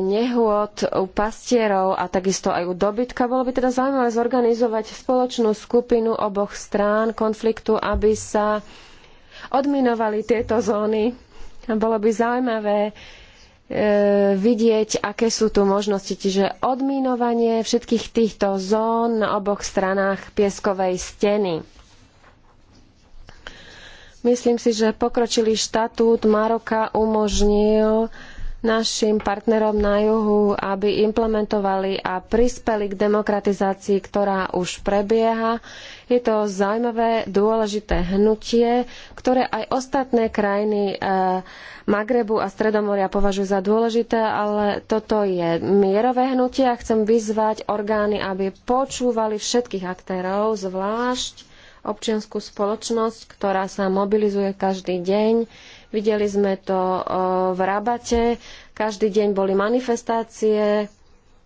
nehôd u pastierov a takisto aj u dobytka. Bolo by teda zaujímavé zorganizovať spoločnú skupinu oboch strán konfliktu, aby sa odminovali tieto zóny. Bolo by zaujímavé e, vidieť, aké sú tu možnosti. Čiže odminovanie všetkých týchto zón na oboch stranách pieskovej steny. Myslím si, že pokročilý štatút Maroka umožnil našim partnerom na juhu, aby implementovali a prispeli k demokratizácii, ktorá už prebieha. Je to zaujímavé, dôležité hnutie, ktoré aj ostatné krajiny eh, Magrebu a Stredomoria považujú za dôležité, ale toto je mierové hnutie a chcem vyzvať orgány, aby počúvali všetkých aktérov, zvlášť občianskú spoločnosť, ktorá sa mobilizuje každý deň. Videli sme to v Rabate. Každý deň boli manifestácie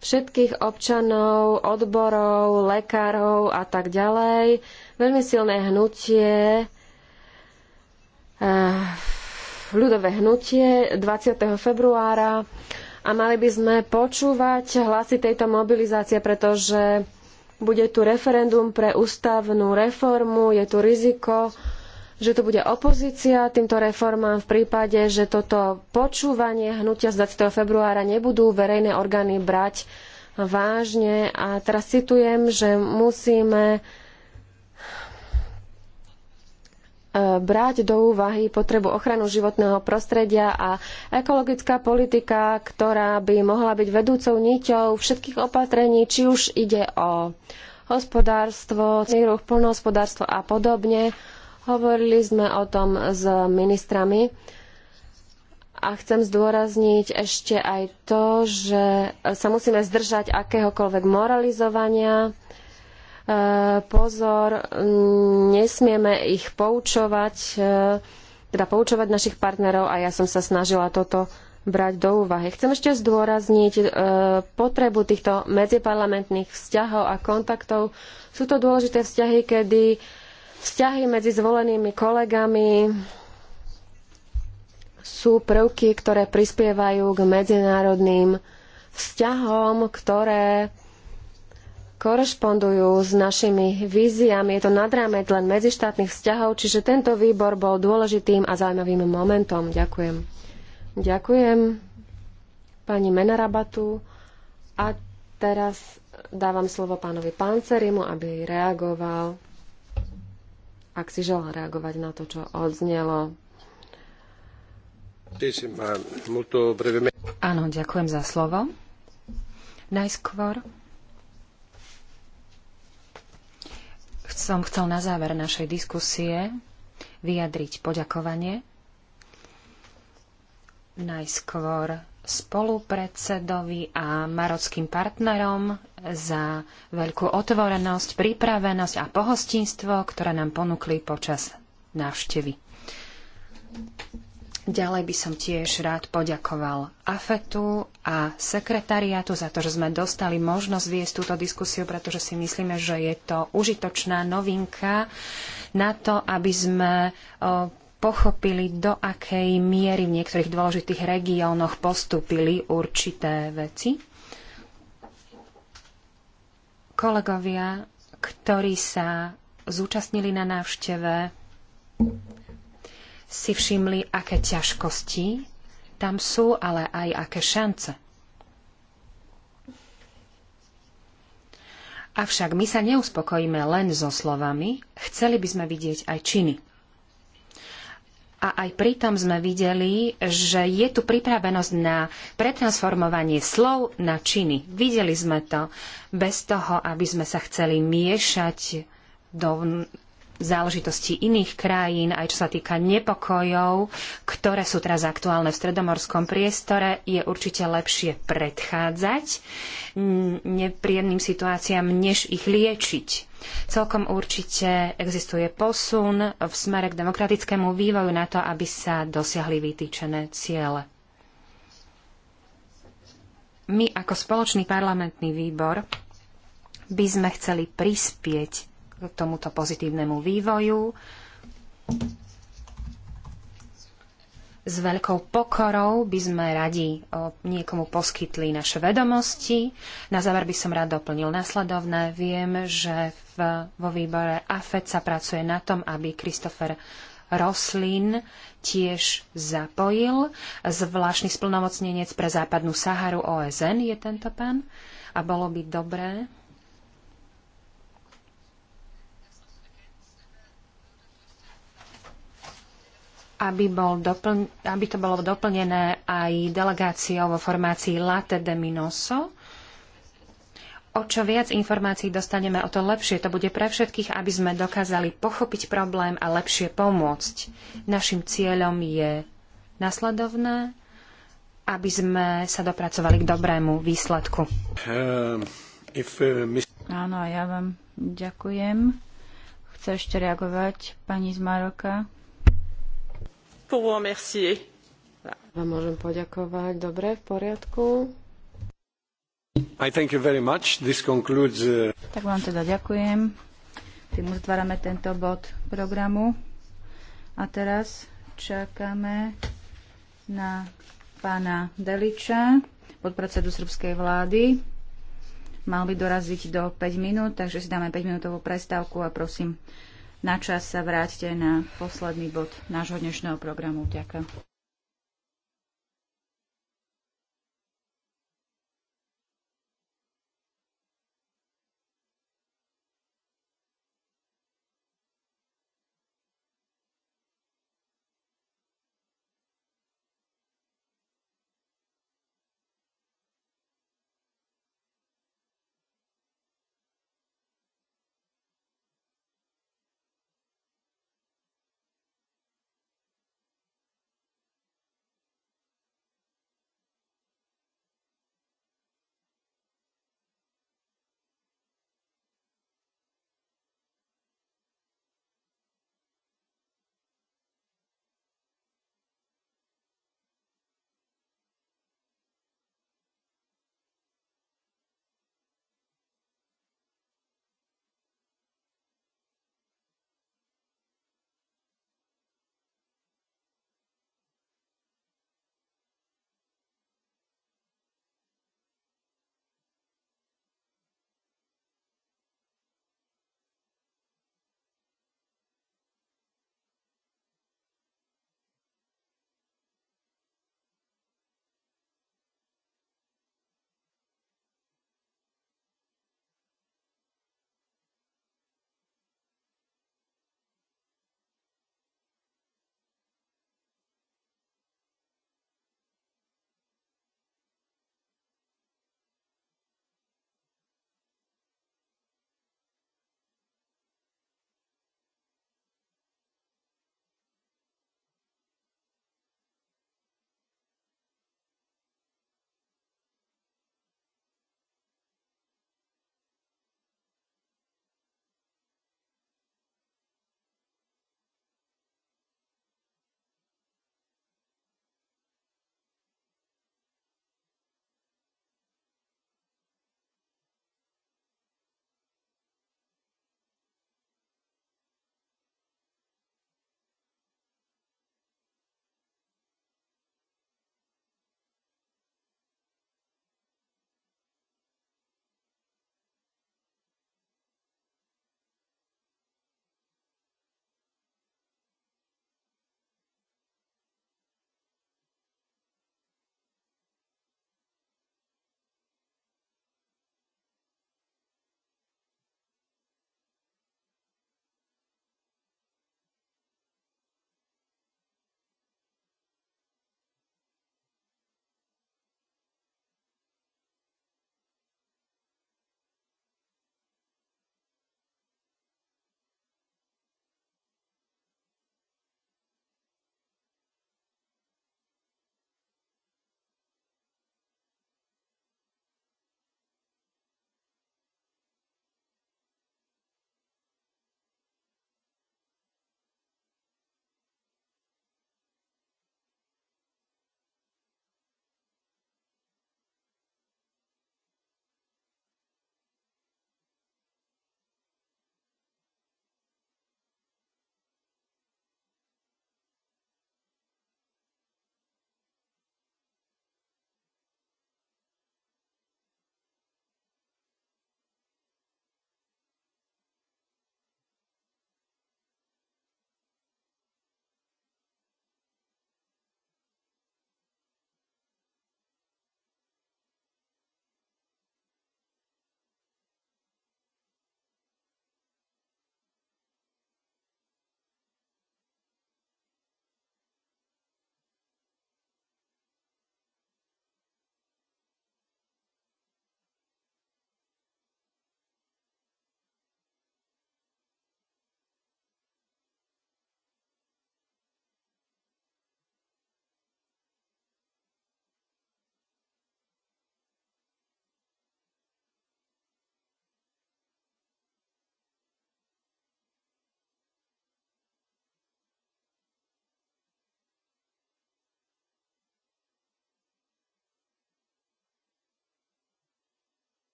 všetkých občanov, odborov, lekárov a tak ďalej. Veľmi silné hnutie, eh, ľudové hnutie 20. februára a mali by sme počúvať hlasy tejto mobilizácie, pretože bude tu referendum pre ústavnú reformu, je tu riziko, že tu bude opozícia týmto reformám v prípade, že toto počúvanie hnutia z 20. februára nebudú verejné orgány brať vážne. A teraz citujem, že musíme brať do úvahy potrebu ochranu životného prostredia a ekologická politika, ktorá by mohla byť vedúcou niťou všetkých opatrení, či už ide o hospodárstvo, ruch, plnohospodárstvo a podobne. Hovorili sme o tom s ministrami. A chcem zdôrazniť ešte aj to, že sa musíme zdržať akéhokoľvek moralizovania, Eh, pozor, nesmieme ich poučovať, eh, teda poučovať našich partnerov a ja som sa snažila toto brať do úvahy. Chcem ešte zdôrazniť eh, potrebu týchto medziparlamentných vzťahov a kontaktov. Sú to dôležité vzťahy, kedy vzťahy medzi zvolenými kolegami sú prvky, ktoré prispievajú k medzinárodným vzťahom, ktoré korešpondujú s našimi víziami. Je to nad rámec len medzištátnych vzťahov, čiže tento výbor bol dôležitým a zaujímavým momentom. Ďakujem. Ďakujem pani Menarabatu a teraz dávam slovo pánovi Pancerimu, aby reagoval, ak si želá reagovať na to, čo odznelo. Áno, ďakujem za slovo. Najskôr som chcel na záver našej diskusie vyjadriť poďakovanie najskôr spolupredsedovi a marockým partnerom za veľkú otvorenosť, pripravenosť a pohostinstvo, ktoré nám ponúkli počas návštevy. Ďalej by som tiež rád poďakoval AFETu a sekretariátu za to, že sme dostali možnosť viesť túto diskusiu, pretože si myslíme, že je to užitočná novinka na to, aby sme pochopili, do akej miery v niektorých dôležitých regiónoch postúpili určité veci. Kolegovia, ktorí sa zúčastnili na návšteve si všimli, aké ťažkosti tam sú, ale aj aké šance. Avšak my sa neuspokojíme len so slovami, chceli by sme vidieť aj činy. A aj pritom sme videli, že je tu pripravenosť na pretransformovanie slov na činy. Videli sme to bez toho, aby sme sa chceli miešať do záležitosti iných krajín, aj čo sa týka nepokojov, ktoré sú teraz aktuálne v stredomorskom priestore, je určite lepšie predchádzať nepríjemným situáciám, než ich liečiť. Celkom určite existuje posun v smere k demokratickému vývoju na to, aby sa dosiahli vytýčené ciele. My ako spoločný parlamentný výbor by sme chceli prispieť k tomuto pozitívnemu vývoju. S veľkou pokorou by sme radi niekomu poskytli naše vedomosti. Na záver by som rád doplnil následovné. Viem, že v, vo výbore AFED sa pracuje na tom, aby Christopher Roslin tiež zapojil. Zvláštny splnomocnenec pre západnú Saharu OSN je tento pán. A bolo by dobré, aby, bol dopln- aby to bolo doplnené aj delegáciou vo formácii Latte de Minoso. O čo viac informácií dostaneme, o to lepšie to bude pre všetkých, aby sme dokázali pochopiť problém a lepšie pomôcť. Našim cieľom je nasledovné, aby sme sa dopracovali k dobrému výsledku. Uh, if, uh, mis- Áno, ja vám ďakujem. Chce ešte reagovať pani z Maroka? pour vous remercier. Vám môžem poďakovať. Dobre, v poriadku. I thank you very much. This concludes, uh... Tak vám teda ďakujem. Tým uzatvárame tento bod programu. A teraz čakáme na pána Deliča, podpredsedu srbskej vlády. Mal by doraziť do 5 minút, takže si dáme 5 minútovú prestávku a prosím, na čas sa vráťte na posledný bod nášho dnešného programu. Ďakujem.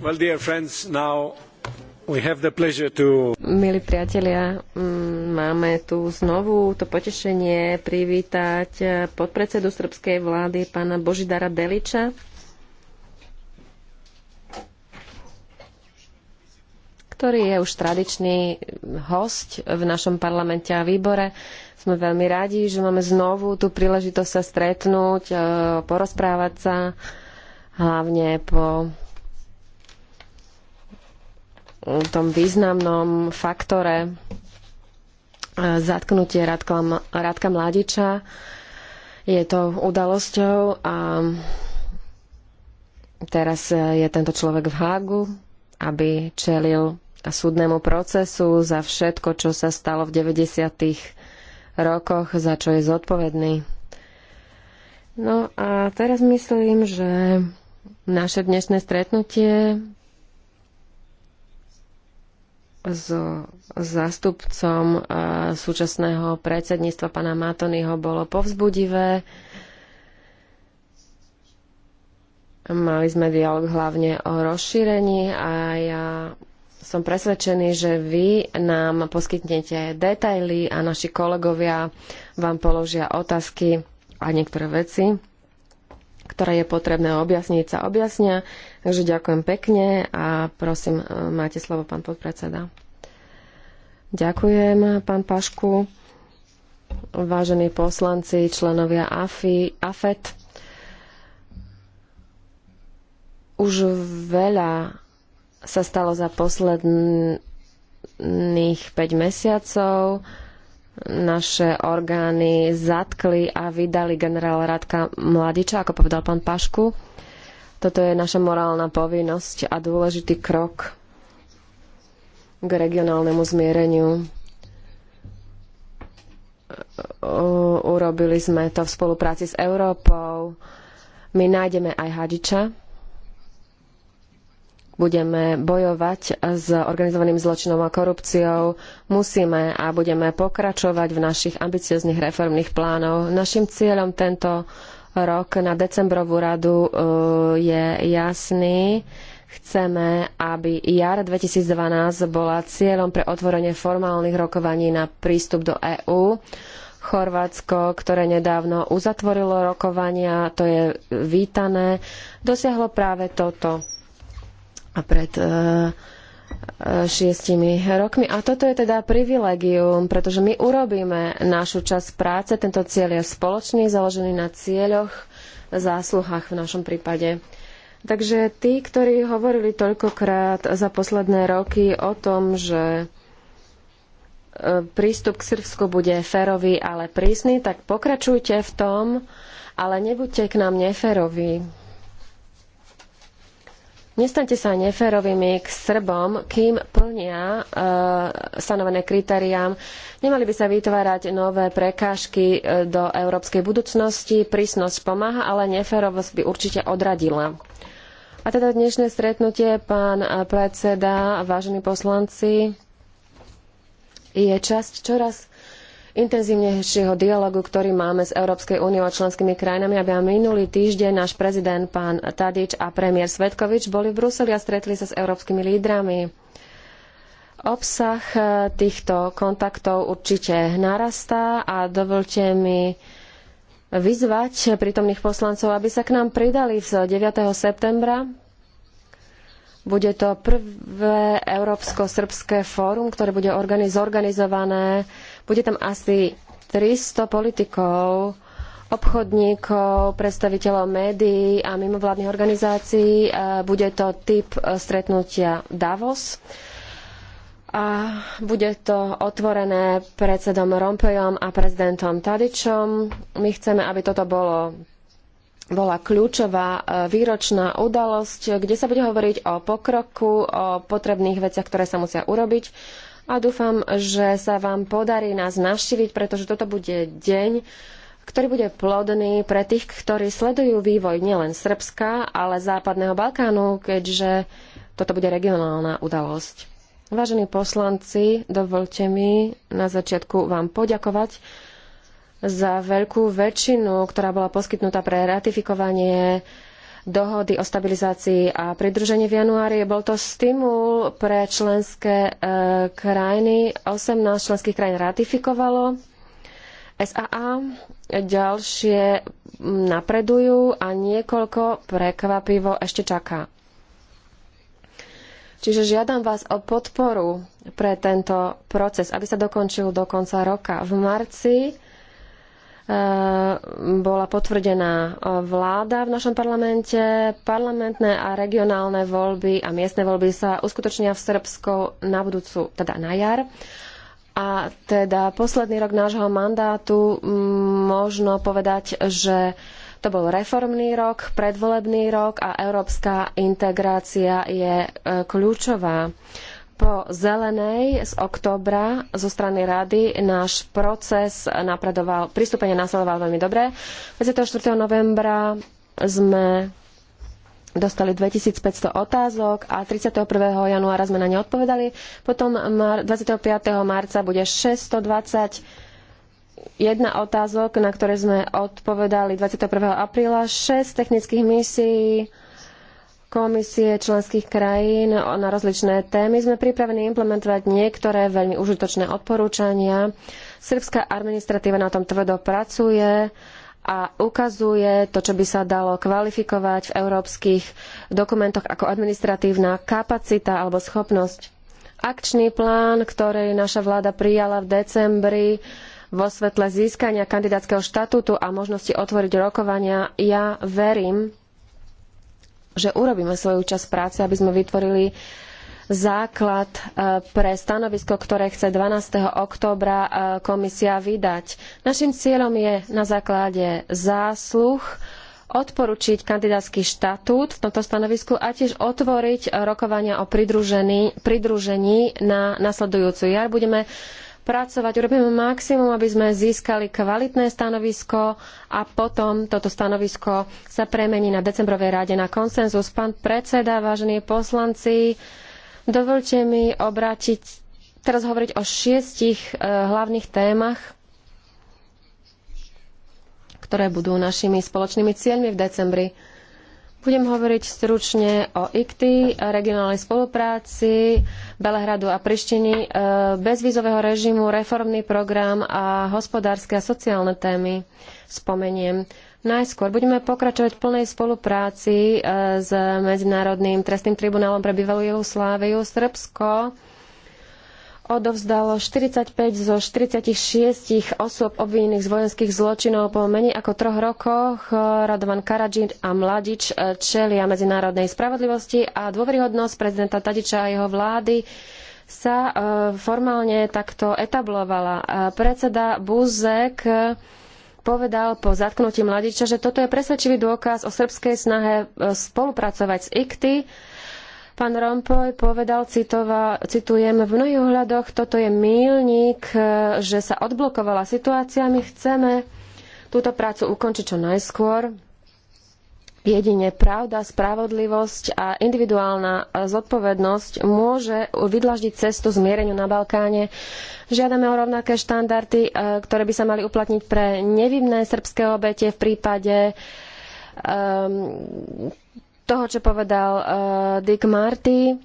Well, friends, to... Milí priatelia, mm, máme tu znovu to potešenie privítať eh, podpredsedu srbskej vlády pána Božidara Deliča, ktorý je už tradičný host v našom parlamente a výbore. Sme veľmi radi, že máme znovu tú príležitosť sa stretnúť, eh, porozprávať sa, hlavne po tom významnom faktore e, zatknutie Radka, Radka Mladiča. Je to udalosťou a teraz e, je tento človek v Hágu, aby čelil súdnemu procesu za všetko, čo sa stalo v 90. rokoch, za čo je zodpovedný. No a teraz myslím, že naše dnešné stretnutie s zástupcom e, súčasného predsedníctva pana Matonyho bolo povzbudivé. Mali sme dialog hlavne o rozšírení a ja som presvedčený, že vy nám poskytnete detaily a naši kolegovia vám položia otázky a niektoré veci ktoré je potrebné objasniť, sa objasnia. Takže ďakujem pekne a prosím, e, máte slovo, pán podpredseda. Ďakujem, pán Pašku. Vážení poslanci, členovia AFI, AFET, už veľa sa stalo za posledných 5 mesiacov naše orgány zatkli a vydali generála Radka Mladiča, ako povedal pán Pašku. Toto je naša morálna povinnosť a dôležitý krok k regionálnemu zmiereniu. Urobili sme to v spolupráci s Európou. My nájdeme aj Hadiča, budeme bojovať s organizovaným zločinom a korupciou. Musíme a budeme pokračovať v našich ambicioznych reformných plánov. Naším cieľom tento rok na decembrovú radu e, je jasný. Chceme, aby jar 2012 bola cieľom pre otvorenie formálnych rokovaní na prístup do EÚ. Chorvátsko, ktoré nedávno uzatvorilo rokovania, to je vítané, dosiahlo práve toto a pred e, e, šiestimi rokmi. A toto je teda privilegium, pretože my urobíme našu časť práce. Tento cieľ je spoločný, založený na cieľoch, zásluhách v našom prípade. Takže tí, ktorí hovorili toľkokrát za posledné roky o tom, že e, prístup k Srbsku bude férový, ale prísny, tak pokračujte v tom, ale nebuďte k nám neféroví. Nestante sa neférovými k Srbom, kým plnia e, stanovené kritériám. Nemali by sa vytvárať nové prekážky e, do európskej budúcnosti. Prísnosť pomáha, ale neférovosť by určite odradila. A teda dnešné stretnutie, pán e, predseda, vážení poslanci, je časť čoraz intenzívnejšieho dialogu, ktorý máme s Európskej úniou a členskými krajinami. Aby minulý týždeň náš prezident pán Tadič a premiér Svetkovič boli v Bruseli a stretli sa s európskymi lídrami. Obsah eh, týchto kontaktov určite narastá a dovolte mi vyzvať prítomných poslancov, aby sa k nám pridali 9. septembra bude to prvé európsko-srbské fórum, ktoré bude zorganizované bude tam asi 300 politikov, obchodníkov, predstaviteľov médií a mimovládnych organizácií. E, bude to typ e, stretnutia Davos a bude to otvorené predsedom Rompejom a prezidentom Tadičom. My chceme, aby toto bolo bola kľúčová e, výročná udalosť, kde sa bude hovoriť o pokroku, o potrebných veciach, ktoré sa musia urobiť a dúfam, že sa vám podarí nás navštíviť, pretože toto bude deň, ktorý bude plodný pre tých, ktorí sledujú vývoj nielen Srbska, ale Západného Balkánu, keďže toto bude regionálna udalosť. Vážení poslanci, dovolte mi na začiatku vám poďakovať za veľkú väčšinu, ktorá bola poskytnutá pre ratifikovanie dohody o stabilizácii a pridružení v januári. Bol to stimul pre členské e, krajiny. 18 členských krajín ratifikovalo SAA, ďalšie napredujú a niekoľko prekvapivo ešte čaká. Čiže žiadam vás o podporu pre tento proces, aby sa dokončil do konca roka. V marci Eh, bola potvrdená eh, vláda v našom parlamente. Parlamentné a regionálne voľby a miestne voľby sa uskutočnia v Srbsku na budúcu, teda na jar. A teda posledný rok nášho mandátu mm, možno povedať, že to bol reformný rok, predvolebný rok a európska integrácia je eh, kľúčová. Po zelenej z októbra zo strany rady náš proces napredoval, pristúpenie nasledoval veľmi dobre. 24. novembra sme dostali 2500 otázok a 31. januára sme na ne odpovedali. Potom 25. marca bude 620 jedna otázok, na ktoré sme odpovedali 21. apríla, 6 technických misií, komisie členských krajín na rozličné témy, sme pripravení implementovať niektoré veľmi užitočné odporúčania. Srbská administratíva na tom tvrdo pracuje a ukazuje to, čo by sa dalo kvalifikovať v európskych dokumentoch ako administratívna kapacita alebo schopnosť. Akčný plán, ktorý naša vláda prijala v decembri, vo svetle získania kandidátskeho štatútu a možnosti otvoriť rokovania, ja verím, že urobíme svoju časť práce, aby sme vytvorili základ e, pre stanovisko, ktoré chce 12. októbra e, komisia vydať. Naším cieľom je na základe zásluh odporučiť kandidátsky štatút v tomto stanovisku a tiež otvoriť rokovania o pridružení, pridružení na nasledujúcu jar. Budeme pracovať. Urobíme maximum, aby sme získali kvalitné stanovisko a potom toto stanovisko sa premení na decembrovej rade na konsenzus. Pán predseda, vážení poslanci, dovolte mi obrátiť, teraz hovoriť o šiestich e, hlavných témach, ktoré budú našimi spoločnými cieľmi v decembri. Budem hovoriť stručne o ICTY, regionálnej spolupráci Belehradu a Prištiny, e, bezvízového režimu, reformný program a hospodárske a sociálne témy spomeniem. Najskôr budeme pokračovať v plnej spolupráci e, s Medzinárodným trestným tribunálom pre bývalú Jugosláviu, Srbsko, odovzdalo 45 zo 46 osôb obvinených z vojenských zločinov po menej ako troch rokoch. Radovan Karadžin a Mladič eh, čelia medzinárodnej spravodlivosti a dôveryhodnosť prezidenta Tadiča a jeho vlády sa eh, formálne takto etablovala. Eh, predseda Buzek povedal po zatknutí Mladiča, že toto je presvedčivý dôkaz o srbskej snahe spolupracovať s IKTY Pán Rompoy povedal, citova, citujem, v mnohých ohľadoch toto je mílnik, eh, že sa odblokovala situácia. My chceme túto prácu ukončiť čo najskôr. Jedine pravda, spravodlivosť a individuálna zodpovednosť môže vydlaždiť cestu zmiereniu na Balkáne. Žiadame o rovnaké štandardy, eh, ktoré by sa mali uplatniť pre nevinné srbské obete v prípade um, toho, čo povedal eh, Dick Marty.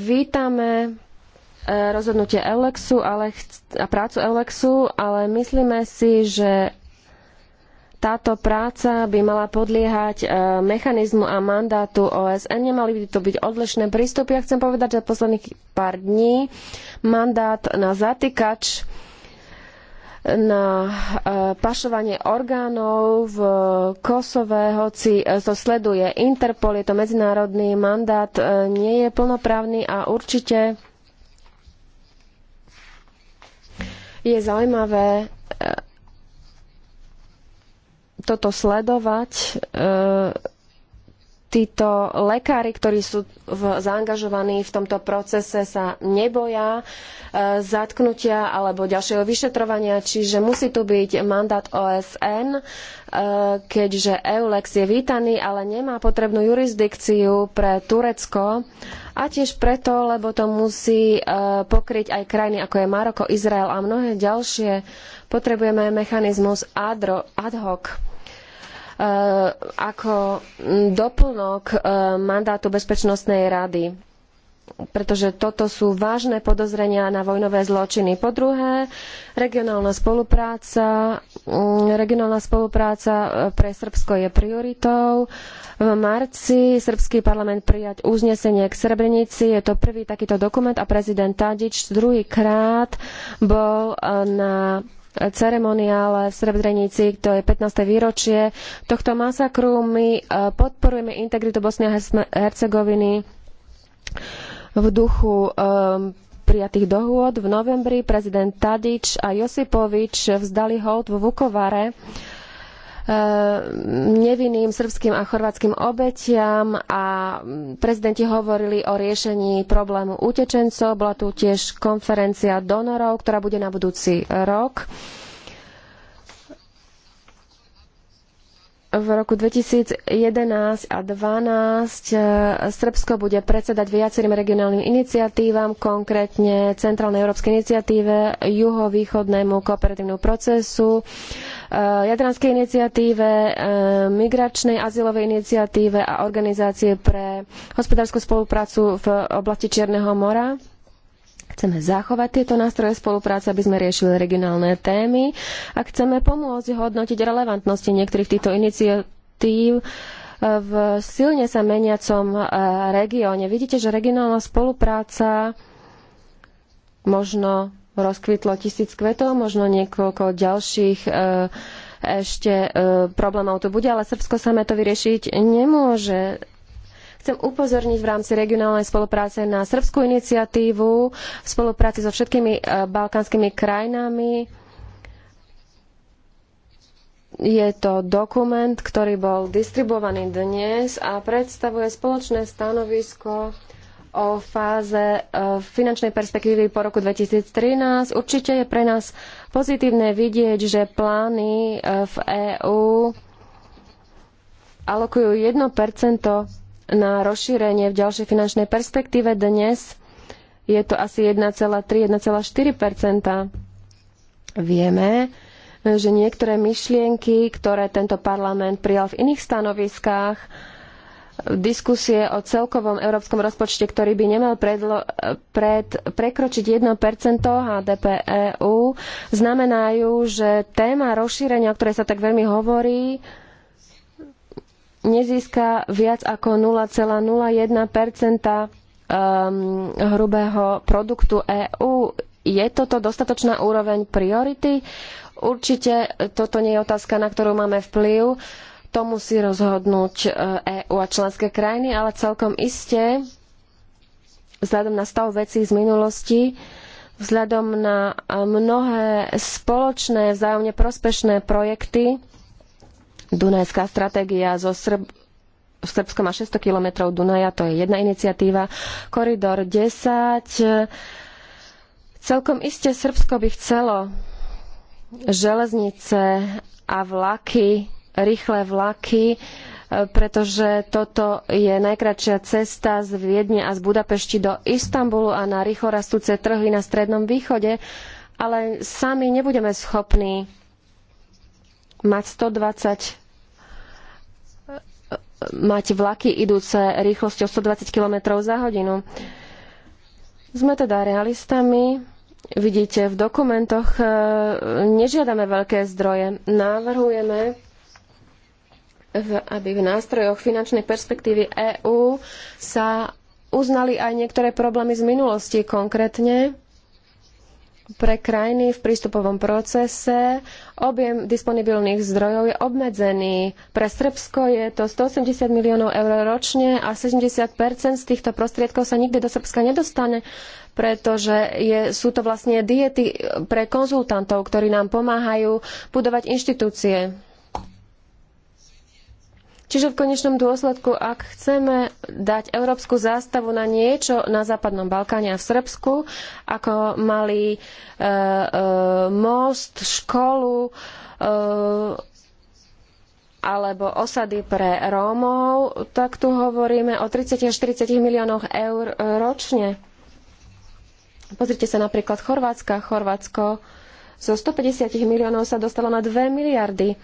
Vítame eh, rozhodnutie Elexu ale, a prácu Alexu, ale myslíme si, že táto práca by mala podliehať eh, mechanizmu a mandátu OSN. Nemali by to byť odlišné prístupy. Ja chcem povedať, že posledných pár dní mandát na zatýkač na e, pašovanie orgánov v Kosove, hoci e, to sleduje Interpol, je to medzinárodný mandát, e, nie je plnoprávny a určite je zaujímavé toto sledovať títo lekári, ktorí sú v, zaangažovaní v tomto procese, sa neboja e, zatknutia alebo ďalšieho vyšetrovania, čiže musí tu byť mandát OSN, e, keďže EULEX je vítaný, ale nemá potrebnú jurisdikciu pre Turecko a tiež preto, lebo to musí e, pokryť aj krajiny ako je Maroko, Izrael a mnohé ďalšie. Potrebujeme mechanizmus ad hoc Eh, ako doplnok eh, mandátu Bezpečnostnej rady pretože toto sú vážne podozrenia na vojnové zločiny. Po druhé, regionálna spolupráca, mm, regionálna spolupráca eh, pre Srbsko je prioritou. V marci srbský parlament prijať uznesenie k Srebrenici. Je to prvý takýto dokument a prezident Tadič druhýkrát bol na ceremoniále v Srebrenici, to je 15. výročie tohto masakru. My e, podporujeme integritu Bosny a Hercegoviny v duchu e, prijatých dohôd. V novembri prezident Tadič a Josipovič vzdali hold vo Vukovare Eh, nevinným srbským a chorvátskym obetiam a prezidenti hovorili o riešení problému utečencov. Bola tu tiež konferencia donorov, ktorá bude na budúci rok. Uh, v roku 2011 a 2012 e, Srbsko bude predsedať viacerým regionálnym iniciatívam, konkrétne Centrálnej európskej iniciatíve, juhovýchodnému kooperatívnemu procesu, e, Jadranskej iniciatíve, e, migračnej azylovej iniciatíve a organizácie pre hospodárskú spoluprácu v oblasti Čierneho mora Chceme zachovať tieto nástroje spolupráce, aby sme riešili regionálne témy a chceme pomôcť hodnotiť relevantnosti niektorých týchto iniciatív e, v silne sa meniacom e, regióne. Vidíte, že regionálna spolupráca možno rozkvitlo tisíc kvetov, možno niekoľko ďalších e, ešte problémov tu bude, ale Srbsko samé to vyriešiť nemôže. Chcem upozorniť v rámci regionálnej spolupráce na srbskú iniciatívu v spolupráci so všetkými e, balkánskymi krajinami. Je to dokument, ktorý bol distribuovaný dnes a predstavuje spoločné stanovisko o fáze e, finančnej perspektívy po roku 2013. Určite je pre nás pozitívne vidieť, že plány e, v EÚ alokujú 1% na rozšírenie v ďalšej finančnej perspektíve. Dnes je to asi 1,3-1,4 Vieme, že niektoré myšlienky, ktoré tento parlament prijal v iných stanoviskách, diskusie o celkovom európskom rozpočte, ktorý by nemal predlo, pred, prekročiť 1% HDP EÚ, znamenajú, že téma rozšírenia, o ktorej sa tak veľmi hovorí, nezíska viac ako 0,01 um, hrubého produktu EÚ. Je toto dostatočná úroveň priority? Určite toto nie je otázka, na ktorú máme vplyv. To musí rozhodnúť uh, EÚ a členské krajiny, ale celkom iste, vzhľadom na stav vecí z minulosti, vzhľadom na uh, mnohé spoločné, vzájomne prospešné projekty, Dunajská stratégia zo Srb... Srbsko má 600 kilometrov Dunaja, to je jedna iniciatíva. Koridor 10. E, celkom iste Srbsko by chcelo železnice a vlaky, rýchle vlaky, e, pretože toto je najkračšia cesta z Viedne a z Budapešti do Istanbulu a na rýchlo rastúce trhy na Strednom východe, ale sami nebudeme schopní mať 120 mať vlaky idúce rýchlosťou 120 km za hodinu. Sme teda realistami, vidíte v dokumentoch, e, nežiadame veľké zdroje. Návrhujeme, aby v nástrojoch finančnej perspektívy EÚ sa uznali aj niektoré problémy z minulosti, konkrétne pre krajiny v prístupovom procese. Objem disponibilných zdrojov je obmedzený. Pre Srbsko je to 180 miliónov eur ročne a 70 z týchto prostriedkov sa nikdy do Srbska nedostane, pretože je, sú to vlastne diety pre konzultantov, ktorí nám pomáhajú budovať inštitúcie. Čiže v konečnom dôsledku, ak chceme dať európsku zástavu na niečo na Západnom Balkáne a v Srbsku, ako mali e, e, most, školu, e, alebo osady pre Rómov, tak tu hovoríme o 30 až 40 miliónoch eur ročne. Pozrite sa napríklad Chorvátska. Chorvátsko zo 150 miliónov sa dostalo na 2 miliardy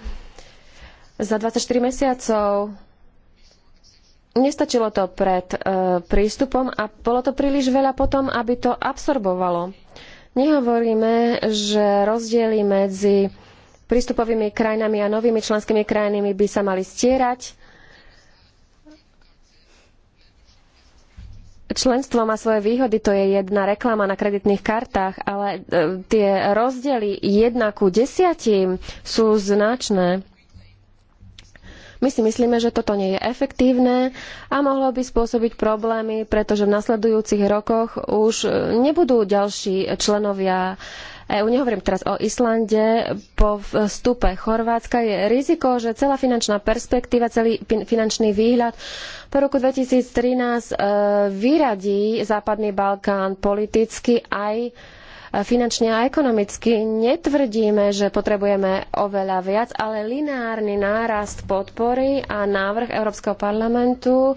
za 24 mesiacov. Nestačilo to pred e, prístupom a bolo to príliš veľa potom, aby to absorbovalo. Nehovoríme, že rozdiely medzi prístupovými krajinami a novými členskými krajinami by sa mali stierať. Členstvo má svoje výhody, to je jedna reklama na kreditných kartách, ale e, tie rozdiely jedna ku desiatim sú značné. My si myslíme, že toto nie je efektívne a mohlo by spôsobiť problémy, pretože v nasledujúcich rokoch už e, nebudú ďalší členovia EÚ, nehovorím teraz o Islande, po vstupe Chorvátska je riziko, že celá finančná perspektíva, celý finančný výhľad po roku 2013 e, vyradí Západný Balkán politicky aj finančne a ekonomicky. Netvrdíme, že potrebujeme oveľa viac, ale lineárny nárast podpory a návrh Európskeho parlamentu,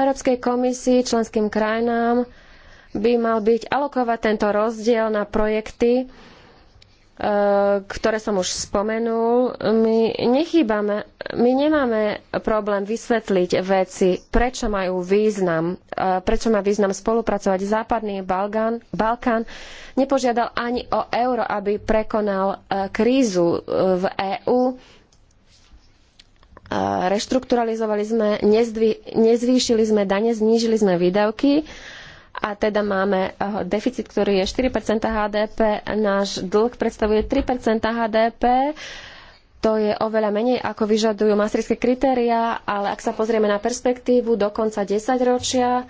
Európskej komisii, členským krajinám by mal byť alokovať tento rozdiel na projekty, ktoré som už spomenul, my nechýbame, my nemáme problém vysvetliť veci, prečo majú význam, e, prečo má význam spolupracovať západný Balkán. Balkán nepožiadal ani o euro, aby prekonal e, krízu e, v EÚ. Reštrukturalizovali sme, nezvýšili sme dane, znížili sme výdavky a teda máme eh, deficit, ktorý je 4% HDP, náš dlh predstavuje 3% HDP, to je oveľa menej, ako vyžadujú maastrichtské kritériá, ale ak sa pozrieme na perspektívu do konca desaťročia,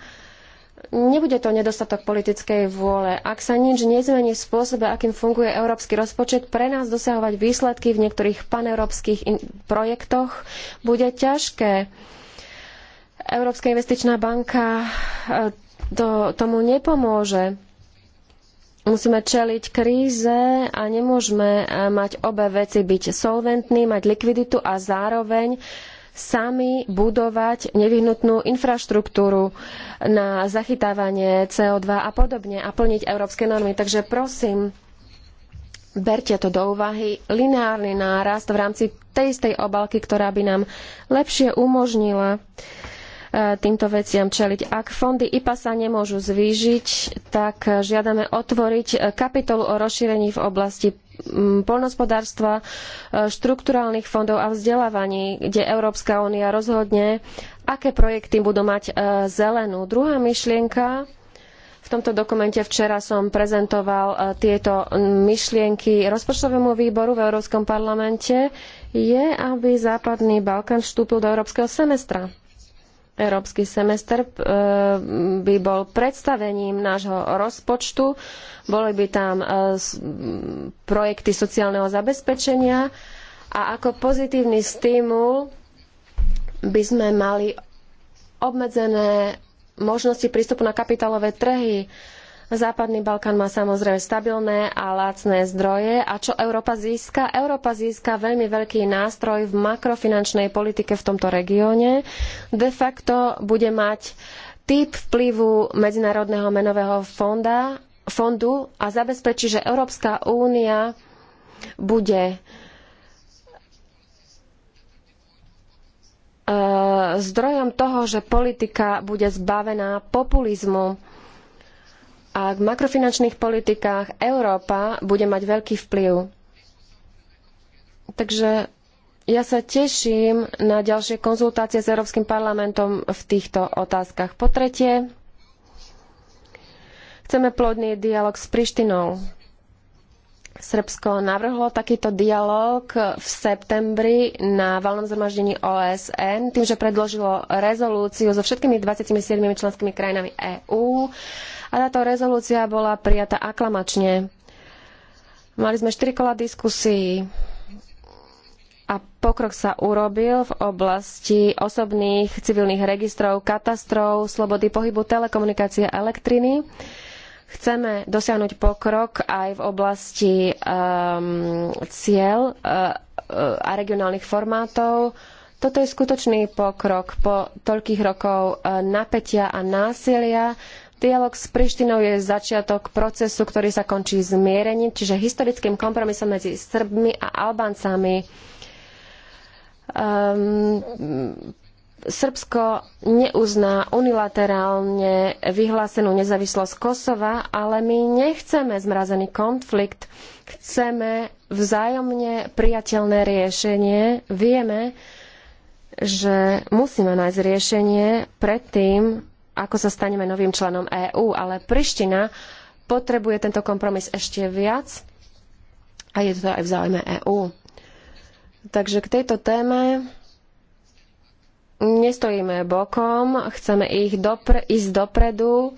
nebude to nedostatok politickej vôle. Ak sa nič nezmení v spôsobe, akým funguje európsky rozpočet, pre nás dosahovať výsledky v niektorých paneurópskych projektoch bude ťažké. Európska investičná banka eh, to, tomu nepomôže. Musíme čeliť kríze a nemôžeme e, mať obe veci byť solventní, mať likviditu a zároveň sami budovať nevyhnutnú infraštruktúru na zachytávanie CO2 a podobne a plniť európske normy. Takže prosím, berte to do úvahy. Lineárny nárast v rámci tej istej obalky, ktorá by nám lepšie umožnila uh, týmto veciam čeliť. Ak fondy IPA sa nemôžu zvýžiť, tak žiadame otvoriť kapitolu o rozšírení v oblasti mm, poľnohospodárstva, e, štrukturálnych fondov a vzdelávaní, kde Európska únia rozhodne, aké projekty budú mať e, zelenú. Druhá myšlienka v tomto dokumente včera som prezentoval e, tieto myšlienky rozpočtovému výboru v Európskom parlamente, je, aby Západný Balkán vstúpil do Európskeho semestra. Európsky semester e, by bol predstavením nášho rozpočtu. Boli by tam e, projekty sociálneho zabezpečenia a ako pozitívny stimul by sme mali obmedzené možnosti prístupu na kapitálové trhy Západný Balkán má samozrejme stabilné a lacné zdroje. A čo Európa získa? Európa získa veľmi veľký nástroj v makrofinančnej politike v tomto regióne. De facto bude mať typ vplyvu Medzinárodného menového fonda, fondu a zabezpečí, že Európska únia bude eh, zdrojom toho, že politika bude zbavená populizmu a v makrofinančných politikách Európa bude mať veľký vplyv. Takže ja sa teším na ďalšie konzultácie s Európskym parlamentom v týchto otázkach. Po tretie, chceme plodný dialog s Prištinou. Srbsko navrhlo takýto dialog v septembri na valnom zhromaždení OSN, tým, že predložilo rezolúciu so všetkými 27 členskými krajinami EÚ. A táto rezolúcia bola prijatá aklamačne. Mali sme 4 kola diskusií a pokrok sa urobil v oblasti osobných civilných registrov, katastrov, slobody pohybu, telekomunikácie a elektriny. Chceme dosiahnuť pokrok aj v oblasti um, cieľ uh, a regionálnych formátov. Toto je skutočný pokrok po toľkých rokov eh, napätia a násilia. Dialóg s Prištinou je začiatok procesu, ktorý sa končí zmierením, čiže historickým kompromisom medzi Srbmi a Albáncami. Um, Srbsko neuzná unilaterálne vyhlásenú nezávislosť Kosova, ale my nechceme zmrazený konflikt, chceme vzájomne prijateľné riešenie. Vieme, že musíme nájsť riešenie predtým, ako sa staneme novým členom EÚ, ale Priština potrebuje tento kompromis ešte viac a je to aj v záujme EÚ. Takže k tejto téme nestojíme bokom, chceme ich dopre, ísť dopredu.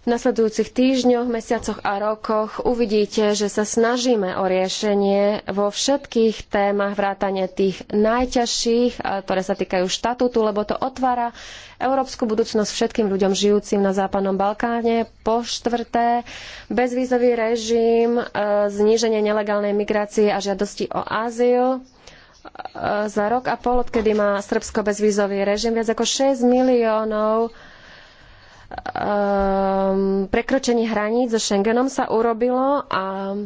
V nasledujúcich týždňoch, mesiacoch a rokoch uvidíte, že sa snažíme o riešenie vo všetkých témach vrátane tých najťažších, ktoré sa týkajú štatútu, lebo to otvára európsku budúcnosť všetkým ľuďom žijúcim na Západnom Balkáne. Po štvrté, bezvízový režim, zníženie nelegálnej migrácie a žiadosti o azyl E, za rok a pol, odkedy má Srbsko bezvízový režim, viac ako 6 miliónov um, prekročení hraníc so Schengenom sa urobilo a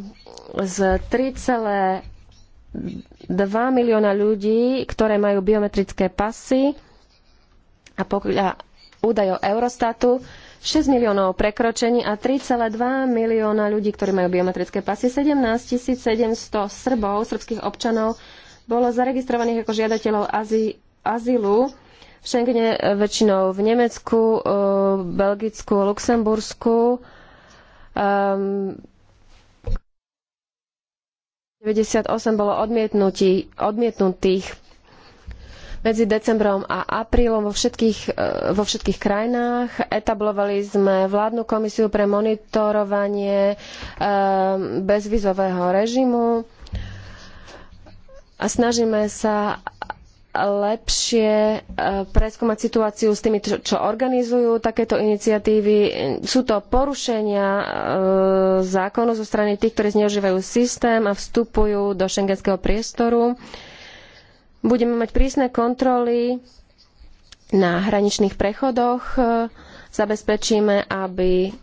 z 3,2 milióna ľudí, ktoré majú biometrické pasy a podľa údajov Eurostatu 6 miliónov prekročení a 3,2 milióna ľudí, ktorí majú biometrické pasy, 17 700 Srbov, srbských občanov bolo zaregistrovaných ako žiadateľov azy, azylu v Schengene väčšinou v Nemecku, e, Belgicku, Luxembursku. Um, ehm, 98 bolo odmietnutých medzi decembrom a aprílom vo všetkých, e, vo všetkých krajinách. Etablovali sme vládnu komisiu pre monitorovanie ehm, bezvizového režimu a snažíme sa lepšie e, preskúmať situáciu s tými, čo organizujú takéto iniciatívy. Sú to porušenia e, zákonu zo strany tých, ktorí zneužívajú systém a vstupujú do šengenského priestoru. Budeme mať prísne kontroly na hraničných prechodoch. E, zabezpečíme, aby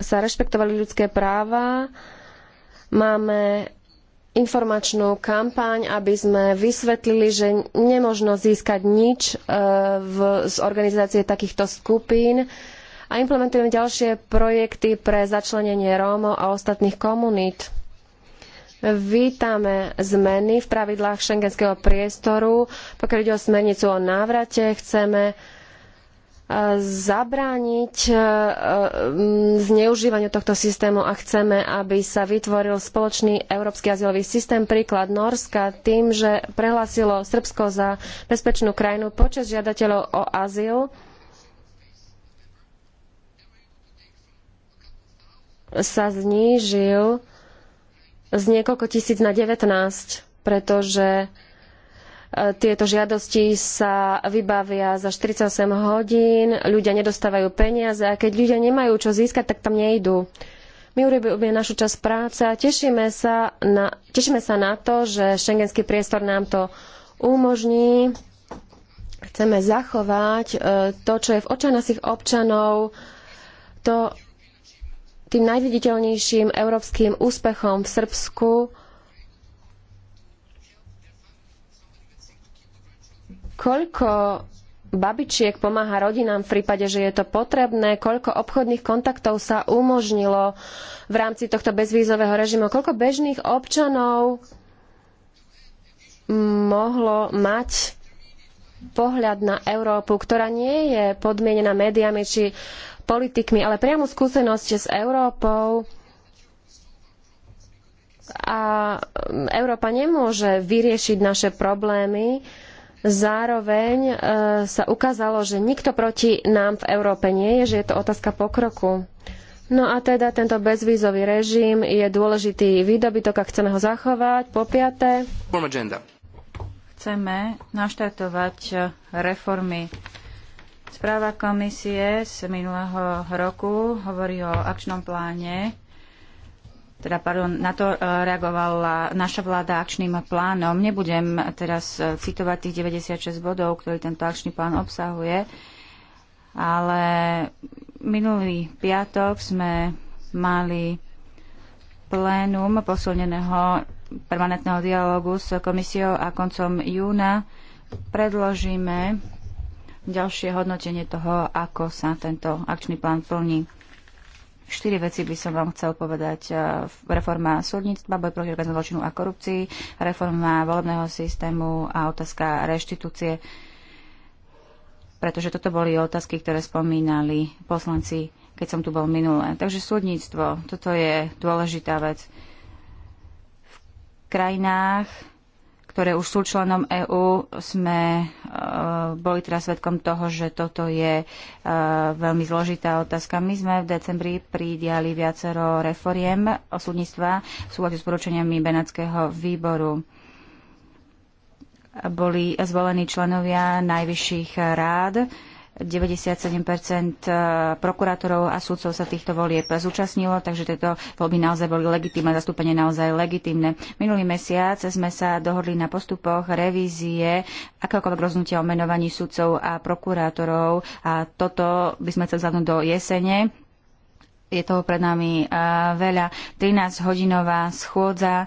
sa rešpektovali ľudské práva Máme informačnú kampaň, aby sme vysvetlili, že nemožno získať nič e, v, z organizácie takýchto skupín a implementujeme ďalšie projekty pre začlenenie Rómov a ostatných komunít. Vítame zmeny v pravidlách schengenského priestoru. Pokiaľ ide o smernicu o návrate, chceme zabrániť e, e, zneužívaniu tohto systému a chceme, aby sa vytvoril spoločný európsky azylový systém. Príklad Norska tým, že prehlásilo Srbsko za bezpečnú krajinu počet žiadateľov o azyl sa znížil z niekoľko tisíc na 19, pretože tieto žiadosti sa vybavia za 48 hodín, ľudia nedostávajú peniaze a keď ľudia nemajú čo získať, tak tam nejdú. My urobíme našu časť práce a tešíme sa, na, tešíme sa na to, že šengenský priestor nám to umožní. Chceme zachovať e, to, čo je v očiach našich občanov, to tým najviditeľnejším európskym úspechom v Srbsku koľko babičiek pomáha rodinám v prípade, že je to potrebné, koľko obchodných kontaktov sa umožnilo v rámci tohto bezvízového režimu, koľko bežných občanov mohlo mať pohľad na Európu, ktorá nie je podmienená médiami či politikmi, ale priamu skúsenosť s Európou a Európa nemôže vyriešiť naše problémy, Zároveň e, sa ukázalo, že nikto proti nám v Európe nie je, že je to otázka pokroku. No a teda tento bezvízový režim je dôležitý výdobytok a chceme ho zachovať. Po piaté. Chceme naštartovať reformy. Správa komisie z minulého roku hovorí o akčnom pláne teda pardon, na to e, reagovala naša vláda akčným plánom. Nebudem teraz e, citovať tých 96 bodov, ktorý tento akčný plán obsahuje, ale minulý piatok sme mali plénum posilneného permanentného dialogu s komisiou a koncom júna predložíme ďalšie hodnotenie toho, ako sa tento akčný plán plní. Štyri veci by som vám chcel povedať. E, reforma súdnictva, boj proti zločinu a korupcii, reforma volebného systému a otázka reštitúcie pretože toto boli otázky, ktoré spomínali poslanci, keď som tu bol minulé. Takže súdnictvo, toto je dôležitá vec. V krajinách, ktoré už sú členom EÚ, sme eh, boli teraz svedkom toho, že toto je eh, veľmi zložitá otázka. My sme v decembri pridiali viacero reforiem súdnictva v súhľadu s poručeniami Benátskeho výboru boli zvolení členovia najvyšších rád 97 prokurátorov a súdcov sa týchto volieb zúčastnilo, takže tieto voľby naozaj boli legitímne, zastúpenie naozaj legitímne. Minulý mesiac sme sa dohodli na postupoch revízie akéhokoľvek rozhodnutia o menovaní súdcov a prokurátorov a toto by sme chceli do jesene je toho pred nami eh, veľa. 13-hodinová schôdza eh,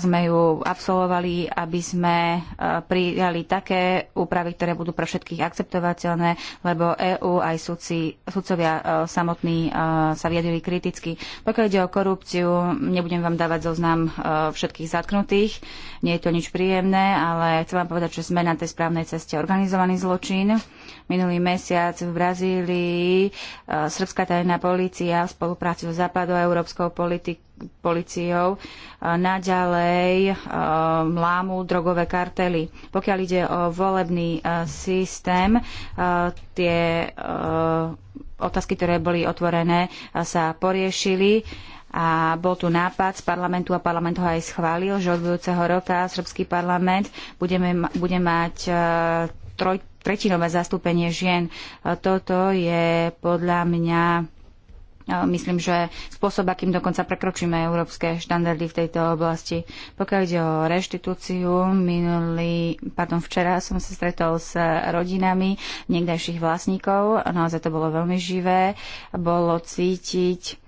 sme ju absolvovali, aby sme eh, prijali také úpravy, ktoré budú pre všetkých akceptovateľné, lebo EÚ aj sudci, sudcovia samotní sa vyjadili kriticky. Pokiaľ ide o korupciu, nebudem vám dávať zoznam všetkých zatknutých, nie je to nič príjemné, ale chcem vám povedať, že sme na tej správnej ceste organizovaný zločin. Minulý mesiac v Brazílii srbská tajná polícia spolupráci so európskou politik- policiou e, naďalej e, lámu drogové kartely. Pokiaľ ide o volebný e, systém, tie otázky, ktoré boli otvorené, sa poriešili a bol tu nápad z parlamentu a parlament ho aj schválil, že od budúceho roka srbský parlament budeme, bude mať troj, tretinové zastúpenie žien. Toto je podľa mňa myslím, že spôsob, akým dokonca prekročíme európske štandardy v tejto oblasti. Pokiaľ ide o reštitúciu, minulý, pardon, včera som sa stretol s rodinami niekdajších vlastníkov, naozaj to bolo veľmi živé, bolo cítiť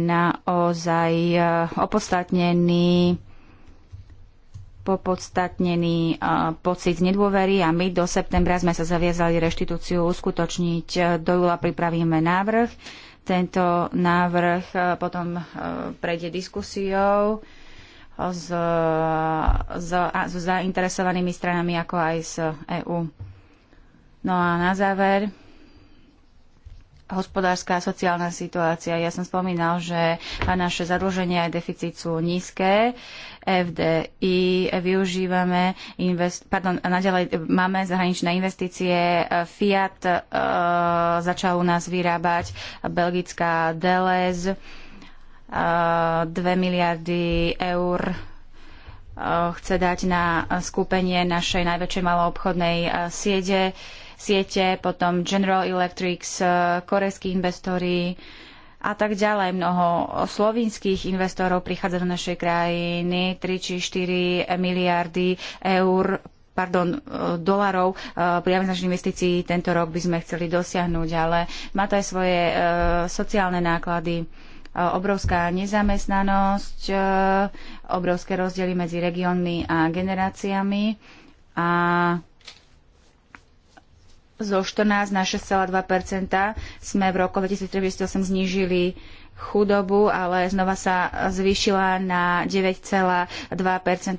naozaj eh, opodstatnený opodstatnený e, pocit nedôvery a my do septembra sme sa zaviazali reštitúciu uskutočniť. E, do júla pripravíme návrh. Tento návrh e, potom prejde diskusiou s, s, s zainteresovanými stranami ako aj z EÚ. No a na záver hospodárska a sociálna situácia. Ja som spomínal, že naše zadlženie a deficit sú nízke. FDI využívame, invest, pardon, naďalej máme zahraničné investície. Fiat e, začal u nás vyrábať, belgická Deleuze, e, 2 miliardy eur e, chce dať na skúpenie našej najväčšej maloobchodnej siede. E, siete, potom General Electrics, e, korejskí investori a tak ďalej. Mnoho slovinských investorov prichádza do našej krajiny, 3 či 4 miliardy eur pardon, e, dolarov e, priame z našich investícií tento rok by sme chceli dosiahnuť, ale má to aj svoje sociálne náklady obrovská nezamestnanosť, obrovské rozdiely medzi regiónmi a generáciami a zo 14 na 6,2 sme v roku 2038 znížili chudobu, ale znova sa zvýšila na 9,2%,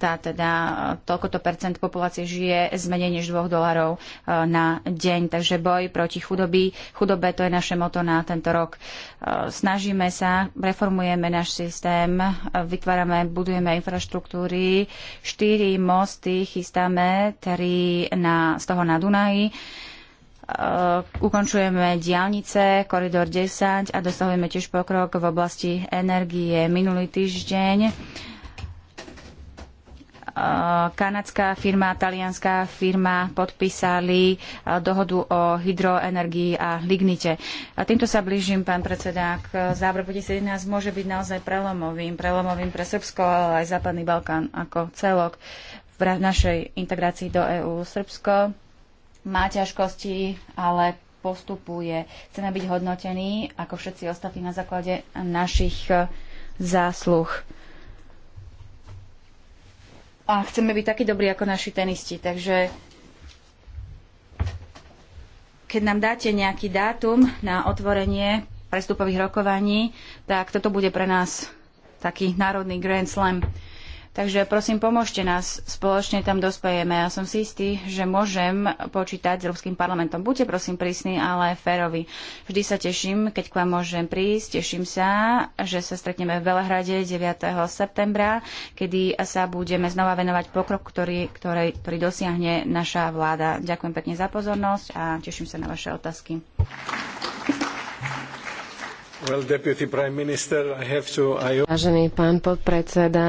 teda e, toľkoto percent populácie žije z menej než 2 dolarov e, na deň. Takže boj proti chudobí, chudobe to je naše moto na tento rok. E, snažíme sa, reformujeme náš systém, vytvárame, budujeme infraštruktúry, 4 mosty chystáme, 3 na, z toho na Dunaji Eh, ukončujeme diálnice, koridor 10 a dosahujeme tiež pokrok v oblasti energie. Minulý týždeň eh, kanadská firma, talianská firma podpísali eh, dohodu o hydroenergii a lignite. A týmto sa blížim, pán predseda, k záveru 2011 môže byť naozaj prelomovým, prelomovým pre Srbsko, ale aj Západný Balkán ako celok v našej integrácii do EÚ. Srbsko má ťažkosti, ale postupuje. Chceme byť hodnotení, ako všetci ostatní, na základe našich e, zásluh. A chceme byť takí dobrí ako naši tenisti. Takže keď nám dáte nejaký dátum na otvorenie prestupových rokovaní, tak toto bude pre nás taký národný Grand Slam. Takže prosím, pomôžte nás, spoločne tam dospejeme. Ja som si istý, že môžem počítať s Európskym parlamentom. Buďte prosím prísni, ale férovi. Vždy sa teším, keď k vám môžem prísť. Teším sa, že sa stretneme v Belehrade 9. septembra, kedy sa budeme znova venovať pokrok, ktorý, ktorý, ktorý dosiahne naša vláda. Ďakujem pekne za pozornosť a teším sa na vaše otázky. Well, Vážený pán podpredseda,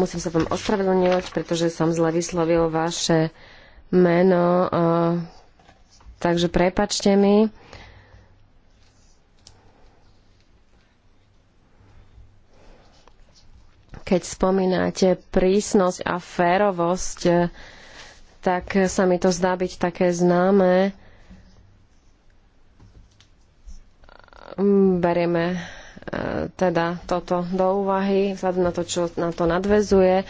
Musím sa vám ospravedlňovať, pretože som zle vyslovil vaše meno. Takže prepačte mi. Keď spomínate prísnosť a férovosť, tak sa mi to zdá byť také známe. Berieme E, teda toto do úvahy, vzhľadom na to, čo na to nadvezuje.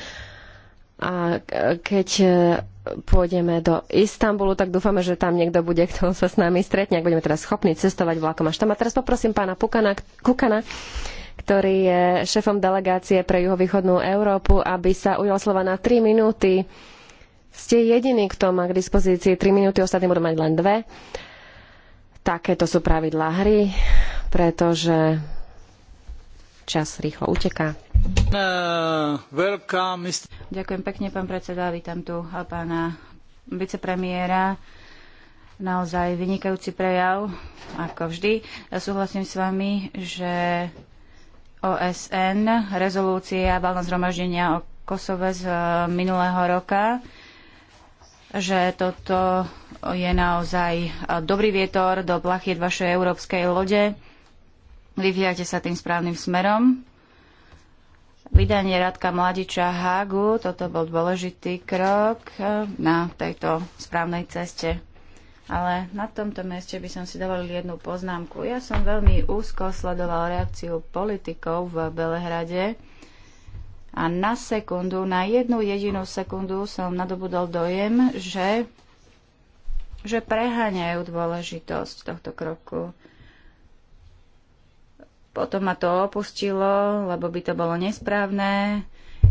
A keď e, pôjdeme do Istanbulu, tak dúfame, že tam niekto bude, kto sa s nami stretne, ak budeme teda schopní cestovať vlakom až tam. A teraz poprosím pána Pukana, Kukana, ktorý je šéfom delegácie pre juhovýchodnú Európu, aby sa ujal slova na 3 minúty. Ste jediný, kto má k dispozícii 3 minúty, ostatní budú mať len dve. Takéto sú pravidlá hry, pretože čas rýchlo uteká. Uh, Ďakujem pekne, pán predseda. Vítam tu pána vicepremiéra. Naozaj vynikajúci prejav, ako vždy. Ja súhlasím s vami, že OSN, rezolúcia valného zhromaždenia o Kosove z uh, minulého roka, že toto je naozaj uh, dobrý vietor do plachiet vašej európskej lode Vyvíjate sa tým správnym smerom. Vydanie Radka Mladiča Hagu, toto bol dôležitý krok eh, na tejto správnej ceste. Ale na tomto meste by som si dovolil jednu poznámku. Ja som veľmi úzko sledoval reakciu politikov v Belehrade a na sekundu, na jednu jedinú sekundu som nadobudol dojem, že, že preháňajú dôležitosť tohto kroku. Potom ma to opustilo, lebo by to bolo nesprávne.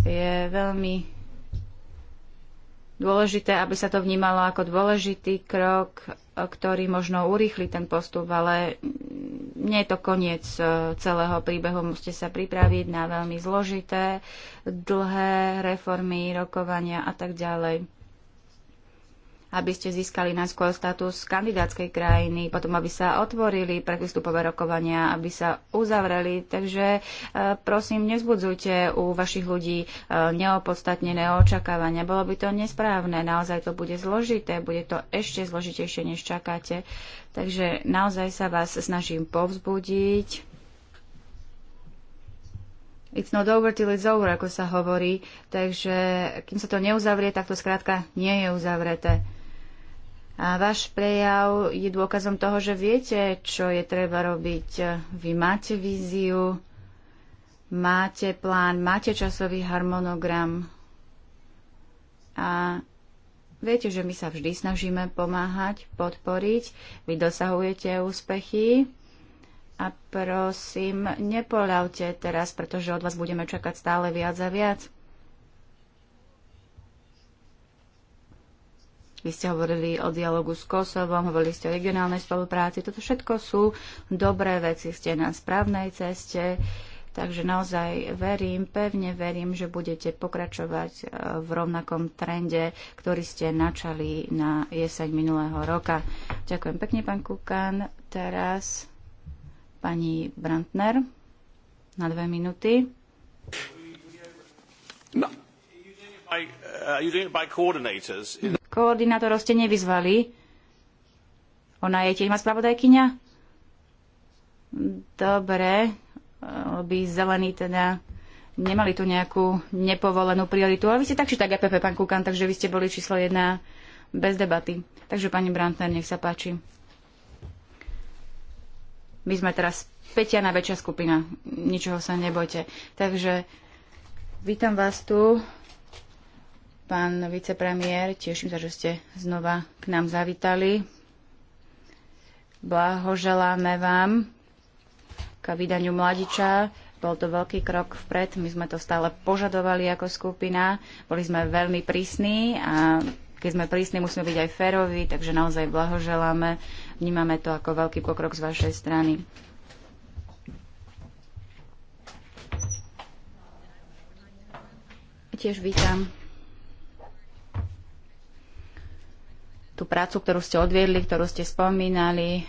Je veľmi dôležité, aby sa to vnímalo ako dôležitý krok, ktorý možno urýchli ten postup, ale nie je to koniec e, celého príbehu. Musíte sa pripraviť na veľmi zložité, dlhé reformy, rokovania a tak ďalej aby ste získali najskôr status kandidátskej krajiny, potom aby sa otvorili pre predvystupové rokovania, aby sa uzavreli. Takže e, prosím, nezbudzujte u vašich ľudí e, neopodstatnené očakávania. Bolo by to nesprávne, naozaj to bude zložité, bude to ešte zložitejšie, než čakáte. Takže naozaj sa vás snažím povzbudiť. It's not over till it's over, ako sa hovorí. Takže kým sa to neuzavrie, tak to skrátka nie je uzavreté. A váš prejav je dôkazom toho, že viete, čo je treba robiť. Vy máte víziu, máte plán, máte časový harmonogram a viete, že my sa vždy snažíme pomáhať, podporiť. Vy dosahujete úspechy a prosím, nepoľavte teraz, pretože od vás budeme čakať stále viac a viac. Vy ste hovorili o dialogu s Kosovom, hovorili ste o regionálnej spolupráci. Toto všetko sú dobré veci, ste na správnej ceste. Takže naozaj verím, pevne verím, že budete pokračovať e, v rovnakom trende, ktorý ste načali na jeseň minulého roka. Ďakujem pekne, pán Kukan. Teraz pani Brantner na dve minúty. No. Uh, Koordinátorov ste nevyzvali. Ona je tiež má spravodajkyňa? Dobre, by zelený teda nemali tu nejakú nepovolenú prioritu. Ale vy ste tak, či tak EPP, pán Kukan, takže vy ste boli číslo jedna bez debaty. Takže pani Brantner, nech sa páči. My sme teraz na väčšia skupina. Ničoho sa nebojte. Takže vítam vás tu. Pán vicepremiér, teším sa, že ste znova k nám zavítali. Blahoželáme vám k vydaniu Mladiča. Bol to veľký krok vpred, my sme to stále požadovali ako skupina, boli sme veľmi prísni a keď sme prísni, musíme byť aj féroví, takže naozaj blahoželáme, vnímame to ako veľký pokrok z vašej strany. Tiež vítam tú prácu, ktorú ste odviedli, ktorú ste spomínali,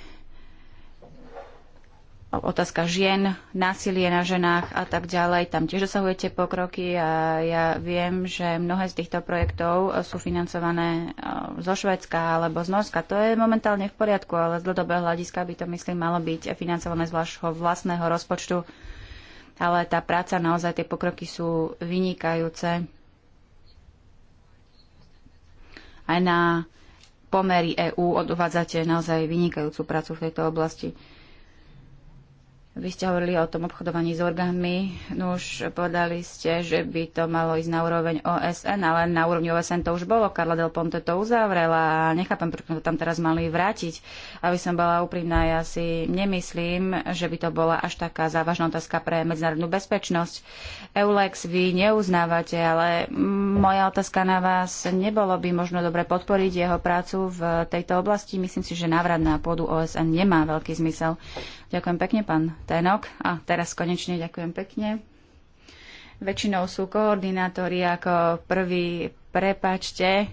otázka žien, násilie na ženách a tak ďalej. Tam tiež dosahujete pokroky a ja viem, že mnohé z týchto projektov e, sú financované e, zo Švedska alebo z Norska. To je momentálne v poriadku, ale z dlhodobého hľadiska by to, myslím, malo byť financované z vašho vlastného rozpočtu. Ale tá práca, naozaj tie pokroky sú vynikajúce. Aj na pomery EÚ odvádzate naozaj vynikajúcu prácu v tejto oblasti. Vy ste hovorili o tom obchodovaní s orgánmi. No už povedali ste, že by to malo ísť na úroveň OSN, ale na úrovni OSN to už bolo. Karla del Ponte to uzavrela a nechápem, prečo to tam teraz mali vrátiť. Aby som bola úprimná, ja si nemyslím, že by to bola až taká závažná otázka pre medzinárodnú bezpečnosť. Eulex vy neuznávate, ale moja otázka na vás, nebolo by možno dobre podporiť jeho prácu v tejto oblasti? Myslím si, že návrat na pôdu OSN nemá veľký zmysel. Ďakujem pekne, pán Tenok. A teraz konečne ďakujem pekne. Väčšinou sú koordinátori ako prvý, prepačte.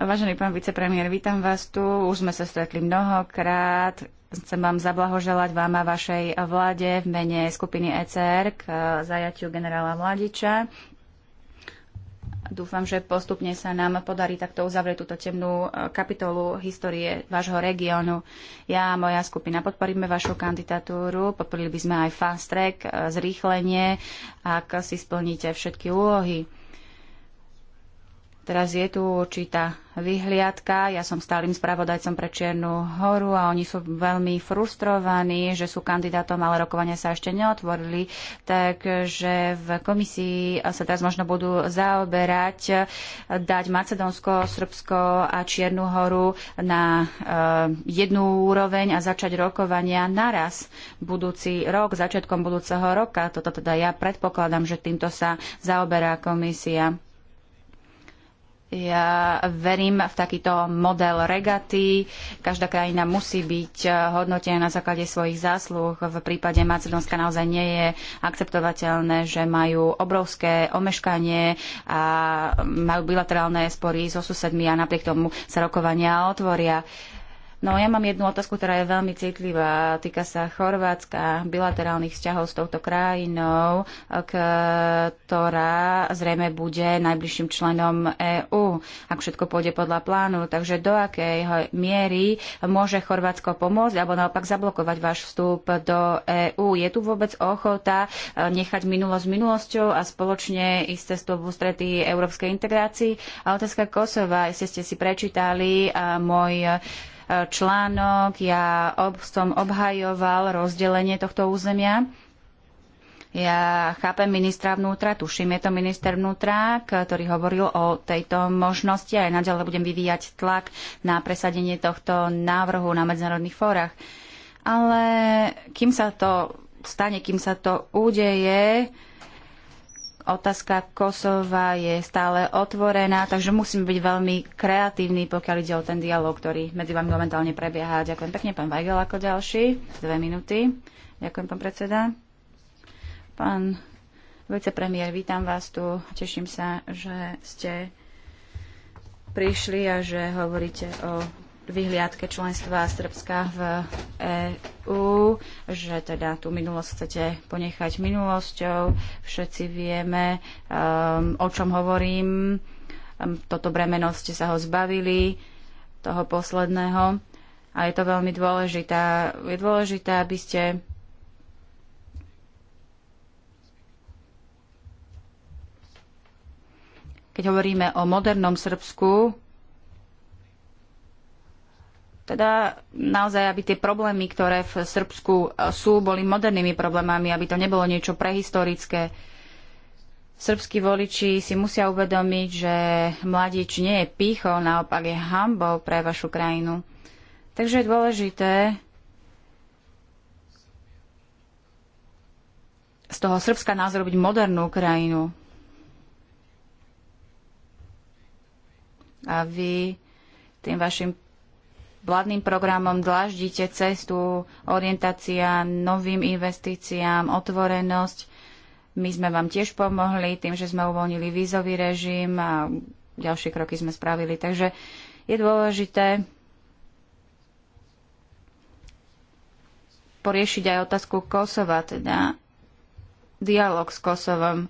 Vážený pán vicepremiér, vítam vás tu. Už sme sa stretli mnohokrát. Chcem vám zablahoželať vám a vašej vláde v mene skupiny ECR k zajatiu generála Mladiča. Dúfam, že postupne sa nám podarí takto uzavrieť túto temnú e, kapitolu histórie vášho regiónu. Ja a moja skupina podporíme vašu kandidatúru, podporili by sme aj fast track, e, zrýchlenie, ak si splníte všetky úlohy. Teraz je tu určitá vyhliadka. Ja som stálym spravodajcom pre Čiernu horu a oni sú veľmi frustrovaní, že sú kandidátom, ale rokovania sa ešte neotvorili. Takže v komisii sa teraz možno budú zaoberať dať Macedónsko, Srbsko a Čiernu horu na eh, jednu úroveň a začať rokovania naraz budúci rok, začiatkom budúceho roka. Toto teda ja predpokladám, že týmto sa zaoberá komisia. Ja verím v takýto model regaty. Každá krajina musí byť eh, hodnotená na základe svojich zásluh. V prípade Macedónska naozaj nie je akceptovateľné, že majú obrovské omeškanie a majú bilaterálne spory so susedmi a napriek tomu sa rokovania otvoria. Uh, No ja mám jednu otázku, ktorá je veľmi citlivá. Týka sa Chorvátska, bilaterálnych vzťahov s touto krajinou, ktorá zrejme bude najbližším členom EÚ, ak všetko pôjde podľa plánu. Takže do akej miery môže Chorvátsko pomôcť alebo naopak zablokovať váš vstup do EÚ? Je tu vôbec ochota eh, nechať minulosť minulosťou a spoločne ísť cestou v ústretí európskej integrácii? A otázka Kosova, ste ste si prečítali eh, môj eh, článok, ja ob, som obhajoval rozdelenie tohto územia. Ja chápem ministra vnútra, tuším, je to minister vnútra, ktorý hovoril o tejto možnosti a aj naďalej budem vyvíjať tlak na presadenie tohto návrhu na medzinárodných fórach. Ale kým sa to stane, kým sa to udeje, Otázka Kosova je stále otvorená, takže musíme byť veľmi kreatívni, pokiaľ ide o ten dialog, ktorý medzi vami momentálne prebieha. Ďakujem pekne, pán Weigel ako ďalší. Dve minúty. Ďakujem, pán predseda. Pán vicepremiér, vítam vás tu. Teším sa, že ste prišli a že hovoríte o vyhliadke členstva Srbska v EÚ, že teda tú minulosť chcete ponechať minulosťou. Všetci vieme, um, o čom hovorím. Um, toto bremeno ste sa ho zbavili, toho posledného. A je to veľmi dôležité. Je dôležité, aby ste keď hovoríme o modernom Srbsku, teda naozaj, aby tie problémy, ktoré v Srbsku e, sú, boli modernými problémami, aby to nebolo niečo prehistorické. Srbskí voliči si musia uvedomiť, že mladič nie je pýchou, naopak je hambou pre vašu krajinu. Takže je dôležité z toho Srbska názor robiť modernú krajinu. A vy tým vašim vládnym programom dláždite cestu, orientácia novým investíciám, otvorenosť. My sme vám tiež pomohli tým, že sme uvoľnili vízový režim a ďalšie kroky sme spravili. Takže je dôležité poriešiť aj otázku Kosova, teda dialog s Kosovom.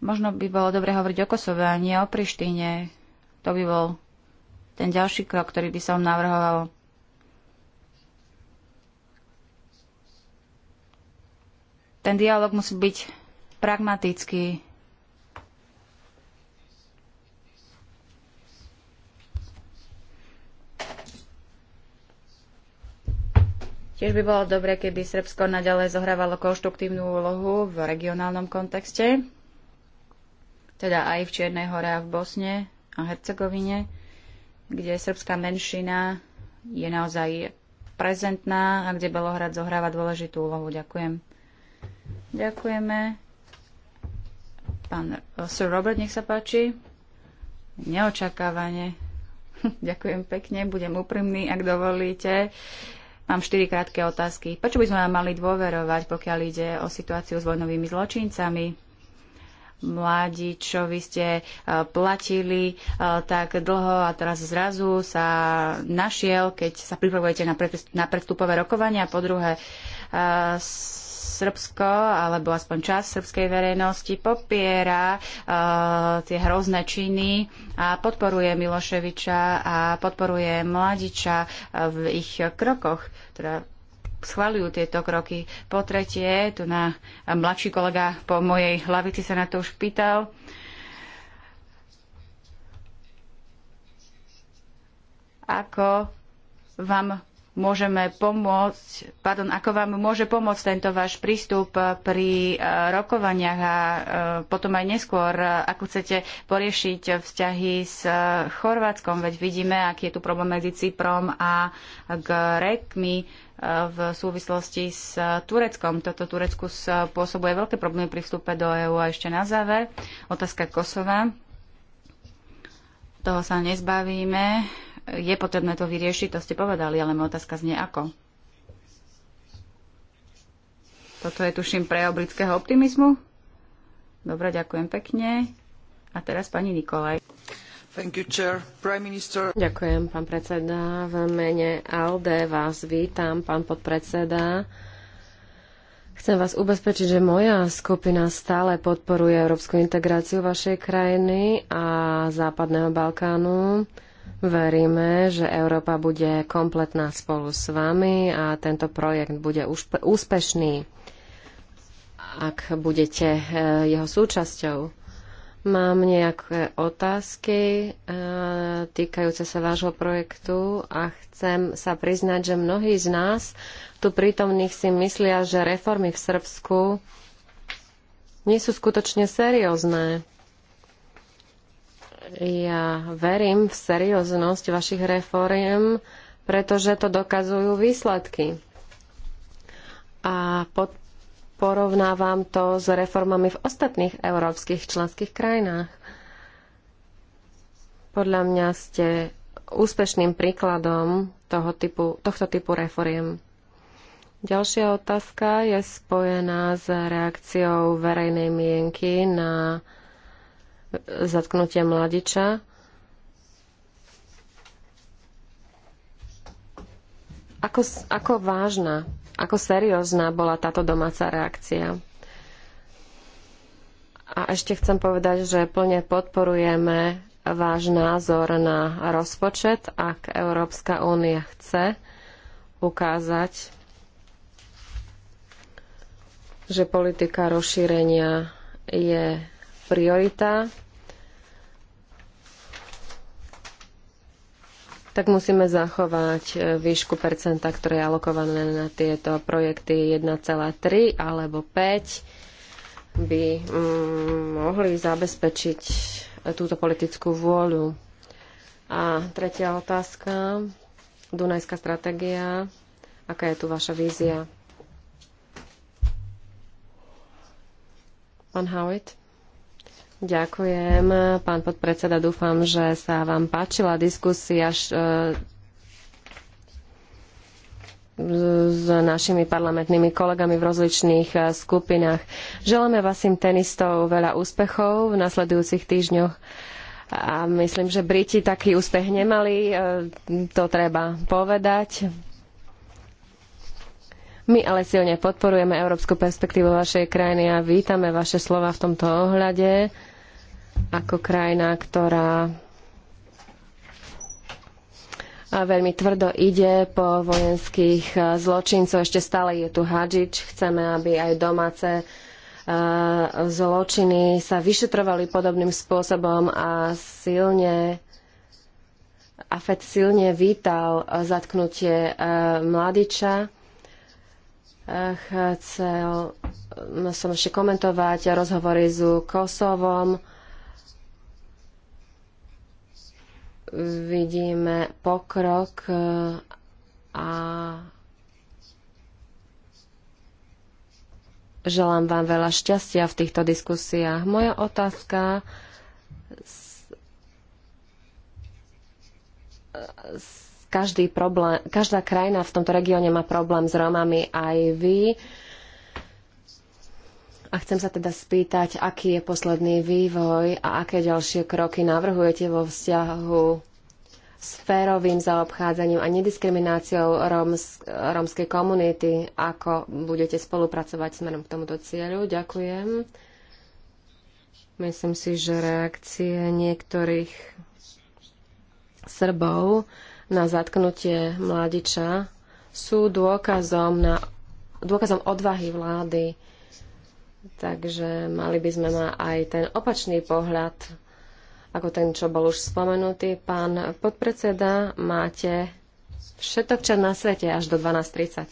Možno by bolo dobre hovoriť o Kosove a nie o Prištine. To by bol ten ďalší krok, ktorý by som navrhoval, ten dialog musí byť pragmatický. Tiež by bolo dobre, keby Srbsko naďalej zohrávalo konštruktívnu úlohu v regionálnom kontexte, teda aj v Čiernej hore a v Bosne a Hercegovine kde srbská menšina je naozaj prezentná a kde Belohrad zohráva dôležitú úlohu. Ďakujem. Ďakujeme. Pán eh, Sir Robert, nech sa páči. Neočakávanie. [laughs] Ďakujem pekne, budem úprimný, ak dovolíte. Mám štyri krátke otázky. Prečo by sme vám mali dôverovať, pokiaľ ide o situáciu s vojnovými zločincami? vy ste eh, platili eh, tak dlho a teraz zrazu sa našiel, keď sa pripravujete na predstupové rokovania. Po druhé, eh, Srbsko, alebo aspoň čas srbskej verejnosti popiera uh, tie hrozné činy a podporuje Miloševiča a podporuje Mladiča v ich krokoch, teda schvaľujú tieto kroky. Po tretie, tu na mladší kolega po mojej hlavici sa na to už pýtal, ako vám môžeme pomôcť, pardon, ako vám môže pomôcť tento váš prístup pri e, rokovaniach a e, potom aj neskôr, ako chcete poriešiť vzťahy s e, Chorvátskom, veď vidíme, aký je tu problém medzi Cyprom a Grekmi v súvislosti s Tureckom. Toto Turecku spôsobuje veľké problémy pri vstupe do EÚ. A ešte na záver, otázka Kosova. Toho sa nezbavíme. Je potrebné to vyriešiť, to ste povedali, ale moja otázka znie ako. Toto je tuším pre britského optimizmu. Dobre, ďakujem pekne. A teraz pani Nikolaj. Ďakujem, pán predseda. V mene ALDE vás vítam, pán podpredseda. Chcem vás ubezpečiť, že moja skupina stále podporuje európsku integráciu vašej krajiny a Západného Balkánu. Veríme, že Európa bude kompletná spolu s vami a tento projekt bude úspešný, ak budete eh, jeho súčasťou. Mám nejaké otázky eh, týkajúce sa vášho projektu a chcem sa priznať, že mnohí z nás tu prítomných si myslia, že reformy v Srbsku nie sú skutočne seriózne. Ja verím v serióznosť vašich reforiem, pretože to dokazujú výsledky. A pod porovnávam to s reformami v ostatných európskych členských krajinách. Podľa mňa ste úspešným príkladom toho typu, tohto typu reforiem. Ďalšia otázka je spojená s reakciou verejnej mienky na zatknutie mladiča. Ako, ako vážna ako seriózna bola táto domáca reakcia. A ešte chcem povedať, že plne podporujeme váš názor na rozpočet, ak Európska únia chce ukázať, že politika rozšírenia je priorita tak musíme zachovať e, výšku percenta, ktoré je alokované na tieto projekty 1,3 alebo 5 by mm, mohli zabezpečiť e, túto politickú vôľu. A tretia otázka. Dunajská stratégia. Aká je tu vaša vízia? Pán Howitt? Ďakujem, pán podpredseda. Dúfam, že sa vám páčila diskusia e, s našimi parlamentnými kolegami v rozličných e, skupinách. Želáme vás im tenistov veľa úspechov v nasledujúcich týždňoch a myslím, že Briti taký úspech nemali, e, to treba povedať. My ale silne podporujeme európsku perspektívu vašej krajiny a vítame vaše slova v tomto ohľade ako krajina, ktorá veľmi tvrdo ide po vojenských eh, zločincov. Ešte stále je tu Hadžič. Chceme, aby aj domáce eh, zločiny sa vyšetrovali podobným spôsobom a silne a Afet silne vítal eh, zatknutie mladiča Chcel som no, ešte komentovať rozhovory s Kosovom. Vidíme pokrok e, a želám vám veľa šťastia v týchto diskusiách. Moja otázka s, s každý problém, každá krajina v tomto regióne má problém s Rómami aj vy. A chcem sa teda spýtať, aký je posledný vývoj a aké ďalšie kroky navrhujete vo vzťahu s férovým zaobchádzaním a nediskrimináciou rómsk, rómskej komunity, ako budete spolupracovať smerom k tomuto cieľu. Ďakujem. Myslím si, že reakcie niektorých Srbov na zatknutie mládiča sú dôkazom, na, dôkazom odvahy vlády. Takže mali by sme mať aj ten opačný pohľad, ako ten, čo bol už spomenutý. Pán podpredseda, máte všetok čas na svete až do 12.30.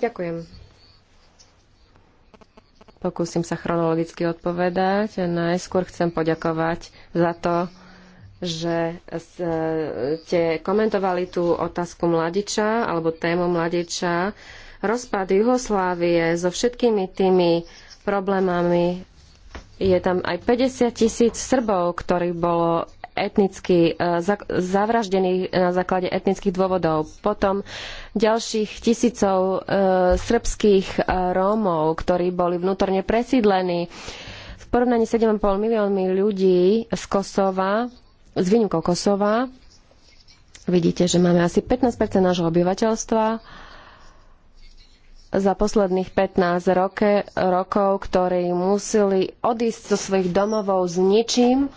Ďakujem. Pokúsim sa chronologicky odpovedať. Najskôr chcem poďakovať za to, že e, ste komentovali tú otázku mladiča alebo tému mladiča, rozpad Juhoslávie so všetkými tými problémami. Je tam aj 50 tisíc Srbov, ktorí bolo etnicky e, zavraždených na základe etnických dôvodov. Potom ďalších tisícov e, srbských Rómov, ktorí boli vnútorne presídlení. V porovnaní 7,5 miliónmi ľudí z Kosova s výnimkou Kosova, vidíte, že máme asi 15 nášho obyvateľstva za posledných 15 roke, rokov, ktorí museli odísť zo svojich domovov s ničím.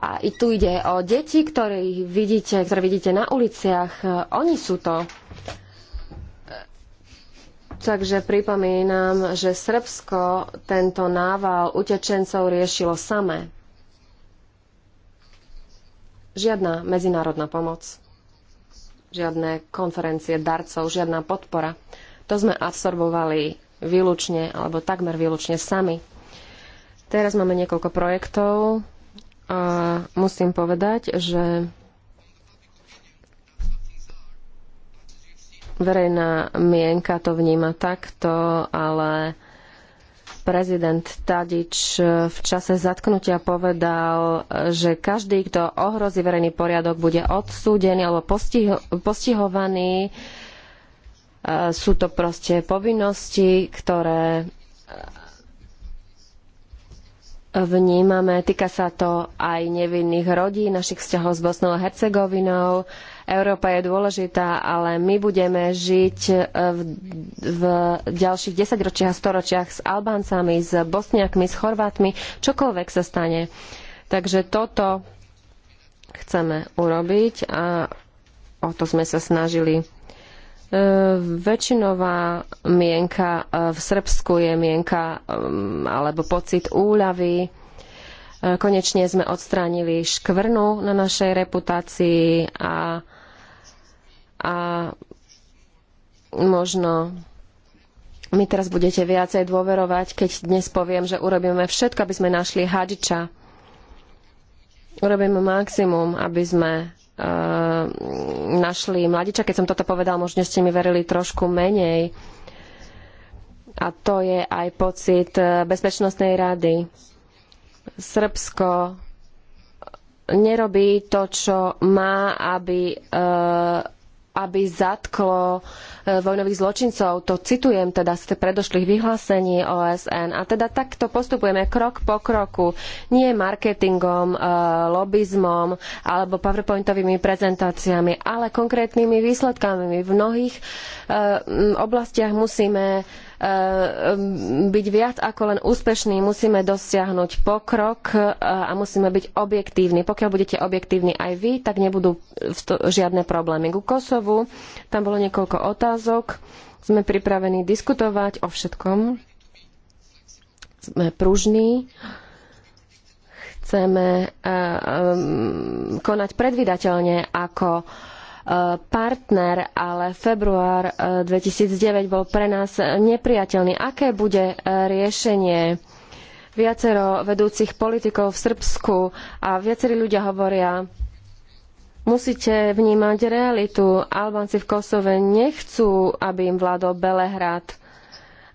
A i tu ide o deti, ktoré vidíte, ktoré vidíte na uliciach. Oni sú to. Takže pripomínam, že Srbsko tento nával utečencov riešilo samé. Žiadna medzinárodná pomoc, žiadne konferencie darcov, žiadna podpora. To sme absorbovali výlučne, alebo takmer výlučne sami. Teraz máme niekoľko projektov a musím povedať, že verejná mienka to vníma takto, ale Prezident Tadič eh, v čase zatknutia povedal, eh, že každý, kto ohrozí verejný poriadok, bude odsúdený alebo postiho- postihovaný. Eh, sú to proste povinnosti, ktoré vnímame. Týka sa to aj nevinných rodí, našich vzťahov s Bosnou a Hercegovinou. Európa je dôležitá, ale my budeme žiť e, v, v ďalších desaťročiach a storočiach s Albáncami, s Bosniakmi, s Chorvátmi, čokoľvek sa stane. Takže toto chceme urobiť a o to sme sa snažili. E, väčšinová mienka e, v Srbsku je mienka e, alebo pocit úľavy E, konečne sme odstránili škvrnu na našej reputácii a, a možno mi teraz budete viacej dôverovať, keď dnes poviem, že urobíme všetko, aby sme našli hadiča. Urobíme maximum, aby sme e, našli mladiča. Keď som toto povedal, možno ste mi verili trošku menej. A to je aj pocit e, Bezpečnostnej rady Srbsko nerobí to, čo má, aby, eh, aby zatklo eh, vojnových zločincov. To citujem teda z predošlých vyhlásení OSN. A teda takto postupujeme krok po kroku. Nie marketingom, eh, lobizmom alebo powerpointovými prezentáciami, ale konkrétnymi výsledkami. V mnohých oblastiach musíme Eh, byť viac ako len úspešní, musíme dosiahnuť pokrok eh, a musíme byť objektívni. Pokiaľ budete objektívni aj vy, tak nebudú žiadne problémy. Ku Kosovu tam bolo niekoľko otázok. Sme pripravení diskutovať o všetkom. Sme pružní chceme eh, konať predvydateľne ako partner, ale február 2009 e, bol pre nás nepriateľný. Aké bude e, riešenie? Viacero vedúcich politikov v Srbsku a viacerí ľudia hovoria, musíte vnímať realitu. Albánci v Kosove nechcú, aby im vládol Belehrad.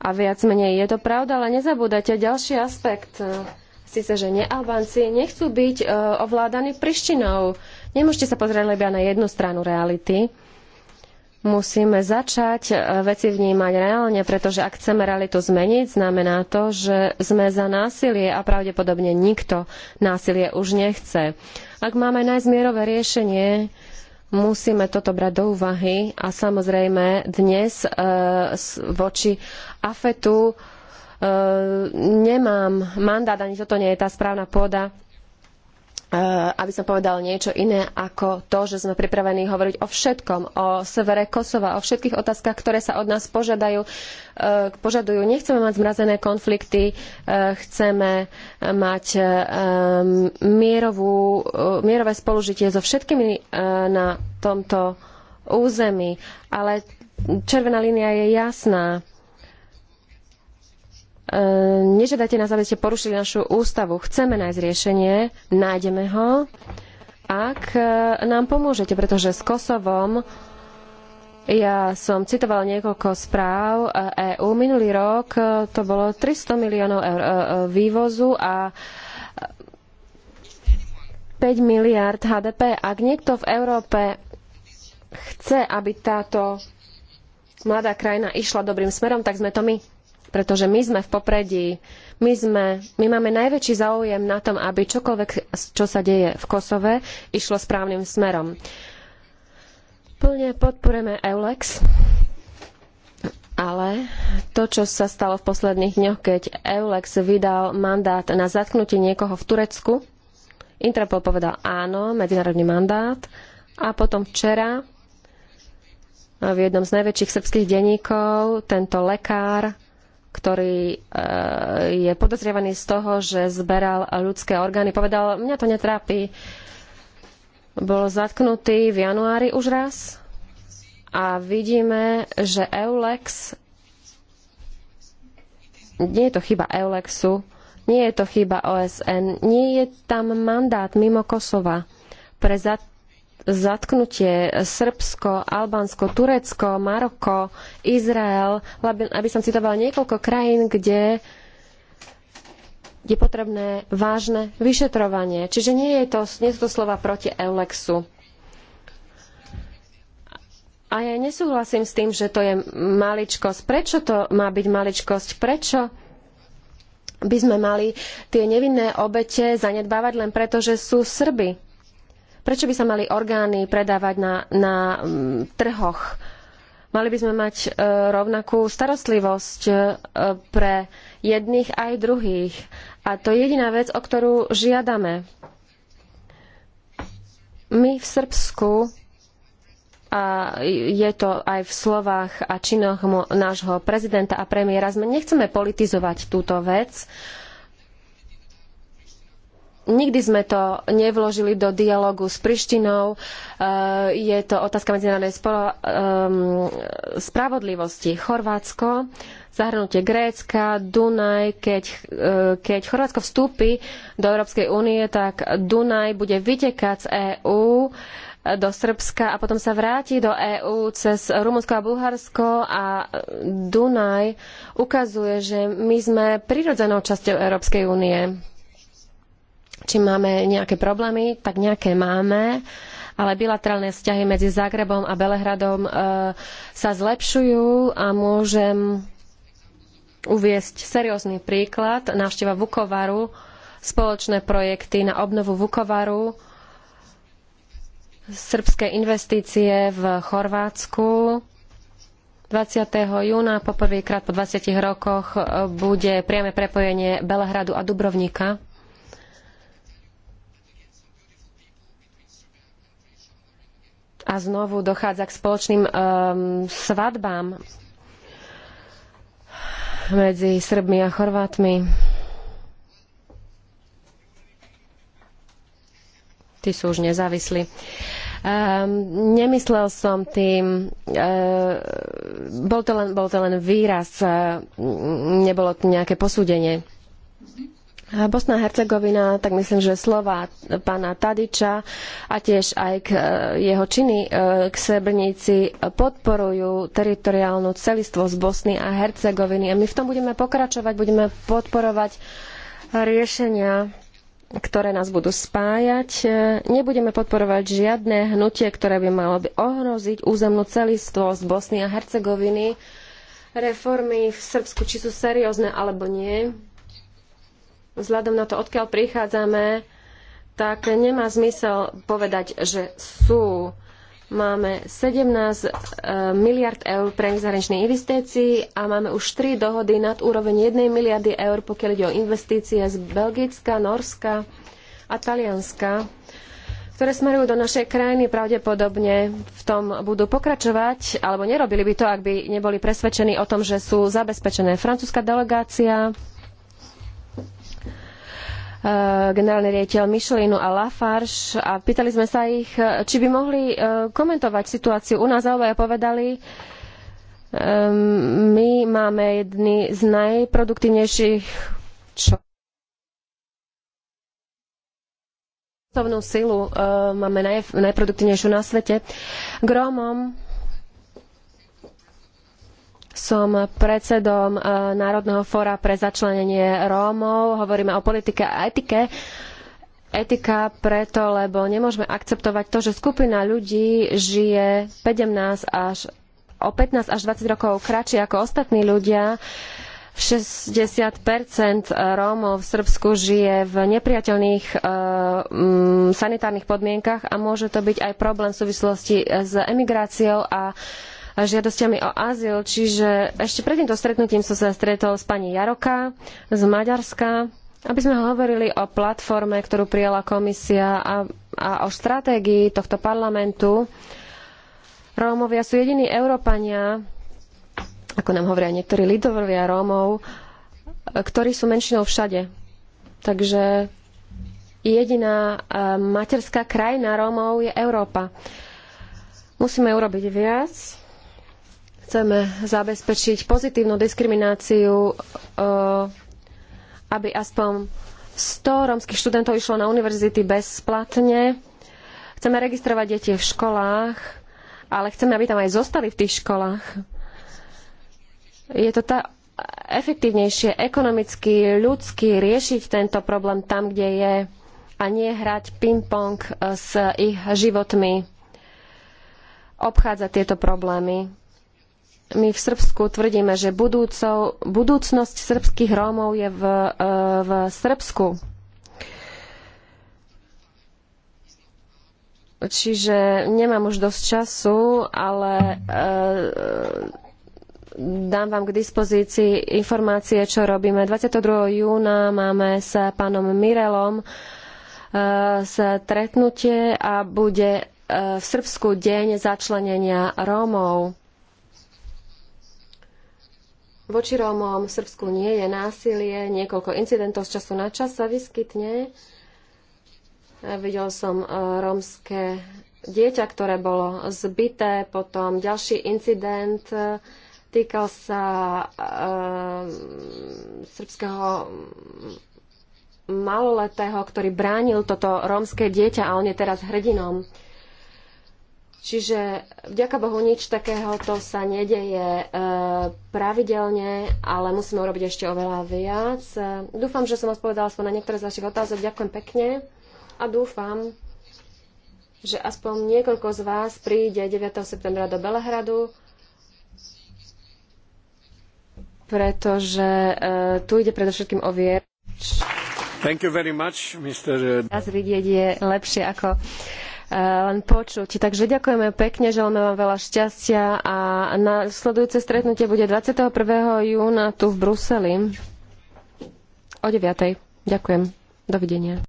A viac menej je to pravda, ale nezabúdajte ďalší aspekt. E, Sice, že nealbanci nechcú byť ovládaní prištinou. Nemôžete sa pozrieť iba na jednu stranu reality. Musíme začať e, veci vnímať reálne, pretože ak chceme realitu zmeniť, znamená to, že sme za násilie a pravdepodobne nikto násilie už nechce. Ak máme nájsť mierové riešenie, musíme toto brať do úvahy a samozrejme dnes e, voči AFETu e, nemám mandát, ani toto nie je tá správna pôda Eh, aby som povedal niečo iné ako to, že sme pripravení hovoriť o všetkom, o severe Kosova, o všetkých otázkach, ktoré sa od nás požiadajú. Eh, požadujú. Nechceme mať zmrazené konflikty, eh, chceme mať mierovú, mierové spolužitie so všetkými na tomto území, ale červená línia je jasná E, nežiadate nás, aby ste porušili našu ústavu. Chceme nájsť riešenie, nájdeme ho, ak e, nám pomôžete, pretože s Kosovom ja som citovala niekoľko správ EÚ. E Minulý rok to bolo 300 miliónov eur vývozu a 5 miliard HDP. Ak niekto v Európe chce, aby táto mladá krajina išla dobrým smerom, tak sme to my pretože my sme v popredí. My, sme, my máme najväčší záujem na tom, aby čokoľvek, čo sa deje v Kosove, išlo správnym smerom. Plne podporujeme EULEX, ale to, čo sa stalo v posledných dňoch, keď EULEX vydal mandát na zatknutie niekoho v Turecku, Interpol povedal áno, medzinárodný mandát, a potom včera v jednom z najväčších srbských denníkov tento lekár ktorý e, je podozrievaný z toho, že zberal ľudské orgány, povedal, mňa to netrápi. Bol zatknutý v januári už raz a vidíme, že Eulex nie je to chyba Eulexu, nie je to chyba OSN, nie je tam mandát mimo Kosova pre, za, zatknutie Srbsko, Albánsko, Turecko, Maroko, Izrael, aby som citovala niekoľko krajín, kde je potrebné vážne vyšetrovanie. Čiže nie, je to, nie sú to slova proti Eulexu. A ja nesúhlasím s tým, že to je maličkosť. Prečo to má byť maličkosť? Prečo by sme mali tie nevinné obete zanedbávať len preto, že sú Srby? Prečo by sa mali orgány predávať na, na mm, trhoch? Mali by sme mať e, rovnakú starostlivosť e, pre jedných aj druhých. A to je jediná vec, o ktorú žiadame. My v Srbsku a je to aj v slovách a činoch nášho prezidenta a premiéra. Sme nechceme politizovať túto vec. Nikdy sme to nevložili do dialogu s Prištinou. E, je to otázka medzinárodnej spravodlivosti. Chorvátsko, zahrnutie Grécka, Dunaj, keď, e, keď Chorvátsko vstúpi do Európskej únie, tak Dunaj bude vytekať z EÚ e, do Srbska a potom sa vráti do EÚ cez Rumunsko a Bulharsko a Dunaj ukazuje, že my sme prirodzenou časťou Európskej únie či máme nejaké problémy, tak nejaké máme, ale bilaterálne vzťahy medzi Zagrebom a Belehradom e, sa zlepšujú a môžem uviesť seriózny príklad. Návšteva Vukovaru, spoločné projekty na obnovu Vukovaru, srbské investície v Chorvátsku, 20. júna poprvýkrát po 20 rokoch e, bude priame prepojenie Belehradu a Dubrovnika. a znovu dochádza k spoločným um, svadbám medzi Srbmi a Chorvátmi. Tí sú už nezávislí. Um, nemyslel som tým, uh, bol, to len, bol to len výraz, uh, nebolo to nejaké posúdenie. Bosna a Hercegovina, tak myslím, že slova pána Tadiča a tiež aj k e, jeho činy e, k Sebrnici podporujú teritoriálnu celistvosť Bosny a Hercegoviny. A my v tom budeme pokračovať, budeme podporovať riešenia ktoré nás budú spájať. E, nebudeme podporovať žiadne hnutie, ktoré by malo by ohroziť územnú celistvosť Bosny a Hercegoviny. Reformy v Srbsku, či sú seriózne alebo nie, vzhľadom na to, odkiaľ prichádzame, tak nemá zmysel povedať, že sú. Máme 17 e, miliard eur pre zahraničné investícii a máme už 3 dohody nad úroveň 1 miliardy eur, pokiaľ ide o investície z Belgicka, Norska a Talianska ktoré smerujú do našej krajiny, pravdepodobne v tom budú pokračovať, alebo nerobili by to, ak by neboli presvedčení o tom, že sú zabezpečené. Francúzska delegácia E, generálny riaditeľ Michelinu a Lafarge a pýtali sme sa ich, e, či by mohli e, komentovať situáciu u nás a obaja povedali, my máme jedny z najproduktívnejších čo pracovnú silu máme naj, najproduktívnejšiu na svete. Grómom som predsedom eh, Národného fóra pre začlenenie Rómov. Hovoríme o politike a etike. Etika preto, lebo nemôžeme akceptovať to, že skupina ľudí žije 17 až o 15 až 20 rokov kratšie ako ostatní ľudia. 60 Rómov v Srbsku žije v neprijateľných eh, sanitárnych podmienkach a môže to byť aj problém v súvislosti s emigráciou a uh, žiadosťami o azyl. Čiže ešte pred týmto stretnutím som sa stretol s pani Jaroka z Maďarska, aby sme hovorili o platforme, ktorú prijala komisia a, a o stratégii tohto parlamentu. Rómovia sú jediní Európania, ako nám hovoria niektorí lidovia Rómov, ktorí sú menšinou všade. Takže jediná e, materská krajina Rómov je Európa. Musíme urobiť viac Chceme zabezpečiť pozitívnu diskrimináciu, e, aby aspoň 100 rómskych študentov išlo na univerzity bezplatne. Chceme registrovať deti v školách, ale chceme, aby tam aj zostali v tých školách. Je to tá efektívnejšie ekonomicky, ľudsky riešiť tento problém tam, kde je a nie hrať ping-pong e, s ich životmi, obchádzať tieto problémy my v Srbsku tvrdíme, že budúcnosť srbských Rómov je v, e, v Srbsku. Čiže nemám už dosť času, ale e, dám vám k dispozícii informácie, čo robíme. 22. júna máme s pánom Mirelom e, stretnutie a bude e, v Srbsku deň začlenenia Rómov Voči Rómom v Srbsku nie je násilie, niekoľko incidentov z času na čas sa vyskytne. Videl som e, rómske dieťa, ktoré bolo zbité, potom ďalší incident e, týkal sa e, srbského maloletého, ktorý bránil toto rómske dieťa a on je teraz hrdinom. E, Čiže vďaka Bohu nič takého to sa nedeje e, pravidelne, ale musíme urobiť ešte oveľa viac. E, dúfam, že som vás povedala aspoň na niektoré z vašich otázok. Ďakujem pekne a dúfam, že aspoň niekoľko z vás príde 9. septembra do Belehradu, pretože e, tu ide predovšetkým o vier. Thank you very much, Mr. Vidieť je lepšie ako len počuť. Takže ďakujeme pekne, želáme vám veľa šťastia a nasledujúce stretnutie bude 21. júna tu v Bruseli o 9. Ďakujem. Dovidenia.